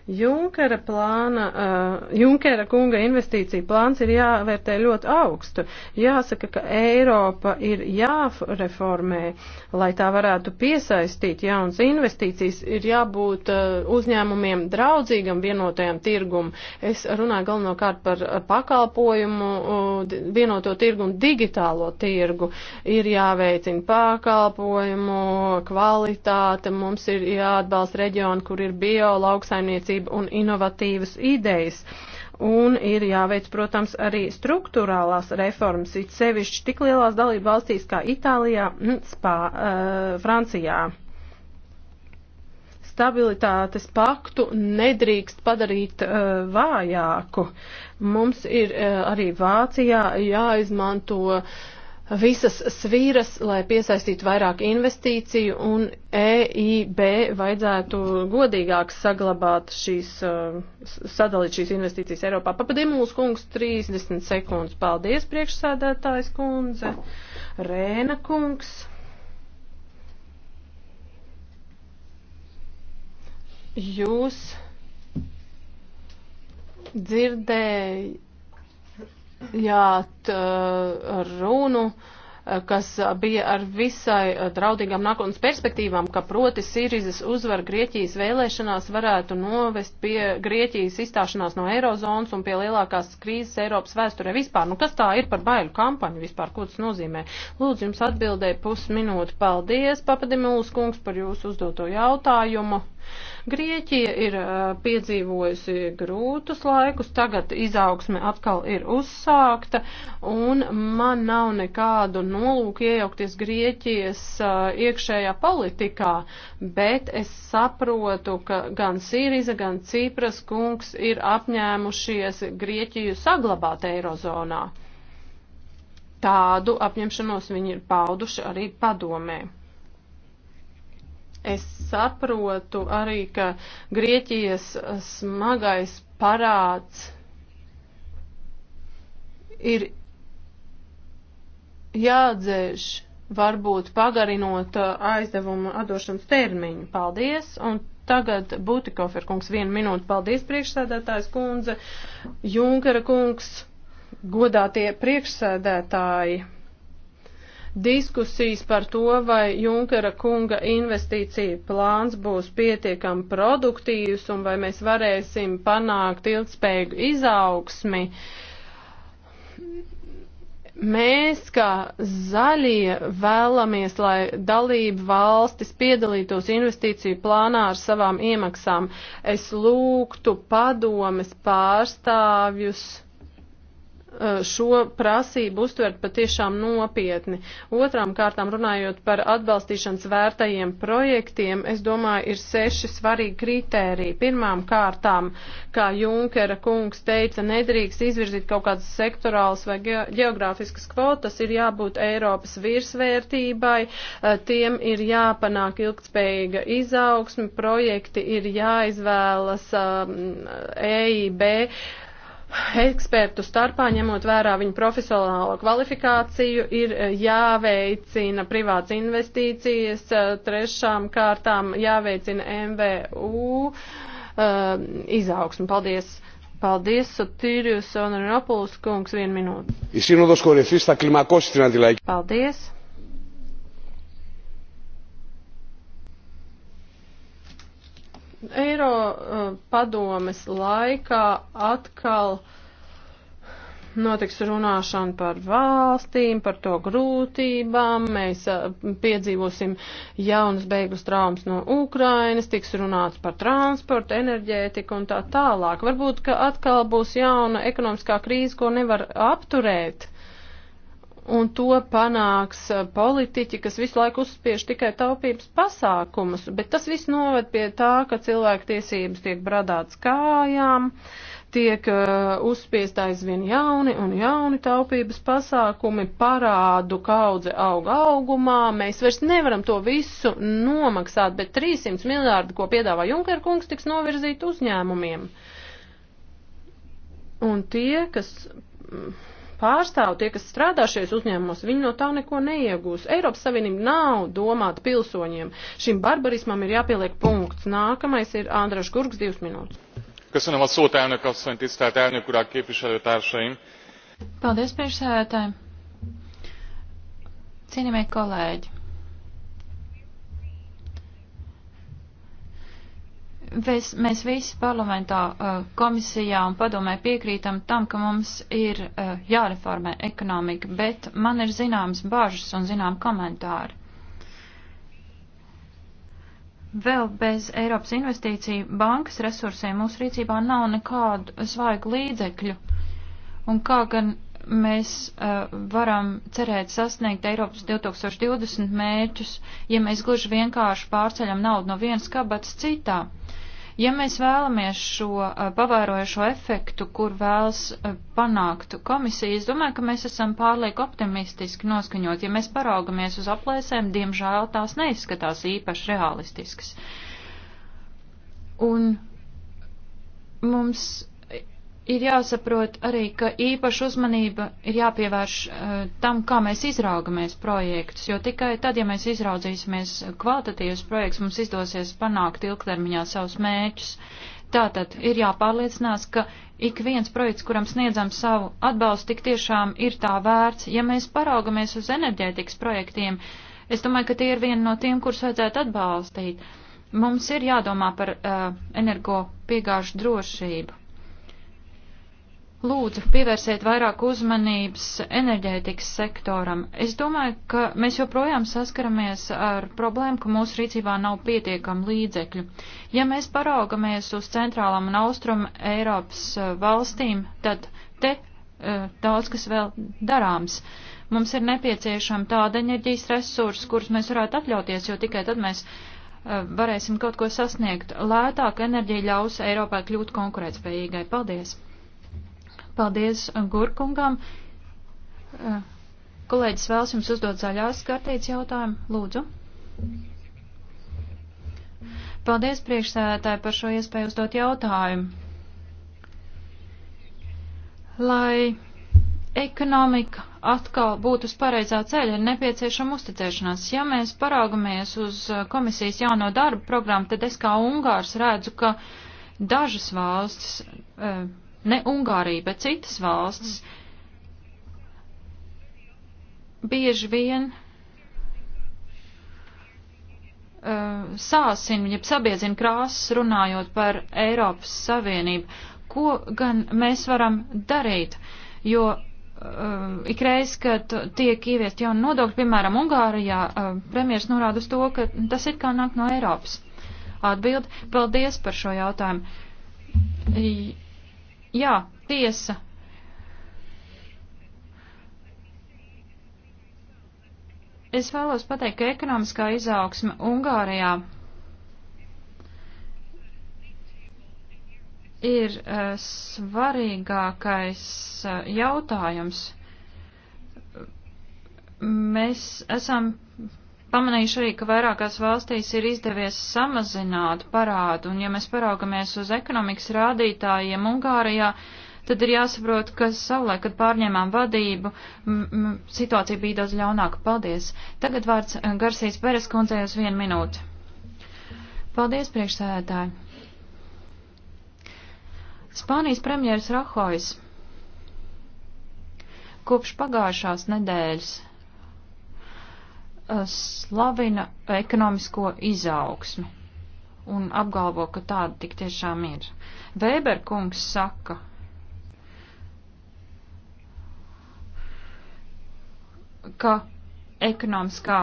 S1: Junkera plāna, uh, Junkera kunga investīcija plāns ir jāvērtē ļoti augstu. Jāsaka, ka Eiropa ir jāreformē, lai tā varētu piesaistīt jaunas investīcijas, ir jābūt uh, uzņēmumiem draudzīgam vienotajam tirgumam. Es runāju galvenokārt par pakalpojumu, uh, vienoto tirgu un digitālo tirgu. Ir jāveicina pakalpojumu, kvalitāte, mums ir jāatbalsta reģioni, kur ir bio lauksaimniecība pētniecība un inovatīvas idejas. Un ir jāveic, protams, arī struktūrālās reformas, it sevišķi tik lielās dalība valstīs kā Itālijā un Spā, uh, Francijā. Stabilitātes paktu nedrīkst padarīt uh, vājāku. Mums ir uh, arī Vācijā jāizmanto uh, visas svīras, lai piesaistītu vairāk investīciju, un EIB vajadzētu godīgāk saglabāt šīs, uh, sadalīt šīs investīcijas Eiropā. Papadimuls kungs, 30 sekundes. Paldies, priekšsēdētājs kundze. Rēna kungs. Jūs dzirdējat jā, t, eh, runu eh, kas bija ar visai eh, draudīgām nākotnes perspektīvām, ka proti Sīrizes uzvar Grieķijas vēlēšanās varētu novest pie Grieķijas izstāšanās no eirozonas un pie lielākās krīzes Eiropas vēsturē vispār. Nu, kas tā ir par bailu kampaņu vispār, ko tas nozīmē? Lūdzu, jums atbildēja pusminūte. Paldies, papadimulis kungs, par jūsu uzdoto jautājumu. Grieķija ir piedzīvojusi grūtus laikus, tagad izaugsme atkal ir uzsākta, un man nav nekādu nolūku iejaukties Grieķijas iekšējā politikā, bet es saprotu, ka gan Sīriza, gan Cipras kungs ir apņēmušies Grieķiju saglabāt Eirozonā. Tādu apņemšanos viņi ir pauduši arī padomē. Es saprotu arī, ka Grieķijas smagais parāds ir jādzēž, varbūt pagarinot aizdevumu atdošanas termiņu. Paldies! Un tagad Būtikofer kungs vienu minūtu. Paldies, priekšsēdētājs kundze, Junkara kungs, godātie priekšsēdētāji diskusijas par to, vai Junkera kunga investīcija plāns būs pietiekami produktīvs un vai mēs varēsim panākt ilgspējīgu izaugsmi. Mēs, kā zaļie, vēlamies, lai dalību valstis piedalītos investīciju plānā ar savām iemaksām. Es lūgtu padomes pārstāvjus Eh, šo prasību uztvert patiešām nopietni. Otrām kārtām runājot par atbalstīšanas vērtajiem projektiem, es domāju, ir seši svarīgi kritēriji. Pirmām kārtām, kā Junkera kungs teica, nedrīkst izvirzīt kaut kādas sektorālas vai geogrāfiskas kvotas, ir jābūt Eiropas virsvērtībai, eh, tiem ir jāpanāk ilgtspējīga izaugsme, projekti ir jāizvēlas EIB eh, e ekspertu starpā, ņemot vērā viņu profesionālo kvalifikāciju, ir eh, jāveicina privāts investīcijas, eh, trešām kārtām jāveicina MVU eh, izaugsmi. Paldies! Paldies, Sotīrijus un Ropulus kungs, vienu minūti. Paldies! Eiro uh, padomes laikā atkal notiks runāšana par valstīm, par to grūtībām, mēs piedzīvosim jaunas beigas traumas no Ukrainas, tiks runāts par transportu, enerģētiku un tā tālāk. Varbūt, ka atkal būs jauna ekonomiskā krīze, ko nevar apturēt un to panāks eh, politiķi, kas visu laiku uzspiež tikai taupības pasākumus, bet tas viss noved pie tā, ka cilvēku tiesības tiek bradāts kājām, tiek uh, uzspiest aizvien jauni un jauni taupības pasākumi, parādu kaudze aug augumā, mēs vairs nevaram to visu nomaksāt, bet 300 miljārdi, ko piedāvā Junker kungs, tiks novirzīt uzņēmumiem. Un tie, kas mm, pārstāv, tie, kas strādā šajos uzņēmumos, viņi no tā neko neiegūs. Eiropas Savienība nav domāta pilsoņiem. Šim barbarismam ir jāpieliek punkts. Nākamais ir Andrēš Gurgs, divas minūtes.
S2: Köszönöm a szót, elnök asszony, tisztelt elnök urak, képviselőtársaim!
S5: Paldies, priekšsēdētāji! Cienījamie kolēģi! Ves, mēs visi parlamentā, komisijā un padomē piekrītam tam, ka mums ir jāreformē ekonomika, bet man ir zināmas bažas un zinām komentāri. Vēl bez Eiropas investīciju bankas resursiem mūsu rīcībā nav nekādu svaigu līdzekļu. Un kā gan mēs uh, varam cerēt sasniegt Eiropas 2020 mērķus, ja mēs gluži vienkārši pārceļam naudu no vienas kabatas citā. Ja mēs vēlamies šo pavērojušo efektu, kur vēlas panākt komisija, es domāju, ka mēs esam pārlieku optimistiski noskaņot. Ja mēs paraugamies uz aplēsēm, diemžēl tās neizskatās īpaši realistiskas. Un mums ir jāsaprot arī, ka īpaša uzmanība ir jāpievērš uh, tam, kā mēs izraugamies projektus, jo tikai tad, ja mēs izraudzīsimies kvalitatīvus projektus, mums izdosies panākt ilgtermiņā savus mēķus. Tātad ir jāpārliecinās, ka ik viens projekts, kuram sniedzam savu atbalstu, tik tiešām ir tā vērts. Ja mēs paraugamies uz enerģētikas projektiem, es domāju, ka tie ir viena no tiem, kurus vajadzētu atbalstīt. Mums ir jādomā par uh, energo piegāžu drošību Lūdzu, pievērsiet vairāk uzmanības enerģētikas sektoram. Es domāju, ka mēs joprojām saskaramies ar problēmu, ka mūsu rīcībā nav pietiekami līdzekļu. Ja mēs paraugamies uz centrālām un austrumu Eiropas eh, valstīm, tad te uh, daudz kas vēl darāms. Mums ir nepieciešama tāda enerģijas resursa, kurus mēs varētu atļauties, jo tikai tad mēs uh, varēsim kaut ko sasniegt. Lētāk enerģija ļaus Eiropai kļūt konkurētspējīgai. Paldies! Paldies uh, Gurkungam. Uh, kolēģis vēlas jums uzdot zaļās kartītes jautājumu. Lūdzu. Paldies priekšsēdētāji par šo iespēju uzdot jautājumu. Lai ekonomika atkal būtu uz pareizā ceļa, ir nepieciešama uzticēšanās. Ja mēs paraugamies uz uh, komisijas jauno darbu programmu, tad es kā Ungārs redzu, ka dažas valstis. E, ne Ungārija, bet citas valstis, bieži vien uh, sāsina, jeb sabiedzina krāsas runājot par Eiropas Savienību. Ko gan mēs varam darīt? Jo uh, ikreiz, kad tiek ieviest jauni nodokļi, piemēram, Ungārijā, uh, premjers norāda uz to, ka tas it kā nāk no Eiropas. Atbild, paldies par šo jautājumu. Jā, tiesa. Es vēlos pateikt, ka ekonomiskā izaugsme Ungārijā ir uh, svarīgākais uh, jautājums. Mēs esam pamanījuši arī, ka vairākās valstīs ir izdevies samazināt parādu, un ja mēs paraugamies uz ekonomikas rādītājiem Ungārijā, tad ir jāsaprot, ka savulaik, kad pārņēmām vadību, situācija bija daudz ļaunāka. Paldies! Tagad vārds eh, Garsīs Peres kundzei uz vienu minūti. Paldies, priekšsēdētāji! Spānijas premjeras Rahojas kopš pagājušās nedēļas Uh, slavina ekonomisko izaugsmi un apgalvo, ka tāda tik tiešām ir. Weber kungs saka, ka ekonomiskā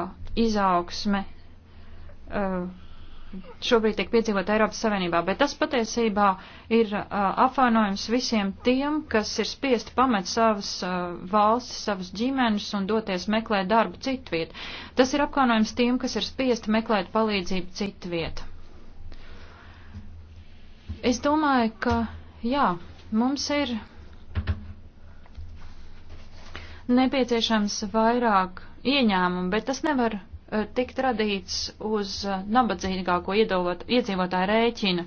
S5: izaugsme uh, šobrīd tiek piedzīvot Eiropas Savienībā, bet tas patiesībā ir uh, apvainojums visiem tiem, kas ir spiesti pamet savas uh, valstis, savas ģimenes un doties meklēt darbu citviet. Tas ir apvainojums tiem, kas ir spiesti meklēt palīdzību citviet. Es domāju, ka jā, mums ir nepieciešams vairāk ieņēmumu, bet tas nevar tikt radīts uz eh, nabadzīgāko iedzīvotāju rēķina.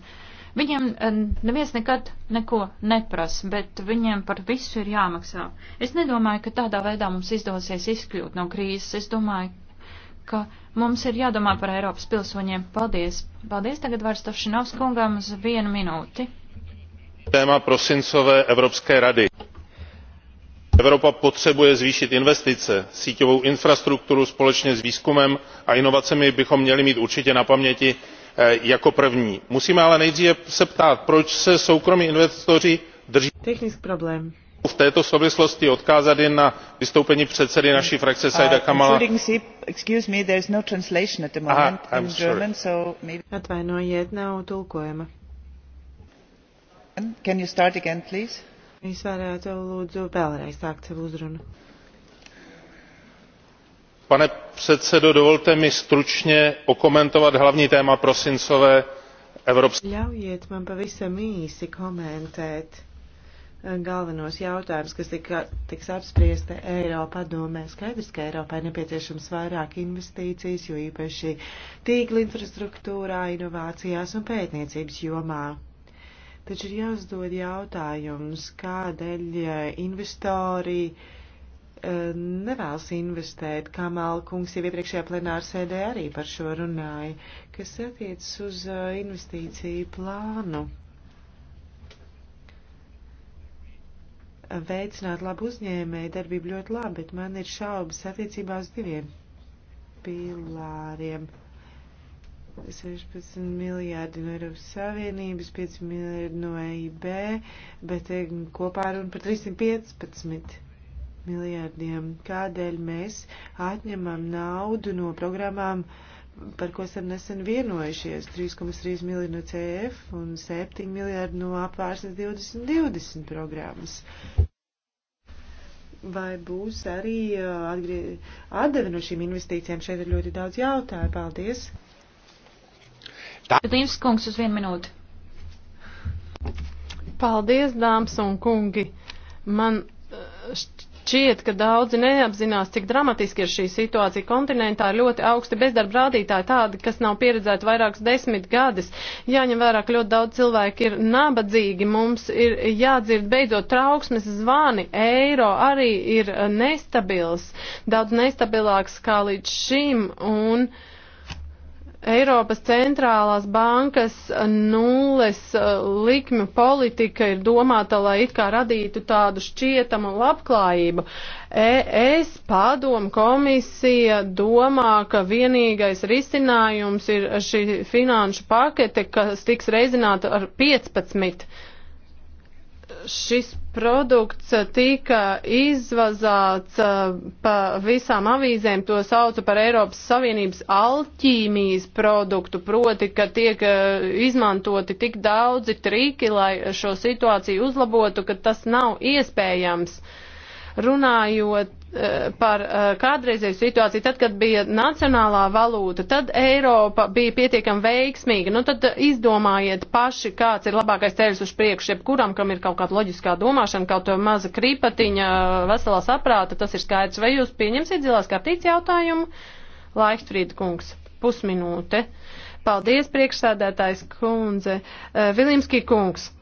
S5: Viņiem eh, neviens nekad neko neprasa, bet viņiem par visu ir jāmaksā. Es nedomāju, ka tādā veidā mums izdosies izkļūt no krīzes. Es domāju, ka mums ir jādomā par Eiropas pilsoņiem. Paldies! Paldies tagad vairs Tošinovs kungam uz vienu minūti.
S6: Tēmā prosincové Evropské rady evropa potřebuje zvýšit investice síťovou infrastrukturu společně s výzkumem a inovacemi bychom měli mít určitě na paměti eh, jako první. musíme se ale nejdříve ptát proč se soukromí investoři drží v této souvislosti odkázat jen na vystoupení předsedy naší frakce uh, saida kamala
S3: atvainojiet nav tulkojuma. Jūs varētu lūdzu vēlreiz sākt savu uzrunu.
S6: Pane předsedo, dovolte mi stručně okomentovat hlavní téma
S4: prosincové Evropské.
S3: Ļaujiet man pavisam īsi komentēt eh, galvenos jautājumus, kas tika, tiks apspriesti Eiropā domē. Skaidrs, ka Eiropai nepieciešams vairāk investīcijas, jo īpaši tīkla infrastruktūrā, inovācijās un pētniecības jomā Taču ir jāuzdod jautājums, kādēļ investori eh, nevēlas investēt, kā Malkungs jau iepriekšējā plenāra sēdē arī par šo runāja, kas attiecas uz eh, investīciju plānu. Veicināt labu uzņēmēju darbību ļoti labi, bet man ir šaubas attiecībā uz diviem pilāriem. 16 miljārdi no Eiropas Savienības, 5 miljārdi no EIB, bet eh, kopā runa par 315 miljārdiem. Kādēļ mēs atņemam naudu no programmām, par ko esam nesen vienojušies? 3,3 miljārdi no CF un 7 miljārdi no apvārsnes 2020 programmas. Vai būs arī eh, atdevi no šīm investīcijām? Šeit ir ļoti daudz jautāju. Paldies!
S5: Līvs kungs uz vienu minūti. Paldies, dāmas
S1: un kungi. Man eh, šķiet, ka daudzi neapzinās, cik dramatiski ir šī situācija kontinentā. Ir ļoti augsti bezdarba rādītāji, tādi, kas nav pieredzēti vairākus desmit gadus. Jāņem vērā, ka ļoti daudz cilvēku ir nabadzīgi. Mums ir jādzird beidzot trauksmes zvani. Eiro arī ir nestabils, daudz nestabilāks kā līdz šim. Un, uh, Eiropas centrālās bankas nulles uh, likmju politika ir domāta, lai it kā radītu tādu šķietamu labklājību. ES padomu komisija domā, ka vienīgais risinājums ir šī finanšu pakete, kas tiks reizināta ar 15 šis produkts tika izvazāts eh, pa visām avīzēm, to sauca par Eiropas Savienības alķīmijas produktu, proti, ka tiek eh, izmantoti tik daudzi triki, lai šo situāciju uzlabotu, ka tas nav iespējams. Uh, Runājot eh, par eh, kādreizēju situāciju, tad, kad bija nacionālā valūta, tad Eiropa bija pietiekami veiksmīga. Nu, tad eh, izdomājiet paši, kāds ir labākais ceļš uz priekšu, jebkuram, kam ir kaut kāda loģiskā domāšana, kaut kāda maza kripatiņa, veselā saprāta, tas ir skaidrs. Vai jūs pieņemsiet zilās kartītes jautājumu? Laichtfrīd kungs, pusminūte. Paldies, priekšsādātājs kundze. Vilimski kungs.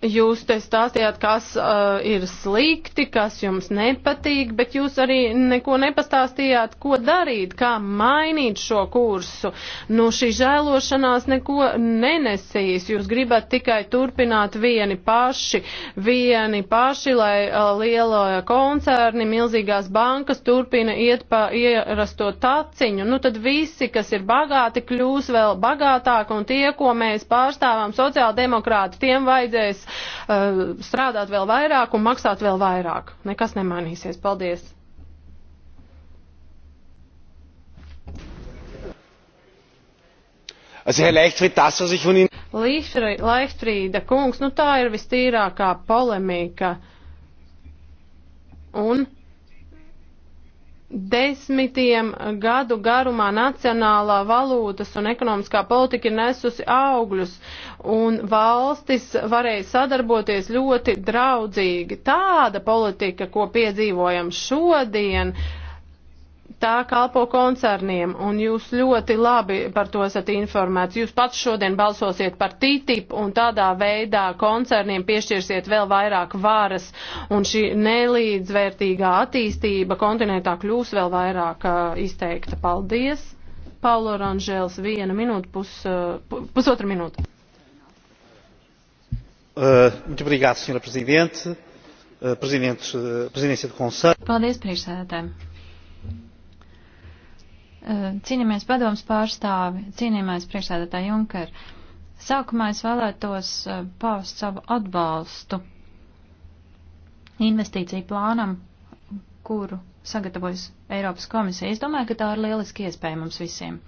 S1: Jūs te stāstījāt, kas uh, ir slikti, kas jums nepatīk, bet jūs arī neko nepastāstījāt, ko darīt, kā mainīt šo kursu. Nu, šī žēlošanās neko nenesīs. Jūs gribat tikai turpināt vieni paši, vieni paši, lai uh, liela koncerni, milzīgās bankas turpina iet pa ierasto taciņu. Nu, tad visi, kas ir bagāti, kļūs vēl bagātāki, un tie, ko mēs pārstāvam sociāldemokrāti, tiem vajadzēs uh, strādāt vēl vairāk un maksāt vēl vairāk. Nekas nemainīsies. Paldies!
S4: Also Herr Leichtfried, das, was ich von Ihnen.
S1: Leichtfrieda kungs, nu tā ir vistīrākā polemika. Un desmitiem gadu garumā nacionālā valūtas un ekonomiskā politika ir nesusi augļus, un valstis varēja sadarboties ļoti draudzīgi. Tāda politika, ko piedzīvojam šodien, uh, tā kalpo koncerniem, un jūs ļoti labi par to esat informēts. Jūs pats šodien balsosiet par TTIP, un tādā veidā koncerniem piešķirsiet vēl vairāk varas, un šī nelīdzvērtīgā attīstība kontinentā kļūs vēl vairāk uh, izteikta. Paldies! Paulo Ranžēls, viena minūte, pus, uh, pusotra minūte.
S4: Uh, muito obrigado, Sra. Presidente. Uh, presidente uh, presidência do Conselho.
S5: Paldies, priekšsēdētājiem. Eh, Cīnīmies padoms pārstāvi, cīnīmais priekšsēdētā Junker. Sākumā es vēlētos eh, paust savu atbalstu investīciju plānam, kuru sagatavojas Eiropas komisija. Es domāju, ka tā ir lieliski iespēja mums visiem.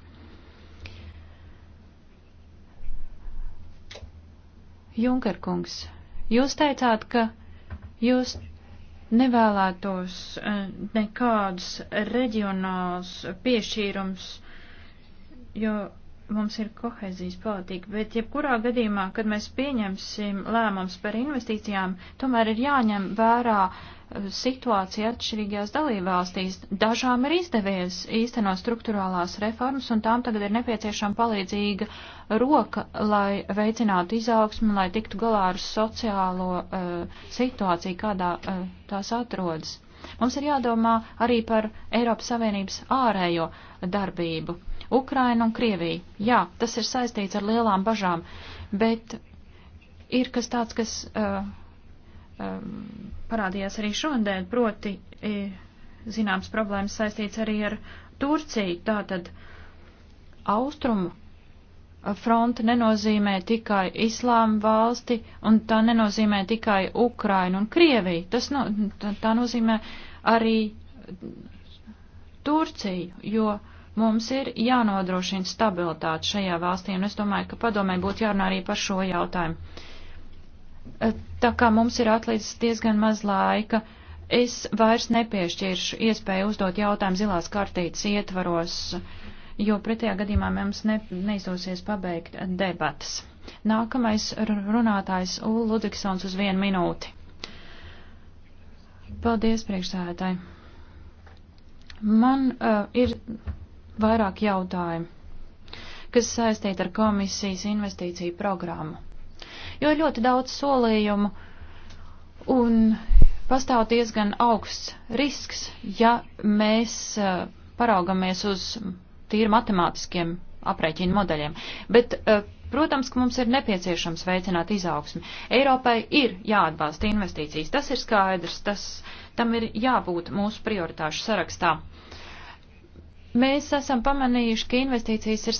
S5: Junkerkungs, jūs teicāt, ka jūs nevēlētos eh, nekādus reģionāls piešķīrums, jo mums ir kohezijas politika, bet jebkurā gadījumā, kad mēs pieņemsim lēmums par investīcijām, tomēr ir jāņem vērā situācija atšķirīgajās dalībvalstīs. Dažām ir izdevies īstenot struktūrālās reformas, un tām tagad ir nepieciešama palīdzīga roka, lai veicinātu izaugsmu, lai tiktu galā ar sociālo uh, situāciju, kādā uh, tās atrodas. Mums ir jādomā arī par Eiropas Savienības ārējo darbību. Ukraina un Krievija. Jā, tas ir saistīts ar lielām bažām, bet ir kas tāds, kas. Uh, Um, parādījās arī šodien, proti e, zināms problēmas saistīts arī ar Turciju. Tātad austrumu fronte nenozīmē tikai islāma valsti un tā nenozīmē tikai Ukrainu un Krieviju. Tas no, tā nozīmē arī Turciju, jo mums ir jānodrošina stabilitāte šajā valstī, un es domāju, ka padomē būtu jārunā arī par šo jautājumu tā kā mums ir atlicis diezgan maz laika, es vairs nepiešķiršu iespēju uzdot jautājumu zilās kartītes ietvaros, jo pretējā gadījumā mums ne, neizdosies pabeigt debatas. Nākamais runātājs Ulu Ludvigsons uz vienu minūti. Paldies, priekšsēdētāji. Man uh, ir vairāk jautājumu, kas saistīti ar komisijas investīciju programmu jo ir ļoti daudz solījumu un pastāv diezgan augsts risks, ja mēs eh, paraugamies uz tīri matemātiskiem aprēķinu modeļiem. Bet, eh, protams, ka mums ir nepieciešams veicināt izaugsmi. Eiropai ir jāatbalsta investīcijas. Tas ir skaidrs, tas, tam ir jābūt mūsu prioritāšu sarakstā. Mēs esam pamanījuši, ka investīcijas ir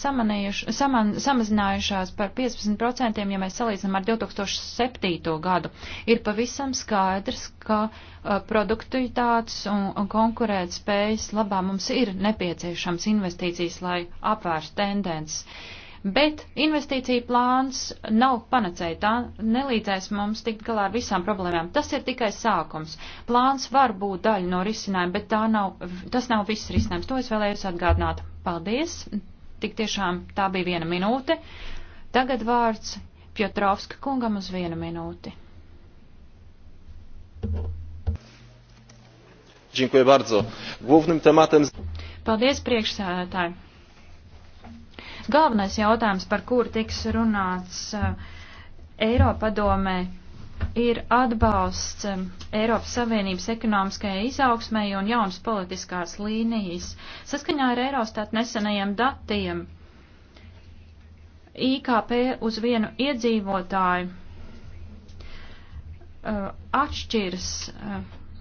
S5: saman, samazinājušās par 15%, ja mēs salīdzinām ar 2007. gadu. Ir pavisam skaidrs, ka uh, produktivitātes un, un konkurēt spējas labā mums ir nepieciešams investīcijas, lai apvērst tendences. Uh, Bet investīcija plāns nav panacēja, tā nelīdzēs mums tikt galā ar visām problēmām. Tas ir tikai sākums. Plāns var būt daļa no risinājuma, bet nav, tas nav viss risinājums. To es vēlējos atgādināt. Paldies! Tik tiešām tā bija viena minūte. Tagad vārds Piotrovska kungam uz vienu minūti.
S2: Dziękuję bardzo. Głównym tematem.
S5: Paldies, priekšsēdētāji. Galvenais jautājums, par kur tiks runāts eh, Eiropadomē, ir atbalsts eh, Eiropas Savienības ekonomiskajai izaugsmai un jaunas politiskās līnijas. Saskaņā ar Eirostat nesenajiem datiem IKP uz vienu iedzīvotāju eh, atšķiras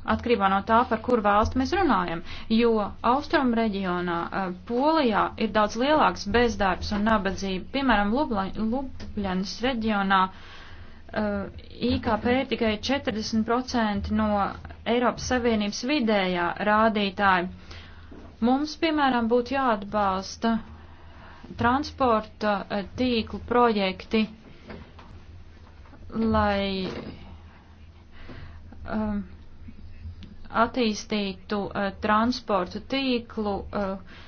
S5: atkarībā no tā, par kuru valstu mēs runājam, jo austrumu reģionā eh, Polijā ir daudz lielāks bezdarbs un nabadzība. Piemēram, Lubļanas reģionā eh, IKP ir tikai 40% no Eiropas Savienības vidējā rādītāja. Mums, piemēram, būtu jāatbalsta transporta eh, tīklu projekti, lai um, attīstītu uh, transportu tīklu, uh,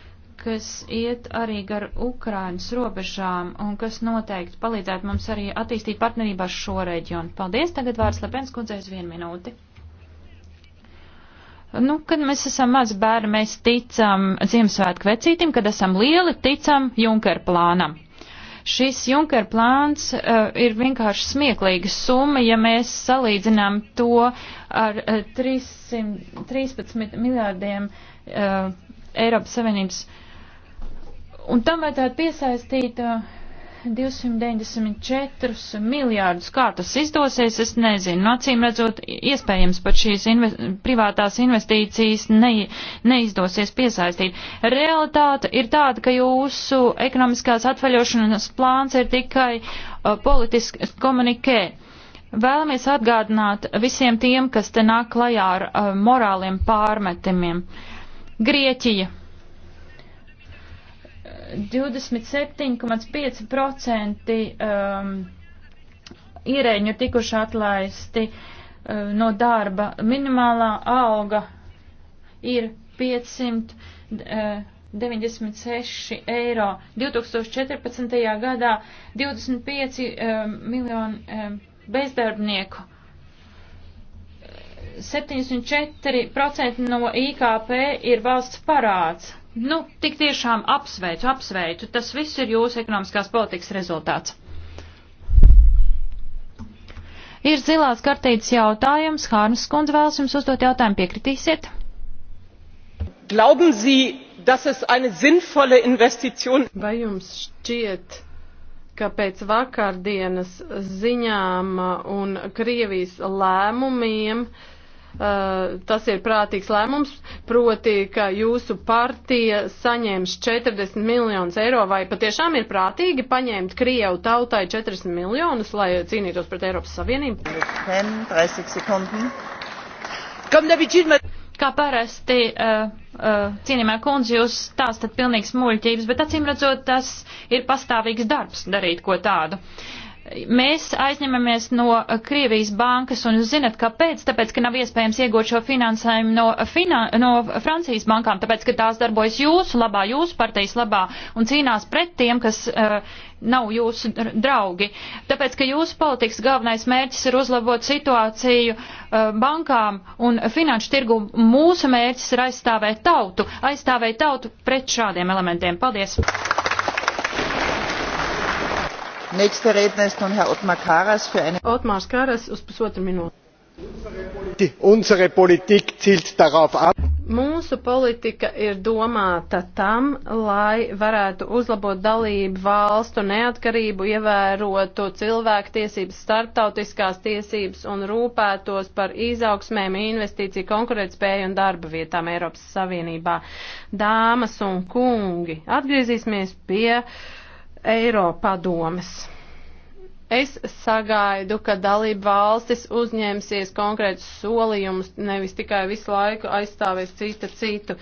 S5: kas iet arī gar Ukrainas robežām un kas noteikti palīdzētu mums arī attīstīt partnerībās šo reģionu. Paldies, tagad vārds Lepens kundzēs vienu minūti. Nu, kad mēs esam mazi bērni, mēs ticam Ziemassvētku vecītim, kad esam lieli, ticam Junker plānam. Šis Junker plāns uh, ir vienkārši smieklīga summa, ja mēs salīdzinām to ar uh, eh, 313 miljārdiem uh, Eiropas Savienības. Un tam vajadzētu piesaistīt. Uh, 294 miljārdus. Kā tas izdosies, es nezinu. Acīm redzot, iespējams pat šīs inve privātās investīcijas ne neizdosies piesaistīt. Realitāte ir tāda, ka jūsu ekonomiskās atvaļošanas plāns ir tikai uh, politisks komunikē. Vēlamies atgādināt visiem tiem, kas te nāk klajā ar uh, morāliem pārmetimiem. Grieķija 27,5% um, ierēģi ir tikuši atlaisti um, no darba. Minimālā alga ir 596 uh, eiro. 2014. gadā 25 um, uh, miljoni um, bezdarbnieku. 74% no IKP ir valsts parāds. Nu, tik tiešām apsveicu, apsveicu. Tas viss ir jūsu ekonomiskās politikas rezultāts. Ir zilās kartītes jautājums. Hārnas kundze vēlas jums uzdot jautājumu. Piekritīsiet?
S1: Glauben Sie, dass es eine sinnvolle Investition? Vai jums šķiet, ka pēc vakardienas ziņām un Krievijas lēmumiem uh, Eh, tas ir prātīgs lēmums, proti, ka jūsu partija saņems 40 miljonus eiro, vai patiešām ir prātīgi paņemt Krievu tautai 40 miljonus, lai cīnītos pret Eiropas Savienību?
S5: 30 sekundes. Kā parasti, uh, eh, uh, eh, cienījumā kundze, jūs stāstat pilnīgs muļķības, bet acīm redzot, tas ir pastāvīgs darbs darīt ko tādu. Uh, Mēs aizņemamies no Krievijas bankas, un jūs zinat, kāpēc? Tāpēc, ka nav iespējams iegūt šo finansējumu no, finan no Francijas bankām, tāpēc, ka tās darbojas jūsu labā, jūsu partijas labā un cīnās pret tiem, kas uh, nav jūsu draugi. Tāpēc, ka jūsu politikas galvenais mērķis ir uzlabot situāciju uh, bankām un finanšu tirgu, mūsu mērķis ir aizstāvēt tautu, aizstāvēt tautu pret šādiem elementiem. Paldies!
S1: othmar karas uz pusotru minūti.
S6: unsere politik zielt darauf ab
S1: Mūsu politika ir domāta tam, lai varētu uzlabot dalību valstu neatkarību, ievērotu cilvēktiesības, starptautiskās tiesības un rūpētos par izaugsmēm, investīciju, konkurētspēju un darba vietām Eiropas Savienībā. Dāmas un kungi, atgriezīsimies pie. Uh, Eiropadomes. Es sagaidu, ka dalība valstis uzņemsies konkrētus solījumus, nevis tikai visu laiku aizstāvēs cita citu.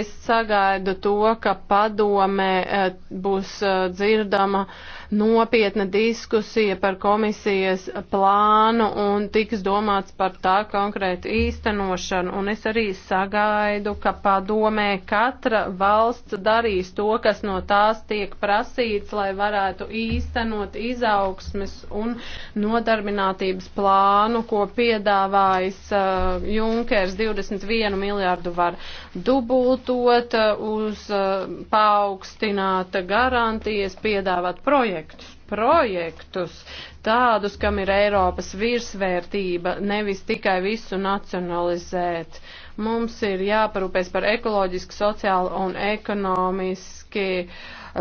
S1: Es sagaidu to, ka padomē eh, būs eh, dzirdama uh, nopietna diskusija par komisijas plānu un tiks domāts par tā konkrētu īstenošanu. Un es arī sagaidu, ka padomē katra valsts darīs to, kas no tās tiek prasīts, lai varētu īstenot izaugsmes un nodarbinātības plānu, ko piedāvājis uh, Junkers 21 miljārdu var dubultot, uh, uz uh, paaugstināta garantijas piedāvāt projektu noteiktus projektus, tādus, kam ir Eiropas virsvērtība, nevis tikai visu nacionalizēt. Mums ir jāparūpēs par ekoloģiski, sociāli un ekonomiski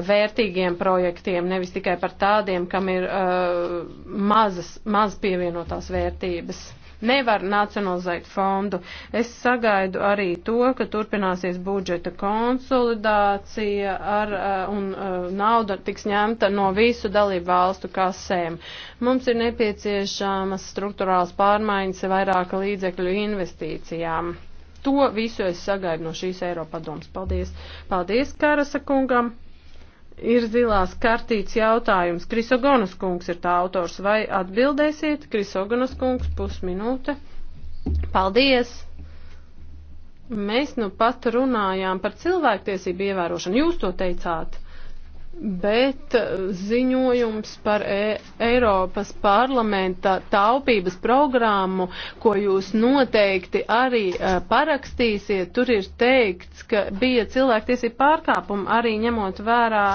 S1: vērtīgiem projektiem, nevis tikai par tādiem, kam ir uh, mazas, maz pievienotās vērtības nevar nacionalizēt fondu. Es sagaidu arī to, ka turpināsies budžeta konsolidācija ar, eh, un eh, nauda tiks ņemta no visu dalību valstu kasēm. Mums ir nepieciešamas struktūrāls pārmaiņas vairāka līdzekļu investīcijām. To visu es sagaidu no šīs Eiropadomas. Paldies! Paldies, Karasa kungam! ir zilās kartītes jautājums. Krisogonas kungs ir tā autors. Vai atbildēsiet? Krisogonas kungs, pusminūte. Paldies! Mēs nu pat runājām par cilvēktiesību ievērošanu. Jūs to teicāt bet uh, ziņojums par e Eiropas parlamenta taupības programmu, ko jūs noteikti arī uh, parakstīsiet, tur ir teikts, ka bija cilvēktiesība pārkāpuma arī ņemot vērā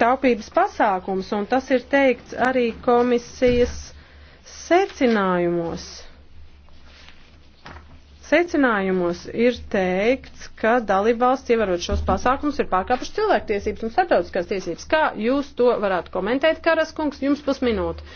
S1: taupības pasākums, un tas ir teikts arī komisijas secinājumos. Secinājumos ir teikts, ka dalībvalsts ievarot šos pasākumus ir pārkāpuši cilvēktiesības un starptautiskās tiesības. Kā jūs to varētu komentēt, Karaskungs, jums pusminūte?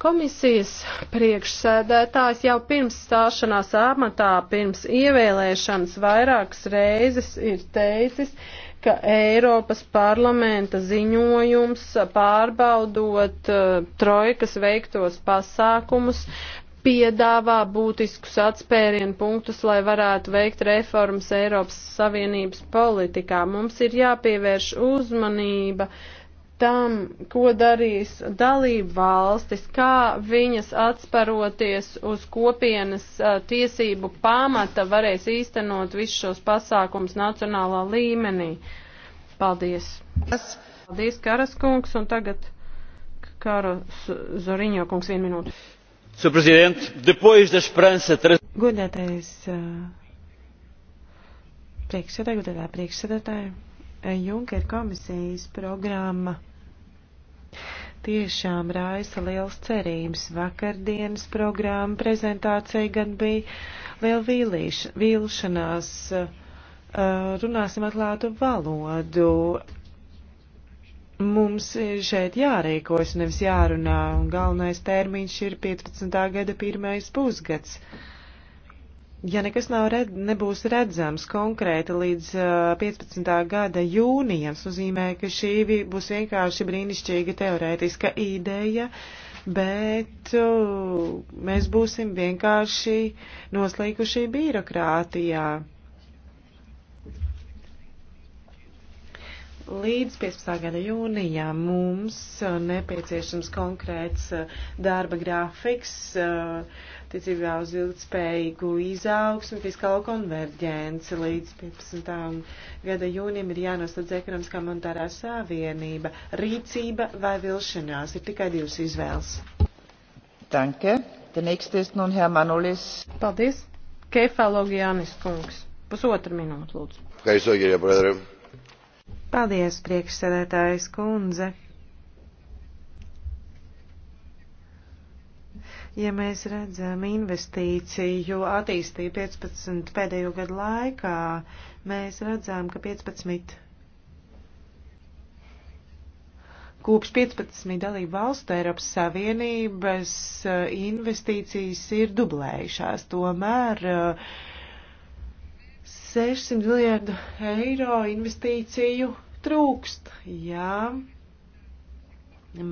S1: Komisijas priekšsēdētājs jau pirms stāšanās amatā, pirms ievēlēšanas vairākas reizes ir teicis, ka Eiropas parlamenta ziņojums pārbaudot uh, trojkas veiktos pasākumus piedāvā būtiskus atspērienu punktus, lai varētu veikt reformas Eiropas Savienības politikā. Mums ir jāpievērš uzmanība tam, ko darīs dalību valstis, kā viņas atsparoties uz kopienas a, tiesību pamata varēs īstenot visus šos pasākums nacionālā līmenī. Paldies. Paldies, Karaskungs, un tagad Karas Zoriņo kungs
S3: vienu minūtu.
S2: Sr. Presidente, depois da esperança.
S3: Godātais eh, priekšsēdētāji, godātā priekšsēdētāji, eh, Junker komisijas programma tiešām raisa liels cerības. Vakardienas programma prezentācija gan bija liela vīlīš, vīlšanās. Eh, runāsim atklātu valodu mums šeit jārīkojas, nevis jārunā, un galvenais termiņš ir 15. gada pirmais pusgads. Ja nekas nav red, nebūs redzams konkrēti līdz uh, 15. gada jūnijam, nozīmē, ka šī būs vienkārši brīnišķīga teorētiska ideja, bet uh, mēs būsim vienkārši noslīkuši birokrātijā. Līdz 15. gada jūnijā mums uh, nepieciešams konkrēts uh, darba grafiks, uh, ticībā uz ilgspējīgu izaugsmu, fiskālo konverģenci. Līdz 15. gada jūnijam ir jānoslēdz ekonomiskā monetārā savienība. Rīcība vai vilšanās ir tikai divas izvēles. Danke. Der nächste ist nun Herr Manolis. Paldies. Kefalogianis kungs. Pusotra minūte, lūdzu.
S2: Kaiso, Gerija, brother.
S3: Paldies, priekšsēdētājs kundze. Ja mēs redzam investīciju attīstību 15 pēdējo gadu laikā, mēs redzam, ka 15 kopš 15 dalību valstu Eiropas Savienības eh, investīcijas ir dublējušās. Tomēr uh, 600 miljardu eiro investīciju trūkst. Jā,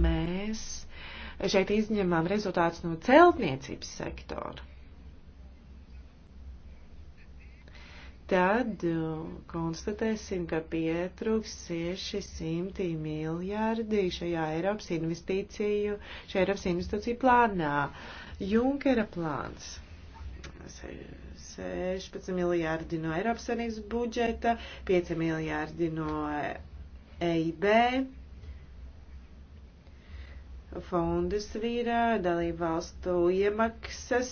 S3: mēs šeit izņemam rezultātus no celtniecības sektora. Tad uh, konstatēsim, ka pietrūks 600 miljardi šajā Eiropas investīciju, šajā Eiropas investīciju plānā. Junkera plāns. 16 miljārdi no Eiropas Savienības budžeta, 5 miljārdi no EIB. Fondas ir dalību valstu iemaksas,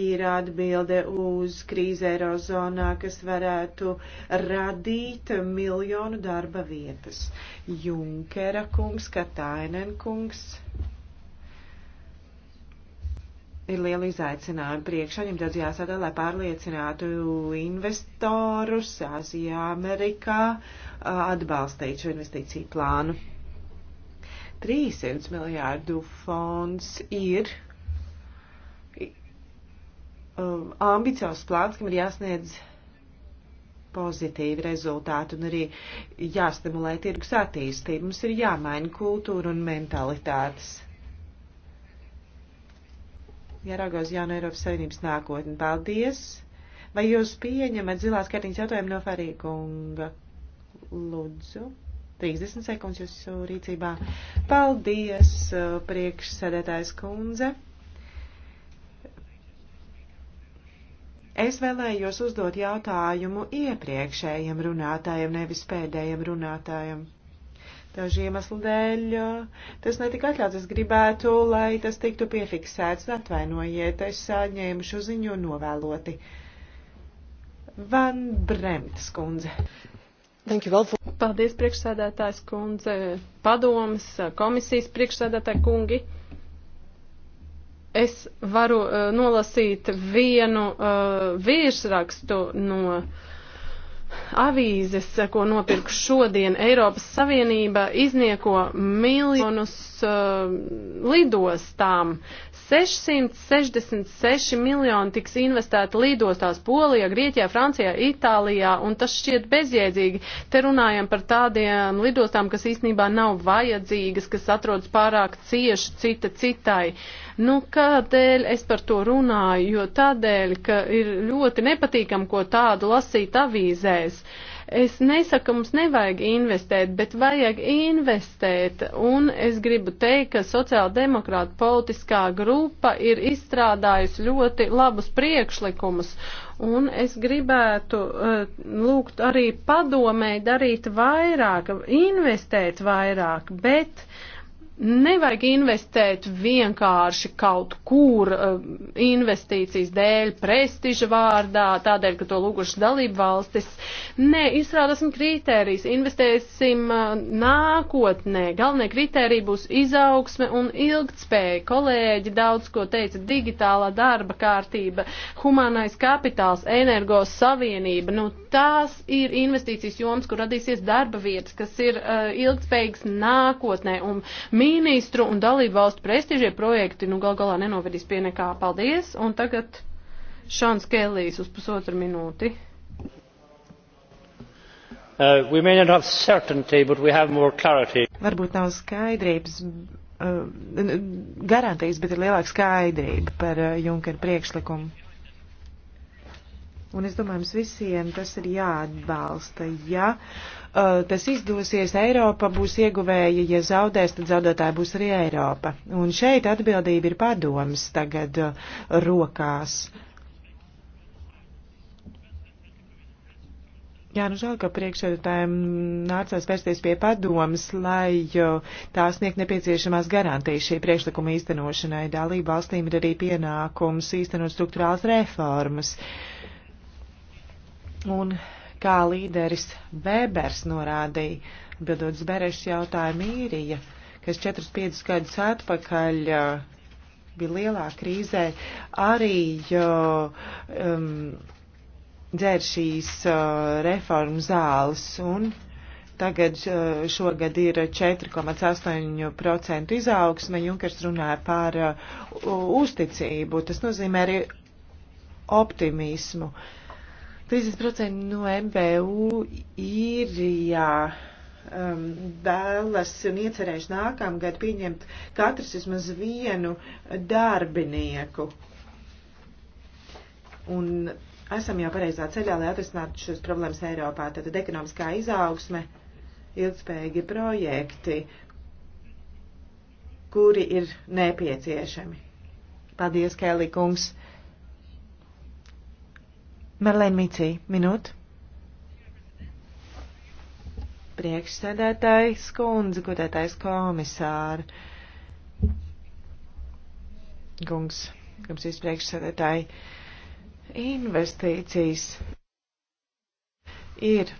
S3: ir atbilde uz krīze Eirozonā, kas varētu radīt miljonu darba vietas. Junkera kungs, Katainen kungs ir liela izaicinājuma priekšā. Viņam daudz jāsādā, lai pārliecinātu investorus Āzijā, Amerikā atbalstīt šo investīciju plānu. 300 miljārdu fonds ir ambiciozs plāns, kam ir jāsniedz pozitīvi rezultāti un arī jāstimulē tirgus attīstību. Mums ir jāmaina kultūra un mentalitātes jāraugā uz jaunu Eiropas Savienības nākotni. Paldies! Vai jūs pieņemat zilās kartiņas jautājumu no Farīkunga? Lūdzu. 30 sekundes jūsu rīcībā. Paldies, uh, priekšsēdētājs kundze. Es vēlējos uzdot jautājumu iepriekšējiem runātājiem, nevis pēdējiem runātājiem. Dažu iemeslu dēļ tas netika atļauts. Es gribētu, lai tas tiktu piefiksēts. Atvainojiet, es saņēmu šo ziņu novēloti. Van Bremtas kundze. Paldies, priekšsēdētājs
S1: kundze, padomas, komisijas priekšsēdētāji kungi es varu uh, nolasīt vienu uh, virsrakstu no uh, avīzes, ko nopirku šodien, Eiropas Savienība iznieko miljonus uh, lidostām. 666 miljoni tiks investēti lidostās Polijā, Grieķijā, Francijā, Itālijā, un tas šķiet bezjēdzīgi. Te runājam par tādiem lidostām, kas īstenībā nav vajadzīgas, kas atrodas pārāk cieši cita citai. Nu, kādēļ es par to runāju? Jo tādēļ, ka ir ļoti nepatīkam, ko tādu lasīt avīzēs. Uh, Es nesaku, mums nevajag investēt, bet vajag investēt. Un es gribu teikt, ka sociāldemokrāta politiskā grupa ir izstrādājusi ļoti labus priekšlikumus. Un es gribētu uh, lūgt arī padomēji darīt vairāk, investēt vairāk, bet Nevajag investēt vienkārši kaut kur eh, investīcijas dēļ, prestiža vārdā, tādēļ, ka to lūgušas dalību valstis. Nē, izstrādāsim kritērijas, investēsim eh, nākotnē. Galvenie kritērija būs izaugsme un ilgtspēja. Kolēģi daudz ko teica - digitālā darba kārtība, humanais kapitāls, energos savienība. Nu, tās ir investīcijas joms, kur radīsies darba vietas, kas ir uh, ilgtspējīgas nākotnē. Un, ministru un dalību valstu prestižie projekti, nu, gal galā nenovedīs pie nekā. Paldies! Un tagad Šāns Kēlīs uz pusotru minūti.
S4: Uh,
S3: Varbūt nav skaidrības, uh, garantijas, bet ir lielāka skaidrība par uh, Junkera priekšlikumu. Un es domāju, mums visiem tas ir jāatbalsta. Ja uh, tas izdosies, Eiropa būs ieguvēja, ja zaudēs, tad zaudētāja būs arī Eiropa. Un šeit atbildība ir padomas tagad uh, rokās. Jā, nu žēl, ka priekšsēdētājiem nācās vērsties pie padomas, lai uh, tā sniegt nepieciešamās garantijas šī priekšlikuma īstenošanai. Dalība valstīm ir arī pienākums īstenot struktūrāls reformas. Uh, Un kā līderis Bēbers norādīja, atbildot uz Berešu jautājumu īrija, kas 4-5 gadus atpakaļ uh, bija lielā krīzē, arī um, dzēr šīs uh, reformu zāles un tagad uh, šogad ir 4,8% izaugsme, Junkers runāja par uh, uzticību, tas nozīmē arī optimismu. Uh, 30% no MBU īrijā um, vēlas un iecerējuši nākamgad pieņemt katrs vismaz vienu darbinieku. Un esam jau pareizā ceļā, lai atrisinātu šos problēmas Eiropā. Tātad ekonomiskā izaugsme, ilgspējīgi projekti, kuri ir nepieciešami. Paldies, Kēlī kungs! Marlēna Mīcī, minūte. Priekšsēdētājs kundze, gudētājs komisāri. Gungs, komisijas priekšsēdētāji. Investīcijas ir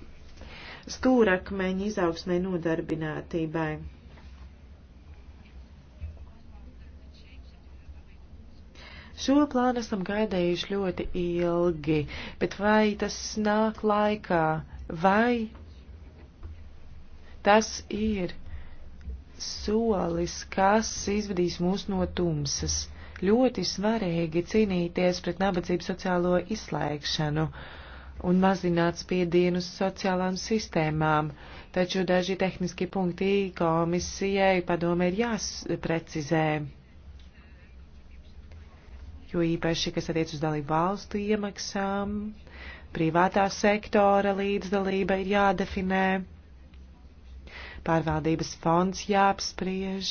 S3: stūrakmeņi izaugsmē nodarbinātībai. Šo plānu esam gaidējuši ļoti ilgi, bet vai tas nāk laikā, vai tas ir solis, kas izvadīs mūs no tumsas? Ļoti svarīgi cīnīties pret nabadzību sociālo izslēgšanu un mazināt spiedienu sociālām sistēmām, taču daži tehniski punkti komisijai padome ir jāsprecizē jo īpaši, kas attiec uz dalību valstu iemaksām, privātā sektora līdzdalība ir jādefinē, pārvaldības fonds jāapspriež,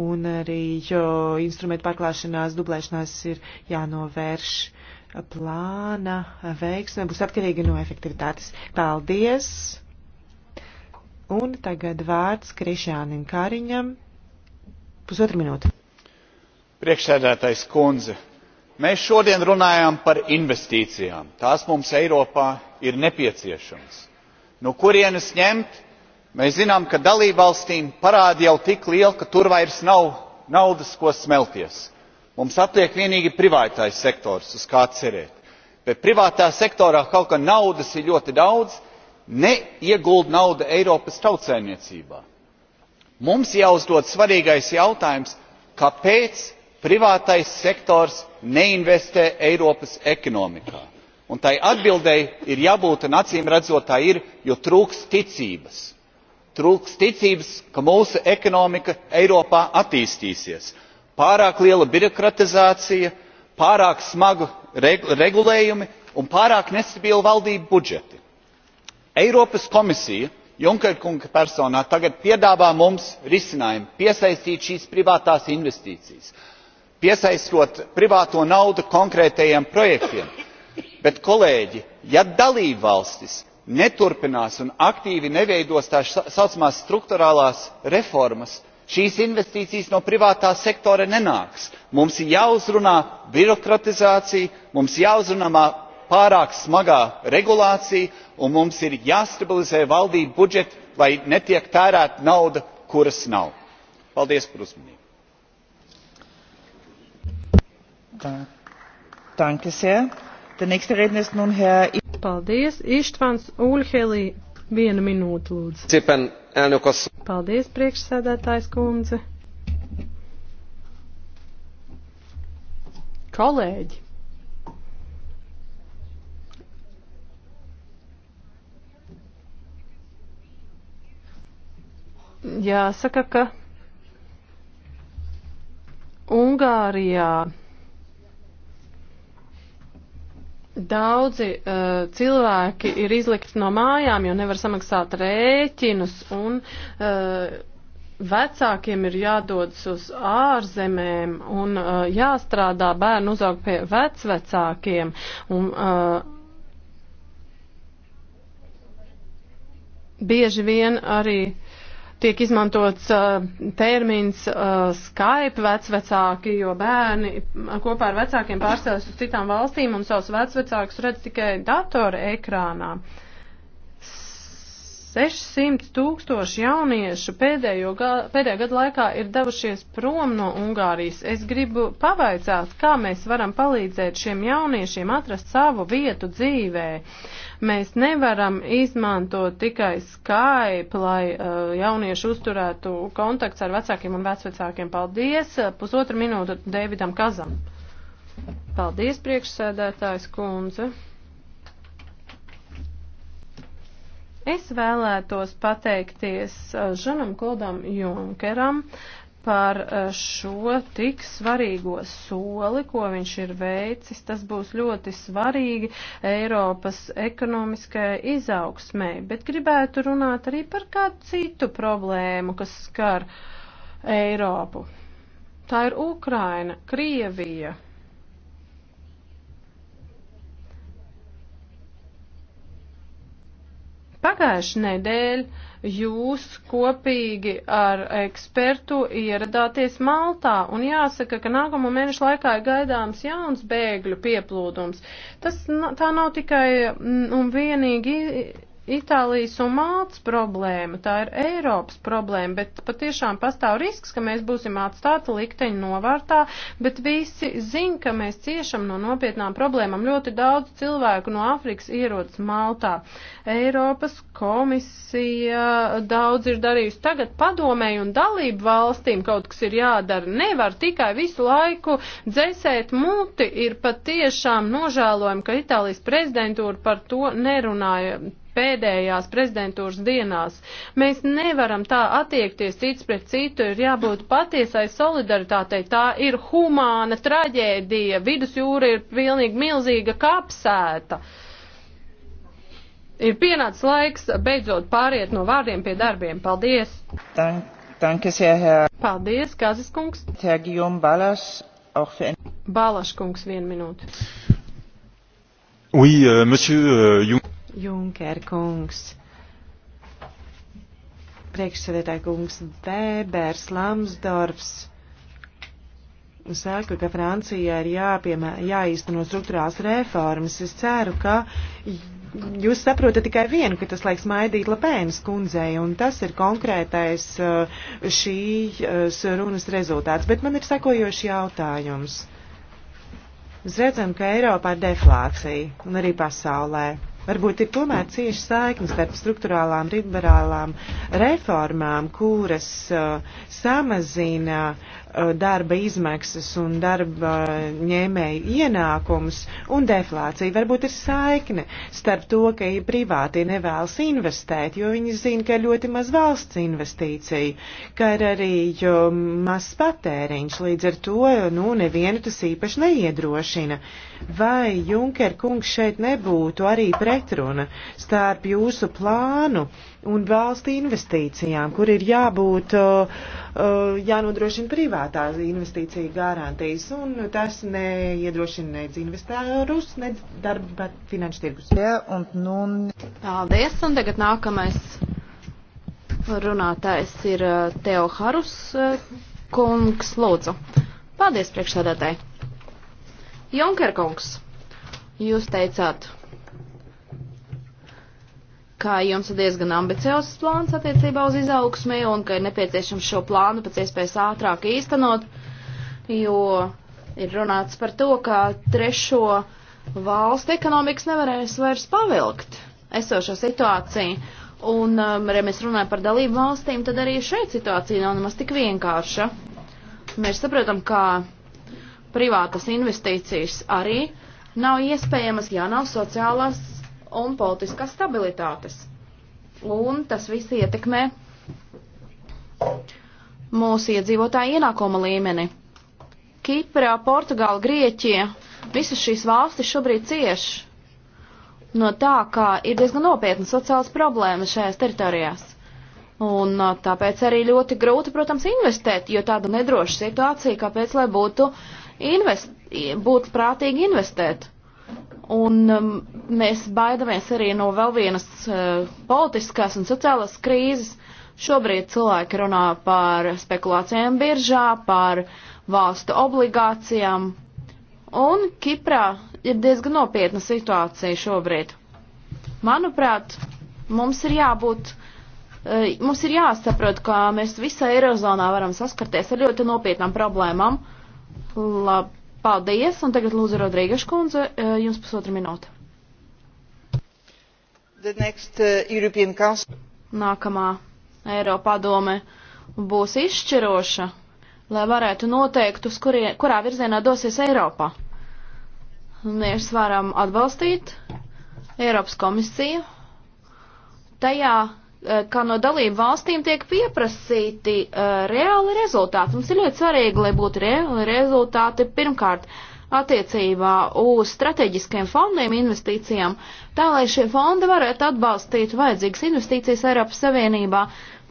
S3: un arī, jo instrumentu pārklāšanās, dublēšanās ir jānovērš plāna veiksme, būs atkarīga no efektivitātes. Paldies! Un tagad vārds Krišānim Kariņam. Pusotru minūtu
S2: priekšsēdētājas kundze mēs šodien runājam par investīcijām tās mums eiropā ir nepieciešamas. no kurienes ņemt? mēs zinām ka dalībvalstīm parādi jau tik lieli ka tur vairs nav naudas ko smelties. mums atliek vienīgi privātais sektors uz kā cerēt bet privātā sektorā kaut kā naudas ir ļoti daudz neiegūta nauda eiropas tautsaimniecībā. mums jāuzdod svarīgais jautājums kāpēc privātais sektors neinvestē eiropas ekonomikā un tai atbildei ir jābūt un acīmredzot tā ir jo trūkst ticības trūkst ticības ka mūsu ekonomika eiropā attīstīsies pārāk liela birokratizācija pārāk smagi regulējumi un pārāk nestabili valdību budžeti. eiropas komisija junker kunga personā tagad piedāvā mums risinājumu piesaistīt šīs privātās investīcijas piesaistot privāto naudu konkrētajiem projektiem bet kolēģi ja dalībvalstis neturpinās un aktīvi neveidos tā saucamās struktūrālās reformas šīs investīcijas no privātā sektora nenāks. mums ir jāuzrunā birokratizācija mums jāuzrunā pārāk smagā regulācija un mums ir jāstabilizē valdību budžeti lai netiek tērēta nauda kuras nav. paldies par uzmanību.
S3: Danke sehr. Der nächste Redner ist
S1: nun Herr... Paldies. Ištvans Ulhelī, viena minūte lūdzu.
S2: Cipen, Elnukas.
S1: Paldies, priekšsēdētājs kundze. Kolēģi. Jāsaka, ka Ungārijā Daudzi uh, cilvēki ir izlikti no mājām, jo nevar samaksāt rēķinus, un uh, vecākiem ir jādodas uz ārzemēm un uh, jāstrādā bērnu uzaug pie vecvecākiem. Un, uh, bieži vien arī uh, tiek izmantots uh, termins uh, Skype vecvecāki, jo bērni uh, kopā ar vecākiem pārstājas uz citām valstīm un savus vecvecākus redz tikai datora ekrānā. Uh, 600 tūkstoši jauniešu pēdējo ga, pēdējā gada laikā ir devušies prom no Ungārijas. Es gribu pavaicāt, kā mēs varam palīdzēt šiem jauniešiem atrast savu vietu dzīvē. Mēs nevaram izmantot tikai Skype, lai uh, jaunieši uzturētu kontakts ar vecākiem un vecvecākiem. Paldies! Pusotra minūte Dēvidam Kazam. Paldies, priekšsēdētājs kundze! Es vēlētos pateikties uh, Žanam Klodam Junkeram par uh, šo tik svarīgo soli, ko viņš ir veicis. Tas būs ļoti svarīgi Eiropas ekonomiskajai izaugsmai, bet gribētu runāt arī par kādu citu problēmu, kas skar Eiropu. Tā ir Ukraina, Krievija. Pagājuši nedēļ jūs kopīgi ar ekspertu ieradāties Maltā, un jāsaka, ka nākamo mēnešu laikā ir gaidāms jauns bēgļu pieplūdums. Tas, tā nav tikai un vienīgi Itālijas un Maltas problēma, tā ir Eiropas problēma, bet patiešām pastāv risks, ka mēs būsim atstāti likteņu novārtā, bet visi zin, ka mēs ciešam no nopietnām problēmām. Ļoti daudz cilvēku no Afrikas ierodas Maltā. Eiropas komisija daudz ir darījusi tagad padomēju un dalību valstīm kaut kas ir jādara. Nevar tikai visu laiku dzēsēt muti, ir patiešām nožēlojami, ka Itālijas prezidentūra par to nerunāja pēdējās prezidentūras dienās. Mēs nevaram tā attiekties cits pret citu, ir jābūt patiesai solidaritātei. Tā ir humāna traģēdija, vidusjūra ir pilnīgi milzīga kapsēta. Ir pienācis laiks beidzot pāriet no vārdiem pie darbiem. Paldies!
S3: Tank, tankas, jā, jā.
S1: Paldies, Kazis kungs! Balaš kungs, vienu minūti.
S2: Oui, euh, monsieur euh, Jung.
S3: Junker kungs, priekšsēdētāja kungs Bēbērs Lamsdorfs saka, ka Francijā ir jāpiemē, jāīsteno struktūrās reformas. Es ceru, ka jūs saprotat tikai vienu, ka tas laiks maidīt Lapēnas kundzei, un tas ir konkrētais uh, šīs uh, runas rezultāts. Bet man ir sakojoši jautājums. Mēs redzam, ka Eiropā ir deflācija, un arī pasaulē. Varbūt ir tomēr cieši saiknes starp struktūrālām liberālām reformām, kuras uh, samazina uh, darba izmaksas un darba ņēmēju ienākumus un deflāciju. Varbūt ir saikne starp to, ka privāti nevēlas investēt, jo viņi zina, ka ir ļoti maz valsts investīciju, ka ir arī maz patēriņš, līdz ar to, nu, nevienu tas īpaši neiedrošina. Uh, vai Junker kungs šeit nebūtu arī pretruna starp jūsu plānu un valsts investīcijām, kur ir jābūt, uh, uh, jānodrošina privātās investīcija garantijas, un tas neiedrošina nec investārus, nec darba finanšu tirgus. Jā, un nun...
S8: Paldies, un tagad nākamais runātājs ir uh, Teo Harus kungs, lūdzu. Paldies, priekšsādātāji! Junkerkungs, jūs teicāt, ka jums ir diezgan ambiciozs plāns attiecībā uz izaugsmi un ka ir nepieciešams šo plānu pēc iespējas ātrāk īstenot, jo ir runāts par to, ka trešo valstu ekonomikas nevarēs vairs pavilkt esošo situāciju. Un, um, ja mēs runājam par dalību valstīm, tad arī šeit situācija nav nemaz tik vienkārša. Mēs saprotam, ka privātas investīcijas arī nav iespējamas, ja nav sociālās un politiskās stabilitātes. Un tas viss ietekmē mūsu iedzīvotāju ienākuma līmeni. Kiprā, Portugāla, Grieķija, visas šīs valstis šobrīd cieš no tā, ka ir diezgan nopietna sociālas problēmas šajās teritorijās. Un uh, tāpēc arī ļoti grūti, protams, investēt, jo tāda nedroša situācija, kāpēc lai būtu uh, invest, būtu prātīgi investēt. Un um, mēs baidamies arī no vēl vienas uh, politiskās un sociālās krīzes. Šobrīd cilvēki runā par spekulācijām biržā, par valstu obligācijām. Un Kiprā ir diezgan nopietna situācija šobrīd. Manuprāt, mums ir jābūt, uh, mums ir jāsaprot, ka mēs visā Eirozonā varam saskarties ar ļoti nopietnām problēmām. Uh, Labi, paldies. Un tagad lūdzu Rodrīgaš kundze, eh, jums pusotra minūte.
S3: Next, uh,
S8: Nākamā Eiropā doma būs izšķiroša, lai varētu noteikt, uz kurie, kurā virzienā dosies Eiropā. Mēs varam atbalstīt Eiropas komisiju tajā, Eh, kā no dalību valstīm tiek pieprasīti uh, reāli rezultāti. Mums ir ļoti svarīgi, lai būtu reāli rezultāti pirmkārt attiecībā uz strateģiskiem fondiem investīcijām, tā lai šie fondi varētu atbalstīt vajadzīgas investīcijas Eiropas Savienībā.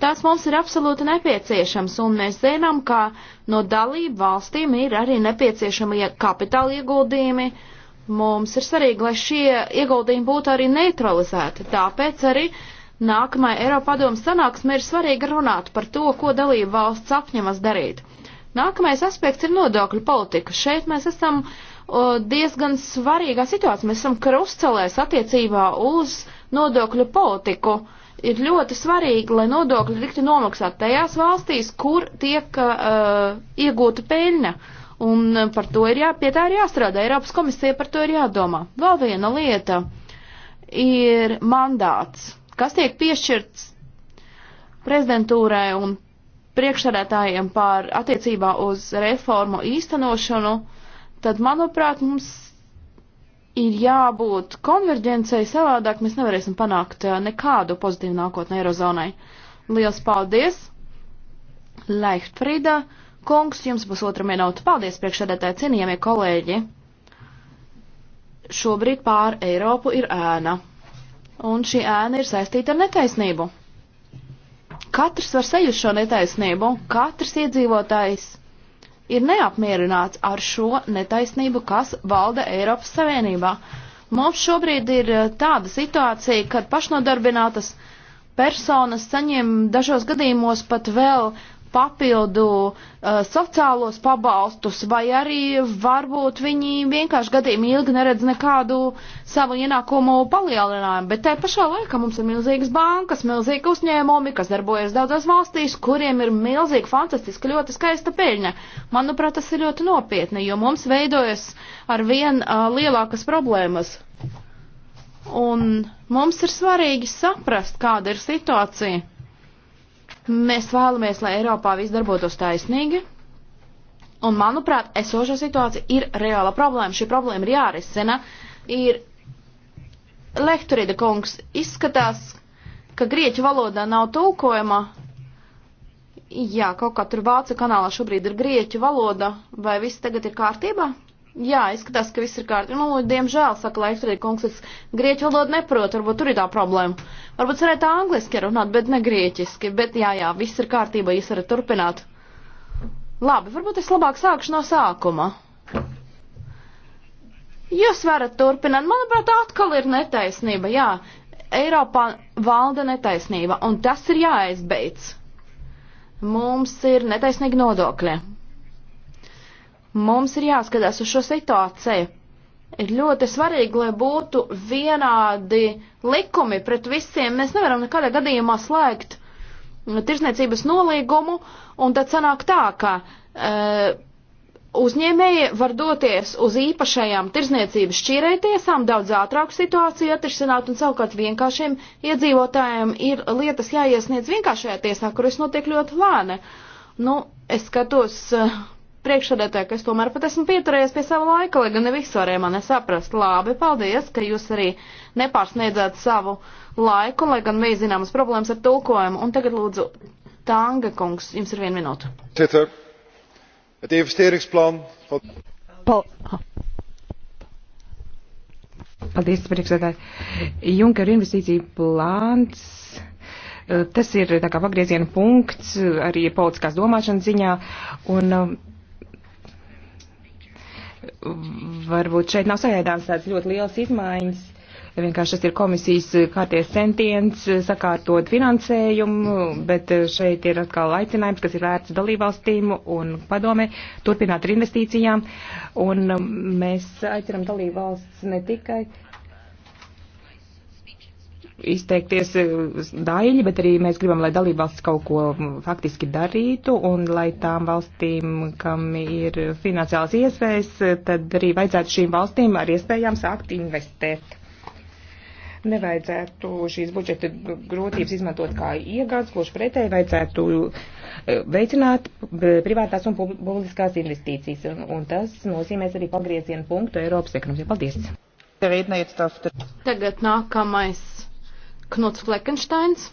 S8: Tās mums ir absolūti nepieciešams, un mēs zinām, ka no dalību valstīm ir arī nepieciešami kapitāla ieguldījumi. Mums ir svarīgi, lai šie ieguldījumi būtu arī neutralizēti. Tāpēc arī uh, Nākamajā Eiropadomu sanāksmē ir svarīgi runāt par to, ko dalību valsts apņemas darīt. Nākamais aspekts ir nodokļu politika. Šeit mēs esam o, diezgan svarīgā situācijā. Mēs esam krustcelēs attiecībā uz nodokļu politiku. Ir ļoti svarīgi, lai nodokļi tiktu nomaksāti tajās valstīs, kur tiek uh, iegūta peļņa. Un par to ir jā, pie tā ir jāstrādā. Eiropas komisija par to ir jādomā. Vēl viena lieta ir mandāts kas tiek piešķirts prezidentūrai un priekšsēdētājiem par attiecībā uz reformu īstenošanu, tad, manuprāt, mums ir jābūt konverģencei, savādāk mēs nevarēsim panākt eh, nekādu pozitīvu nākotnē Eirozonai. Liels paldies! Leichtfrīda, kungs, jums būs otra minūte. Paldies priekšsēdētāji, cienījamie kolēģi! Šobrīd pār Eiropu ir ēna un šī ēna ir saistīta ar netaisnību. Katrs var sajust šo netaisnību, katrs iedzīvotājs ir neapmierināts ar šo netaisnību, kas valda Eiropas Savienībā. Mums šobrīd ir eh, tāda situācija, kad pašnodarbinātas personas saņem dažos gadījumos pat vēl papildu uh, sociālos pabalstus, vai arī varbūt viņi vienkārši gadījumi ilgi neredz nekādu savu ienākumu palielinājumu. Bet tai pašā laikā mums ir milzīgas bankas, milzīgi uzņēmumi, kas darbojas daudzās valstīs, kuriem ir milzīga, fantastiska, ļoti skaista peļņa. Manuprāt, tas ir ļoti nopietni, jo mums veidojas ar vien uh, lielākas problēmas. Un mums ir svarīgi saprast, kāda ir situācija. Mēs vēlamies, lai Eiropā viss darbotos taisnīgi. Un, manuprāt, esošā situācija ir reāla problēma. Šī problēma ir jārisina. Ir Lehturīda kungs izskatās, ka grieķu valodā nav tulkojama. Jā, kaut kā tur vācu kanālā šobrīd ir grieķu valoda. Vai viss tagad ir kārtībā? Jā, izskatās, ka viss ir kārtībā. Nu, diemžēl, saka Leifrīda kungs, es grieķu valodu neprotu, varbūt tur ir tā problēma. Varbūt varētu angliski runāt, bet ne grieķiski. Bet jā, jā, viss ir kārtībā, jūs varat turpināt. Labi, varbūt es labāk sākšu no sākuma. Jūs varat turpināt. Manuprāt, atkal ir netaisnība. Jā, Eiropā valda netaisnība, un tas ir jāaizbeidz. Mums ir netaisnīgi nodokļi. Mums ir jāskatās uz šo situāciju. Ir ļoti svarīgi, lai būtu vienādi likumi pret visiem. Mēs nevaram nekādā gadījumā slēgt tirsniecības nolīgumu, un tad sanāk tā, ka uh, Uzņēmēji var doties uz īpašajām tirzniecības šķīrētiesām, daudz ātrāk situāciju atrisināt, un savukārt vienkāršiem iedzīvotājiem ir lietas jāiesniedz vienkāršajā tiesā, kuras notiek ļoti lēni. Nu, es skatos, eh, priekšsēdētāji, ka es tomēr pat esmu pieturējies pie sava laika, lai gan ne visi varēja mani saprast. Labi, paldies, ka jūs arī nepārsniedzāt savu laiku, lai gan bija zināmas problēmas ar tulkojumu. Un tagad lūdzu, Tanga kungs, jums ir viena minūte.
S2: Titter, het investeringsplan.
S7: Pal Paldies, priekšsēdētāji. Junker investīcija plāns eh, tas ir tā kā pagrieziena punkts eh, arī politiskās domāšanas ziņā. Un eh, varbūt šeit nav sagaidāms tāds ļoti liels izmaiņas. Vienkārši tas ir komisijas kārties centiens sakārtot finansējumu, bet šeit ir atkal aicinājums, kas ir vērts dalībvalstīm un padomē turpināt ar investīcijām. Un um, mēs aicinām dalībvalsts ne tikai uh, izteikties eh, daļi, bet arī mēs gribam, lai dalībvalsts kaut ko faktiski darītu un lai tām valstīm, kam ir finansiāls iespējas, tad arī vajadzētu šīm valstīm ar iespējām sākt investēt. Nevajadzētu šīs budžeta grūtības izmantot kā iegādes, gluži pretēji vajadzētu eh, veicināt eh, privātās un publiskās investīcijas. Un, un tas nozīmēs arī pagriezienu punktu Eiropas ekonomikā. Paldies! Tagad
S8: nākamais Knuts Fleckensteins.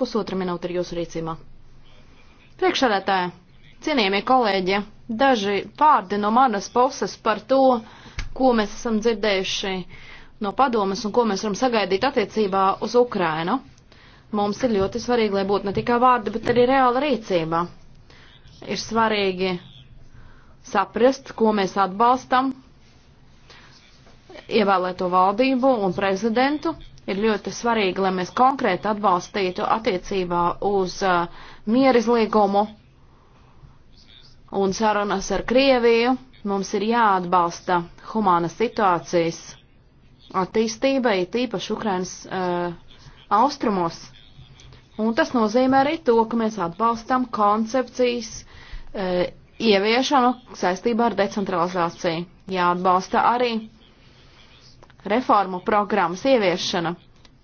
S8: Pusotra minūte ir jūsu rīcībā. Priekšsēdētāji, cienījamie kolēģi, daži vārdi no manas puses par to, ko mēs esam dzirdējuši no padomas un ko mēs varam sagaidīt attiecībā uz Ukrainu. Mums ir ļoti svarīgi, lai būtu ne tikai vārdi, bet arī reāla rīcība. Ir svarīgi saprast, ko mēs atbalstam, ievēlēto valdību un prezidentu, ir ļoti svarīgi, lai mēs konkrēti atbalstītu attiecībā uz uh, mierizlīgumu un sarunas ar Krieviju. Mums ir jāatbalsta humāna situācijas attīstība, it īpaši Ukrainas uh, austrumos. Un tas nozīmē arī to, ka mēs atbalstam koncepcijas uh, ieviešanu saistībā ar decentralizāciju. Jāatbalsta arī reformu programmas ieviešana.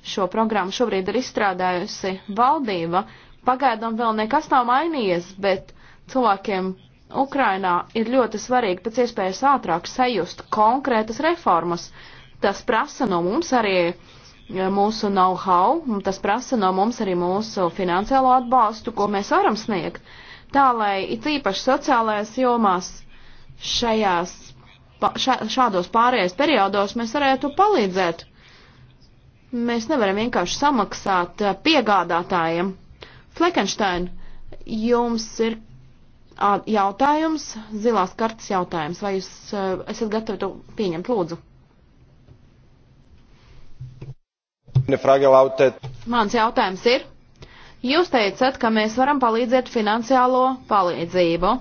S8: Šo programmu šobrīd ir izstrādājusi valdība. Pagaidām vēl nekas nav mainījies, bet cilvēkiem Ukrainā ir ļoti svarīgi pēc iespējas ātrāk sajust konkrētas reformas. Tas prasa no mums arī mūsu know-how, tas prasa no mums arī mūsu finansiālo atbalstu, ko mēs varam sniegt. Tā lai it īpaši sociālajās jomās šajās šādos pārējais periodos mēs varētu palīdzēt. Mēs nevaram vienkārši samaksāt eh, piegādātājiem. Fleckenstein, jums ir jautājums, zilās kartas jautājums. Vai jūs eh, esat gatavi to pieņemt, lūdzu? Mans jautājums ir, jūs teicat, ka mēs varam palīdzēt finansiālo palīdzību.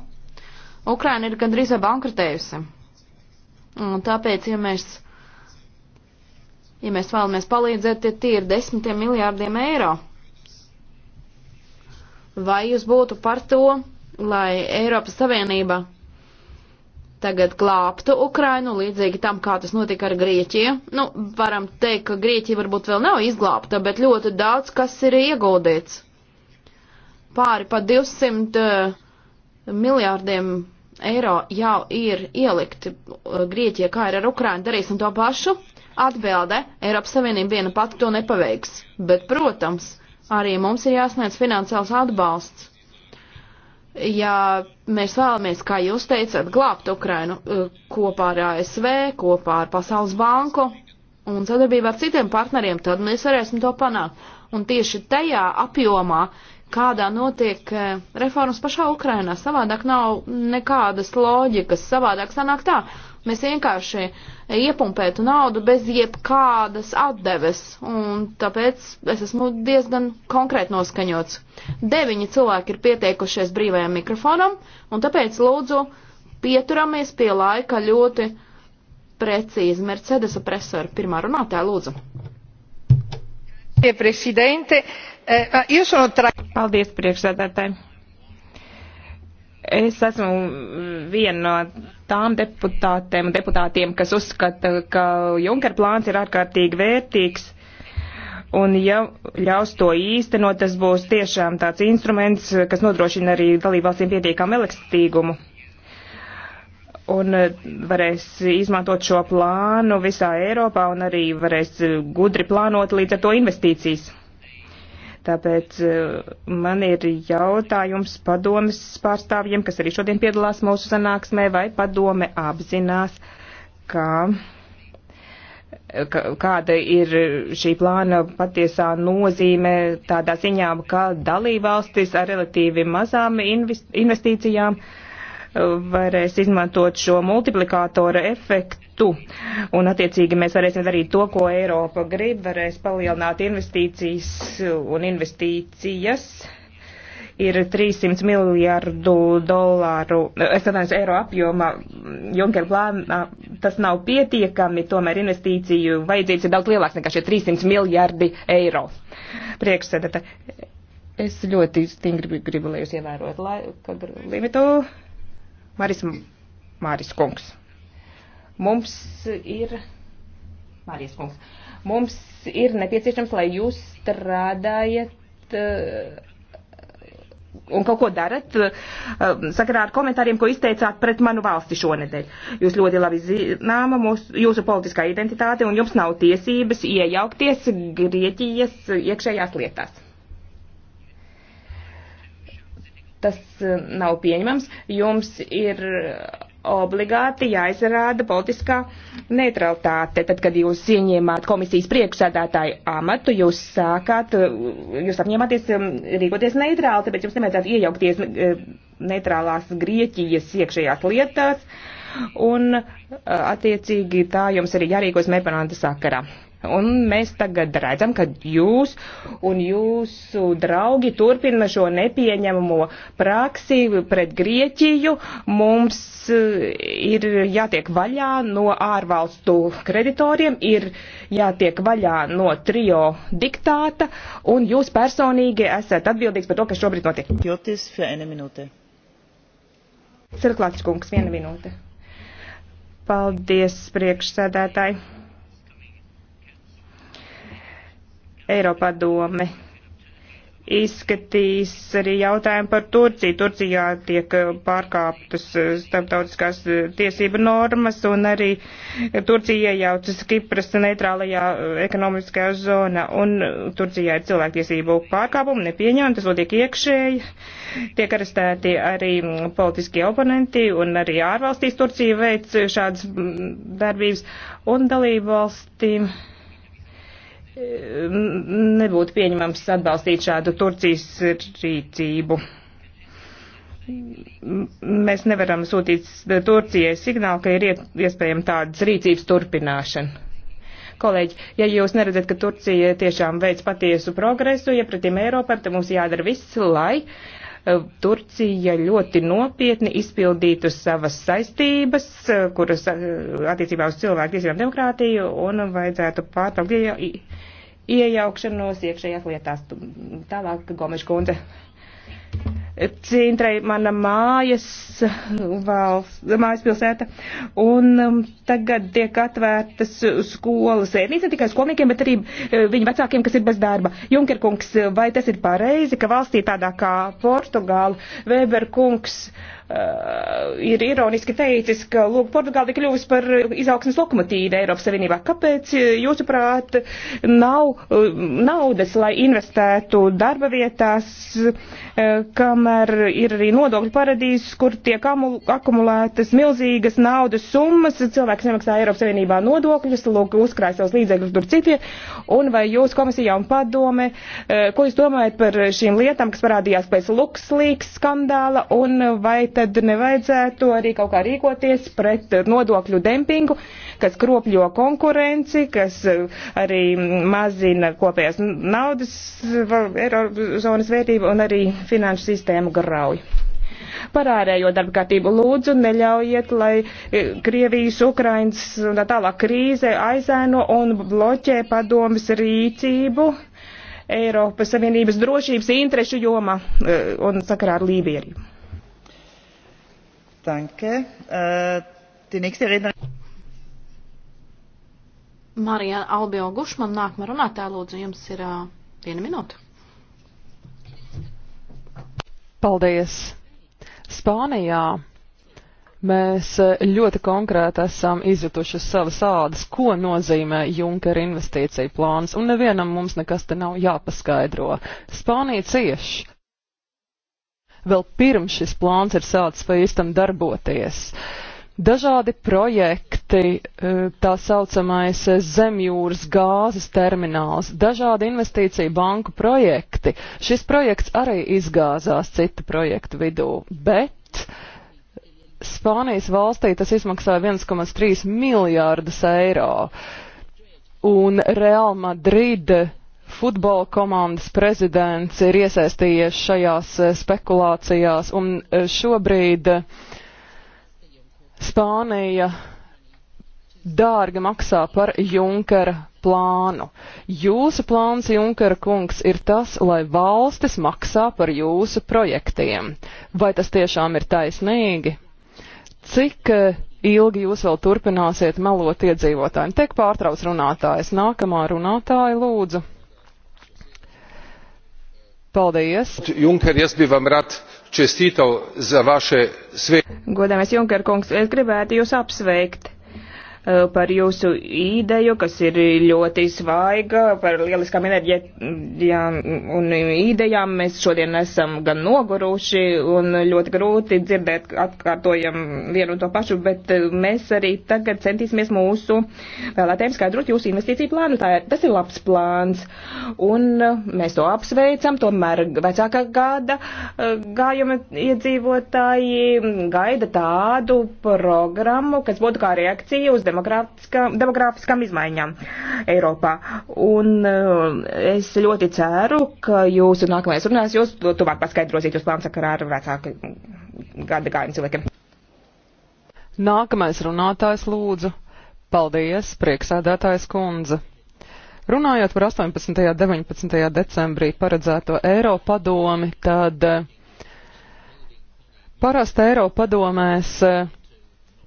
S8: Ukraina ir gandrīz bankrotējusi. Un tāpēc, ja mēs, ja mēs vēlamies palīdzēt, tie, tie ir desmitiem miljārdiem eiro. Vai jūs būtu par to, lai Eiropas Savienība tagad glābtu Ukrainu, līdzīgi tam, kā tas notika ar Grieķiju? Nu, varam teikt, ka Grieķija varbūt vēl nav izglābta, bet ļoti daudz kas ir ieguldīts. Pāri pa 200 uh, eh, miljārdiem eiro eiro jau ir ielikti uh, Grieķijai, kā ir ar Ukrainu, darīsim to pašu? Atbilde - Eiropas Savienība viena pati to nepaveiks. Bet, protams, arī mums ir jāsniedz finansiāls atbalsts. Ja mēs vēlamies, kā jūs teicat, glābt Ukrainu uh, kopā ar ASV, kopā ar Pasaules banku un sadarbībā ar citiem partneriem, tad mēs varēsim to panākt. Un tieši tajā apjomā, kādā notiek eh, reformas pašā Ukrainā. Savādāk nav nekādas loģikas, savādāk sanāk tā. Mēs vienkārši iepumpētu naudu bez jebkādas atdeves, un tāpēc es esmu diezgan konkrēti noskaņots. Deviņi cilvēki ir pieteikušies brīvajam mikrofonam, un tāpēc lūdzu pieturamies pie laika ļoti precīzi. Mercedes opresora pirmā runātāja lūdzu.
S7: Presidente, Eh, eh, Paldies, priekšsēdētāji. Es esmu viena no tām deputātēm un deputātiem, kas uzskata, ka Junker plāns ir ārkārtīgi vērtīgs. Un, ja ļaus to īstenot, tas būs tiešām tāds instruments, kas nodrošina arī dalībvalstīm pietiekamu elastīgumu. Un eh, varēs izmantot šo plānu visā Eiropā un arī varēs gudri plānot līdz ar to investīcijas. Tāpēc eh, man ir jautājums padomes pārstāvjiem, kas arī šodien piedalās mūsu sanāksmē, vai padome apzinās, ka, ka, kāda ir šī plāna patiesā nozīme tādā ziņā, ka dalībvalstis ar relatīvi mazām investīcijām uh, varēs izmantot šo multiplikātora efektu, un attiecīgi mēs varēsim darīt to, ko Eiropa grib, varēs palielināt investīcijas un investīcijas. Ir 300 miljārdu dolāru, es atvainojos, eiro apjoma Junker plānā, tas nav pietiekami, tomēr investīciju vajadzības ir daudz lielāks nekā šie 300 miljārdi eiro. Priekšsēdētāji, es ļoti stingri gribu, lai jūs ievērot laiku limitu. Maris, Māris Kungs. Mums ir, Mārijas Kungs, mums ir nepieciešams, lai jūs strādājat eh, un kaut ko darat eh, sakarā ar komentāriem, ko izteicāt pret manu valsti šonedēļ. Jūs ļoti labi zināma mūsu, jūsu politiskā identitāte un jums nav tiesības iejaukties Grieķijas iekšējās lietās. Tas e, nav pieņemams. Jums ir obligāti jāizrāda politiskā neutralitāte. Tad, kad jūs ieņēmāt komisijas priekšsēdētāju amatu, jūs sākāt, e, jūs apņēmāties e, rīkoties neutrāli, tāpēc jums nevajadzētu iejaukties neutrālās Grieķijas iekšējās lietās, un attiecīgi tā jums arī jārīkos Merpananta sakarā. Un mēs tagad redzam, ka jūs un jūsu draugi turpina šo nepieņemamo praksi pret Grieķiju. Mums eh, ir jātiek vaļā no ārvalstu kreditoriem, ir jātiek vaļā no trio diktāta, un jūs personīgi esat atbildīgs par to, kas šobrīd notiek. Jotis, Cirklāts kungs, viena minūte. Paldies, priekšsēdētāji. Eiropadome izskatīs arī jautājumu par Turciju. Turcijā tiek pārkāptas starptautiskās tiesība normas un arī Turcija iejaucas Kipras neitrālajā ekonomiskajā zonā un Turcijā ir cilvēktiesību pārkāpumi nepieņemti, tas notiek iekšēji. Tiek arestēti arī politiskie oponenti un arī ārvalstīs Turcija veic šādas darbības un dalību valstīm nebūtu pieņemams atbalstīt šādu Turcijas rīcību. Mēs nevaram sūtīt Turcijai signālu, ka ir iespējama tādas rīcības turpināšana. Kolēģi, ja jūs neredzat, ka Turcija tiešām veic patiesu progresu iepratīm Eiropai, tad mums jādara viss, lai uh, Eh, Turcija ļoti nopietni izpildītu savas saistības, eh, kuras eh, attiecībā uz cilvēku tiesībām demokrātiju un vajadzētu pārtraukt iejaukšanos iekšējās lietās. Tālāk, Gomeša kundze. Cintrai mana mājas, valsts, mājas pilsēta, un um, tagad tiek atvērtas skolas. Ērnīts ne tikai skolniekiem, bet arī eh, viņu vecākiem, kas ir bez darba. Junkerkungs, vai tas ir pareizi, ka valstī tādā kā Portugāla, Weberkungs, uh, Eh, ir ironiski teicis, ka, lūk, Portugāla ir kļuvusi par izaugsmas lokomotīvu Eiropas Savienībā. Kāpēc, eh, jūsuprāt, nav eh, naudas, lai investētu darba vietās, kamēr ir arī nodokļu paradīzes, kur tiek akumulētas milzīgas naudas summas, cilvēks nemaksā Eiropas Savienībā nodokļus, lūk, uzkrāj savus līdzekļus tur citie, un vai jūs komisijā un padome, ko jūs domājat par šīm lietām, kas parādījās pēc LuxLeaks skandāla, un vai tad nevajadzētu arī kaut kā rīkoties pret nodokļu dempingu, kas kropļo konkurenci, kas eh, arī mazina kopējās naudas eh, eirozonas vērtību un arī finanšu sistēmu grauj. Par ārējo darbkārtību lūdzu neļaujiet, lai eh, Krievijas, Ukrainas un tā tālāk krīze aizēno un bloķē padomas rīcību. Eiropas Savienības drošības interešu jomā un sakarā ar Lībiju. Danke. Uh, die nächste Rednerin.
S8: Marija Albio Gušman nākamā runātāja, lūdzu, jums ir uh, viena minūte.
S6: Paldies! Spānijā mēs ļoti konkrēti esam izjutuši savas ādas, ko nozīmē Junkera investīcija plāns, un nevienam mums nekas te nav jāpaskaidro. Spānija cieš vēl pirms šis plāns ir sācis pa īstam darboties. Dažādi projekti, e, tā saucamais zemjūras gāzes termināls, dažādi investīcija banku projekti. Šis projekts arī izgāzās citu projektu vidū, bet Spānijas valstī tas izmaksāja 1,3 miljārdus eiro. Un Real Madrid futbola komandas prezidents ir iesaistījies šajās eh, spekulācijās, un eh, šobrīd eh, Spānija dārgi maksā par Junkera plānu. Jūsu plāns, Junkera kungs, ir tas, lai valstis maksā par jūsu projektiem. Vai tas tiešām ir taisnīgi? Cik ilgi jūs vēl turpināsiet melot iedzīvotājiem. Tiek pārtrauc runātājs. Nākamā runātāja
S7: lūdzu. Paldies!
S2: Junker, es biju vam rat čestital za vaše sveikumu.
S7: Godāmais Junker kungs, es gribētu jūs apsveikt Eh, par jūsu ideju, kas ir ļoti svaiga, par lieliskām enerģijām un idejām. Mēs šodien esam gan noguruši un ļoti grūti dzirdēt, atkārtojam vienu un to pašu, bet eh, mēs arī tagad centīsimies mūsu vēlētēm skaidrot jūsu investīciju plānu. Tā ir, tas ir labs plāns un eh, mēs to apsveicam. Tomēr vecākā gada gājuma iedzīvotāji gaida tādu programmu, kas būtu kā reakcija uz demokrātiju demografiskām izmaiņām Eiropā. Un eh, es ļoti ceru, ka jūsu nākamais runās jūs tuvāk paskaidrosiet jūs plānu sakarā ar vecāku gada gājumu cilvēkiem.
S6: Nākamais runātājs lūdzu. Paldies, prieksēdētājs kundze. Runājot par 18. un 19. decembrī paredzēto Eiropadomi, tad eh, parasti Eiropadomēs eh,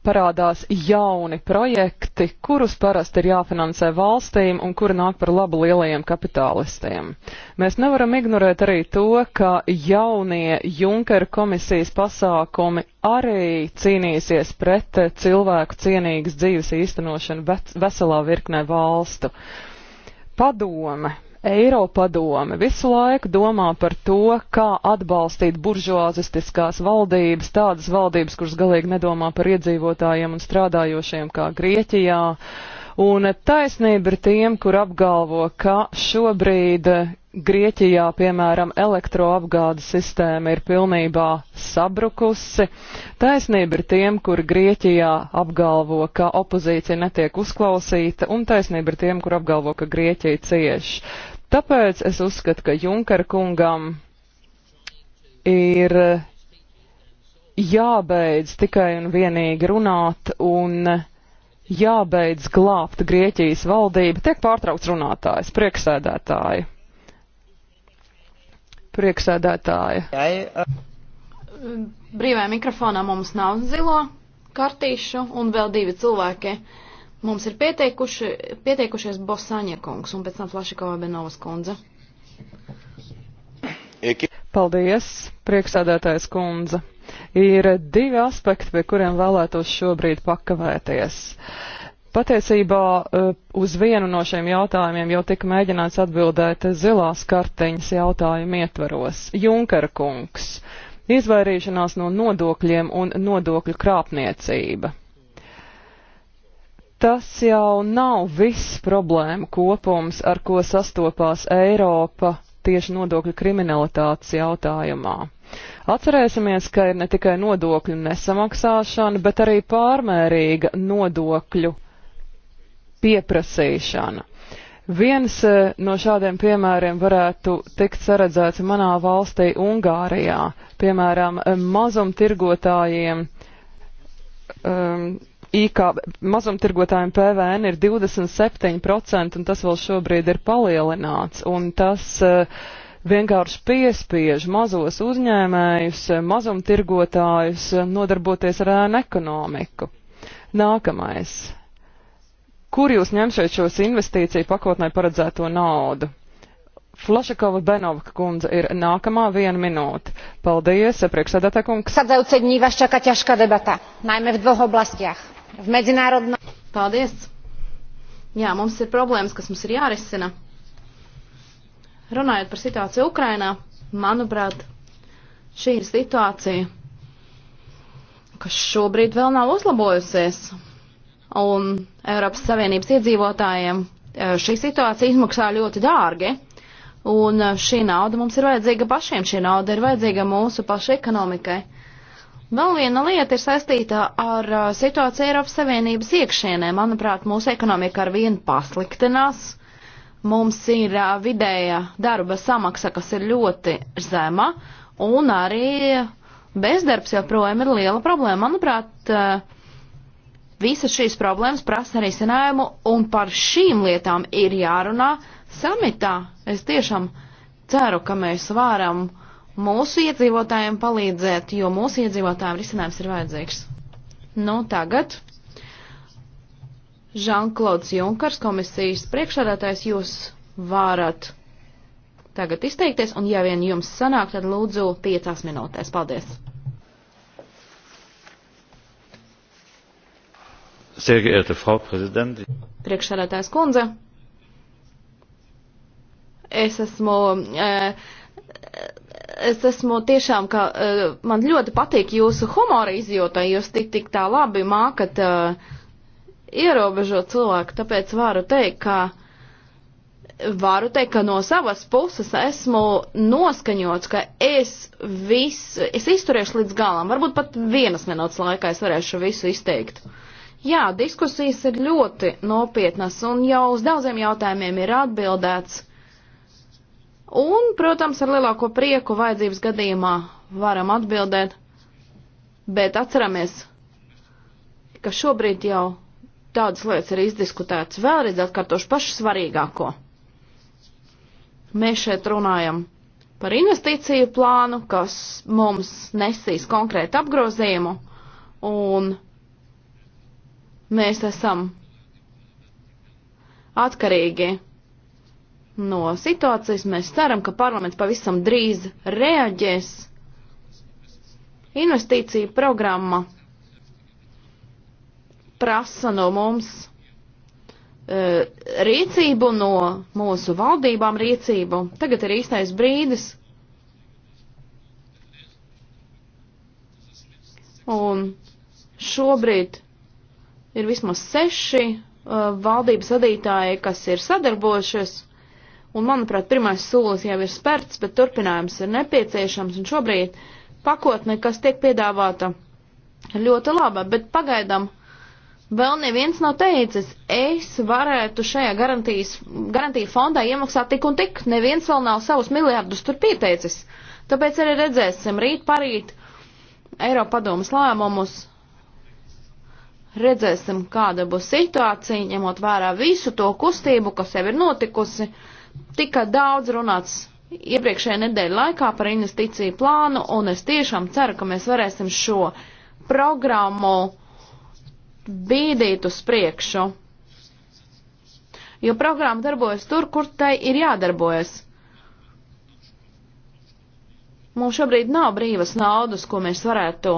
S6: parādās jauni projekti, kurus parasti ir jāfinansē valstīm un kuri nāk par labu lielajiem kapitālistiem. Mēs nevaram ignorēt arī to, ka jaunie Junkera komisijas pasākumi arī cīnīsies pret cilvēku cienīgas dzīves īstenošanu veselā virknē valstu. Padome Eiropadome visu laiku domā par to, kā atbalstīt buržuāzistiskās valdības, tādas valdības, kuras galīgi nedomā par iedzīvotājiem un strādājošiem kā Grieķijā. Un taisnība ir tiem, kur apgalvo, ka šobrīd Grieķijā, piemēram, elektroapgādes sistēma ir pilnībā sabrukusi. Taisnība ir tiem, kur Grieķijā apgalvo, ka opozīcija netiek uzklausīta, un taisnība ir tiem, kur apgalvo, ka Grieķija cieš. Tāpēc es uzskatu, ka Junkara kungam ir jābeidz tikai un vienīgi runāt un jābeidz glābt Grieķijas valdību. Tiek pārtraukts runātājs, prieksēdētāji. Prieksēdētāji.
S8: Brīvajā mikrofonā mums nav zilo kartīšu un vēl divi cilvēki Mums ir pieteikuši, pieteikušies Bosāņa kungs un pēc tam
S6: Flašikova Benovas kundze. Paldies, priekšsādātājs kundze. Ir divi aspekti, pie kuriem vēlētos šobrīd pakavēties. Patiesībā eh, uz vienu no šiem jautājumiem jau tika mēģināts atbildēt zilās karteņas jautājumu ietvaros. Junkara kungs. Izvairīšanās no nodokļiem un nodokļu krāpniecība. Tas jau nav viss problēma kopums, ar ko sastopās Eiropa tieši nodokļu kriminalitātes jautājumā. Atcerēsimies, ka ir ne tikai nodokļu nesamaksāšana, bet arī pārmērīga nodokļu pieprasīšana. Viens e, no šādiem piemēriem varētu tikt saredzēts manā valstī Ungārijā. Piemēram, e, mazumtirgotājiem um, IKB mazumtirgotājiem PVN ir 27%, un tas vēl šobrīd ir palielināts, un tas uh, vienkārši piespiež mazos uzņēmējus, eh, mazumtirgotājus eh, nodarboties ar ēnu ekonomiku. Nākamais. Kur jūs ņemšiet šos investīciju pakotnē paredzēto naudu? Flašakova Benovka kundze ir nākamā viena minūte. Paldies, priekšsēdētā kungs.
S5: Sadzauce dní vás čaká ťažká debata, najmä v dvoch oblastiach
S8: v medzinárodnom. Paldies! Jā, mums ir problēmas, kas mums ir jārisina. Runājot par situāciju Ukrainā, manuprāt, šī ir situācija, kas šobrīd vēl nav uzlabojusies. Un Eiropas Savienības iedzīvotājiem e, šī situācija izmaksā ļoti dārgi. Un e, šī nauda mums ir vajadzīga pašiem, šī nauda ir vajadzīga mūsu pašu ekonomikai. Vēl viena lieta ir saistīta ar situāciju Eiropas Savienības iekšienē. Manuprāt, mūsu ekonomika ar vienu pasliktinās. Mums ir vidēja darba samaksa, kas ir ļoti zema, un arī bezdarbs joprojām ir liela problēma. Manuprāt, visas šīs problēmas prasa risinājumu, un par šīm lietām ir jārunā samitā. Es tiešām ceru, ka mēs varam uh, mūsu iedzīvotājiem palīdzēt, jo mūsu iedzīvotājiem risinājums ir vajadzīgs. Nu, tagad Žanklauds Junkars, komisijas priekšsādātājs, jūs varat tagad izteikties, un ja vien jums sanāk, tad lūdzu piecās minūtēs. Paldies!
S4: Sehr geehrte Frau Präsidentin!
S8: Priekšsādātājs kundze! Es esmu. Eh, es esmu tiešām, ka uh, man ļoti patīk jūsu humora izjūta, jūs tik, tik tā labi mākat uh, ierobežot cilvēku, tāpēc varu teikt, ka varu teikt, ka no savas puses esmu noskaņots, ka es visu, es izturēšu līdz galam, varbūt pat vienas minūtes laikā es varēšu visu izteikt. Jā, diskusijas ir ļoti nopietnas un jau uz daudziem jautājumiem ir atbildēts. Un, protams, ar lielāko prieku vajadzības gadījumā varam atbildēt, bet atceramies, ka šobrīd jau tādas lietas ir izdiskutētas. Vēlreiz atkārtošu pašu svarīgāko. Mēs šeit runājam par investīciju plānu, kas mums nesīs konkrētu apgrozījumu, un mēs esam atkarīgi no situācijas. Mēs ceram, ka parlaments pavisam drīz reaģēs. Investīcija programma prasa no mums e, rīcību, no mūsu valdībām rīcību. Tagad ir īstais brīdis. Un šobrīd ir vismaz seši uh, valdības vadītāji, kas ir sadarbojušies Un, manuprāt, pirmais solis jau ir spērts, bet turpinājums ir nepieciešams. Un šobrīd pakotne, kas tiek piedāvāta, ir ļoti laba, bet pagaidām vēl neviens nav teicis, es varētu šajā garantiju fondā iemaksāt tik un tik. Neviens vēl nav savus miljardus tur pieteicis. Tāpēc arī redzēsim rīt parīt Eiropadomas lēmumus, redzēsim, kāda būs situācija, ņemot vērā visu to kustību, kas jau ir notikusi. Tika daudz runāts iepriekšējā nedēļa laikā par investīciju plānu, un es tiešām ceru, ka mēs varēsim šo programmu bīdīt uz priekšu. Jo programma darbojas tur, kur tai ir jādarbojas. Mums šobrīd nav brīvas naudas, ko mēs varētu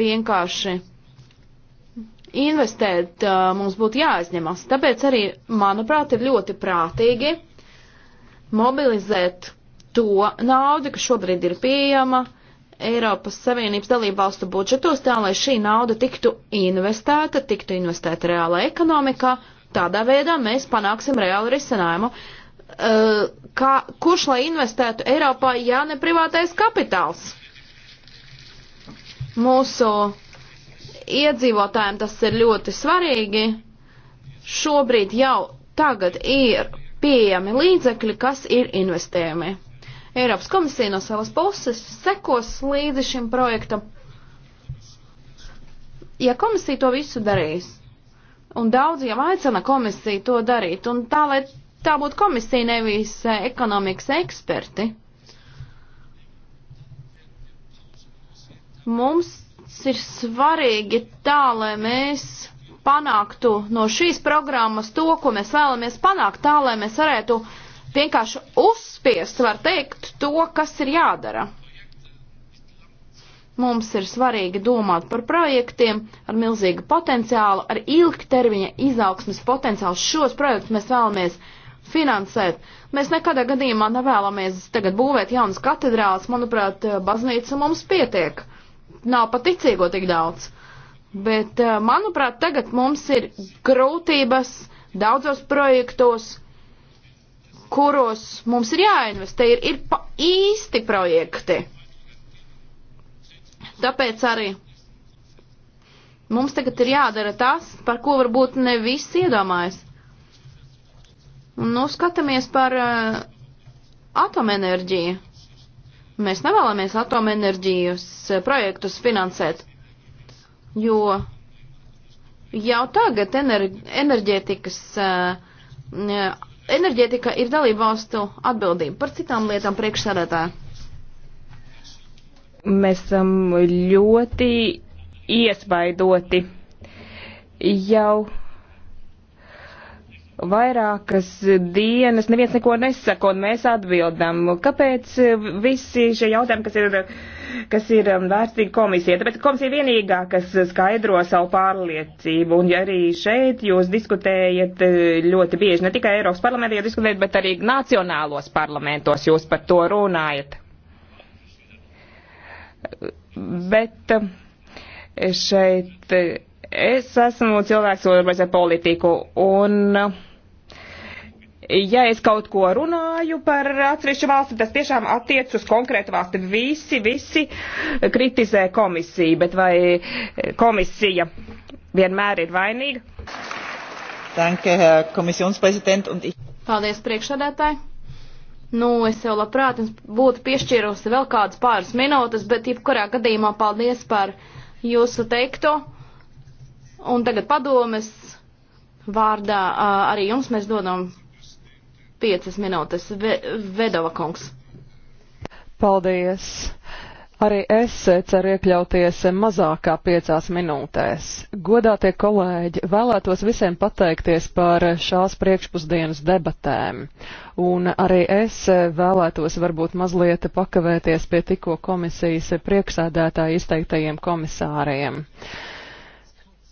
S8: vienkārši investēt uh, mums būtu jāaizņemas. Tāpēc arī, manuprāt, ir ļoti prātīgi mobilizēt to naudu, kas šobrīd ir pieejama Eiropas Savienības dalībvalstu budžetos, tā lai šī nauda tiktu investēta, tiktu investēta reāla ekonomikā. Tādā veidā mēs panāksim reālu risinājumu. Uh, kā, kurš lai investētu Eiropā, ja ne privātais kapitāls? Mūsu iedzīvotājiem tas ir ļoti svarīgi. Šobrīd jau tagad ir pieejami līdzekļi, kas ir investējami. Eiropas komisija no savas puses sekos līdzi šim projektam. Ja komisija to visu darīs, un daudz jau aicina komisiju to darīt, un tā, lai tā būtu komisija, nevis eh, ekonomikas eksperti, mums Tas ir svarīgi tā, lai mēs panāktu no šīs programmas to, ko mēs vēlamies panākt, tā, lai mēs varētu vienkārši uzspiest, var teikt, to, kas ir jādara. Mums ir svarīgi domāt par projektiem ar milzīgu potenciālu, ar ilgtermiņa izaugsmes potenciālu. Šos projektus mēs vēlamies finansēt. Mēs nekadā gadījumā nevēlamies tagad būvēt jaunas katedrāls. Manuprāt, baznīca mums pietiek nav pat ticīgo tik daudz. Bet, eh, manuprāt, tagad mums ir grūtības daudzos projektos, kuros mums ir jāinvestē, ir, ir pa īsti projekti. Tāpēc arī mums tagad ir jādara tas, par ko varbūt ne viss iedomājas. Nu, skatāmies par uh, atomenerģiju. Mēs nevēlamies atomenerģijas eh, projektus finansēt, jo jau tagad enerģētikas, eh, eh, enerģētika ir dalībvalstu atbildība par citām lietām priekšsēdētāja.
S7: Mēs esam ļoti iespaidoti jau vairākas dienas neviens neko nesaka, un mēs atbildam, kāpēc visi šie jautājumi, kas ir, kas ir um, vērstīgi komisija. Tāpēc komisija vienīgā, kas skaidro savu pārliecību, un arī šeit jūs diskutējat eh, ļoti bieži, ne tikai Eiropas parlamentā, jūs diskutējat, bet arī nacionālos parlamentos jūs par to runājat. Bet um, šeit eh, es esmu cilvēks, kas nodarbojas ar politiku, un uh, ja es kaut ko runāju par atsevišķu valsti, tas tiešām attiec uz konkrētu valsti. Visi, visi kritizē komisiju, bet vai komisija vienmēr ir vainīga? Danke, komisijas prezident. Ich...
S8: Paldies, priekšsēdētāji. Nu, es jau labprāt būtu piešķīrusi vēl kādas pāris minūtes, bet jebkurā gadījumā paldies par jūsu teikto. Un tagad padomes vārdā arī jums mēs dodam piecas minūtes. Ve Vedova kungs.
S6: Paldies! Arī es ceru iekļauties mazākā piecās minūtēs. Godātie kolēģi, vēlētos visiem pateikties par šās priekšpusdienas debatēm. Un arī es vēlētos varbūt mazliet pakavēties pie tikko komisijas priekšsēdētāja izteiktajiem komisāriem. Uh,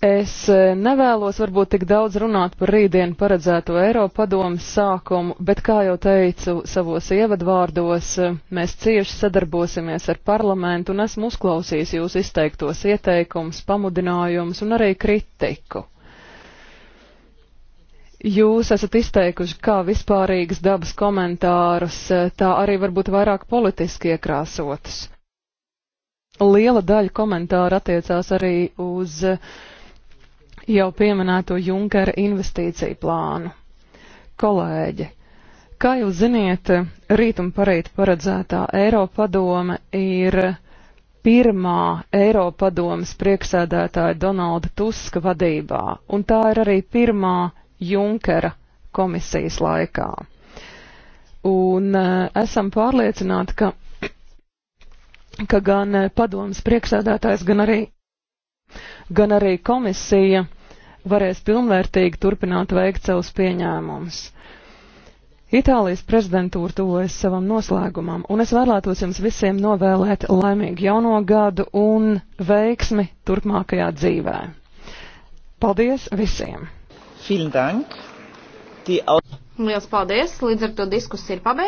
S6: Es e, nevēlos varbūt tik daudz runāt par rītdienu paredzēto Eiropadomas sākumu, bet, kā jau teicu savos ievadvārdos, e, mēs cieši sadarbosimies ar parlamentu un esmu uzklausījis jūs izteiktos ieteikums, pamudinājums un arī kritiku. Jūs esat izteikuši kā vispārīgas dabas komentārus, e, tā arī varbūt vairāk politiski iekrāsotas. Liela daļa komentāru attiecās arī uz uh, jau pieminēto Junkera investīciju plānu. Kolēģi, kā jūs ziniet, rīt un parīt paredzētā Eiropadome ir pirmā Eiropadomas prieksēdētāja Donalda Tuska vadībā, un tā ir arī pirmā Junkera komisijas laikā. Un uh, esam pārliecināti, ka, ka gan eh, padomas priekšsēdētājs, gan arī, gan arī komisija varēs pilnvērtīgi turpināt veikt savus pieņēmumus. Itālijas prezidentūra tuvojas savam noslēgumam, un es vēlētos jums visiem novēlēt laimīgu jauno gadu un veiksmi turpmākajā dzīvē.
S2: Paldies visiem!
S3: Liels paldies!
S8: Līdz ar to diskusija ir pabeigta.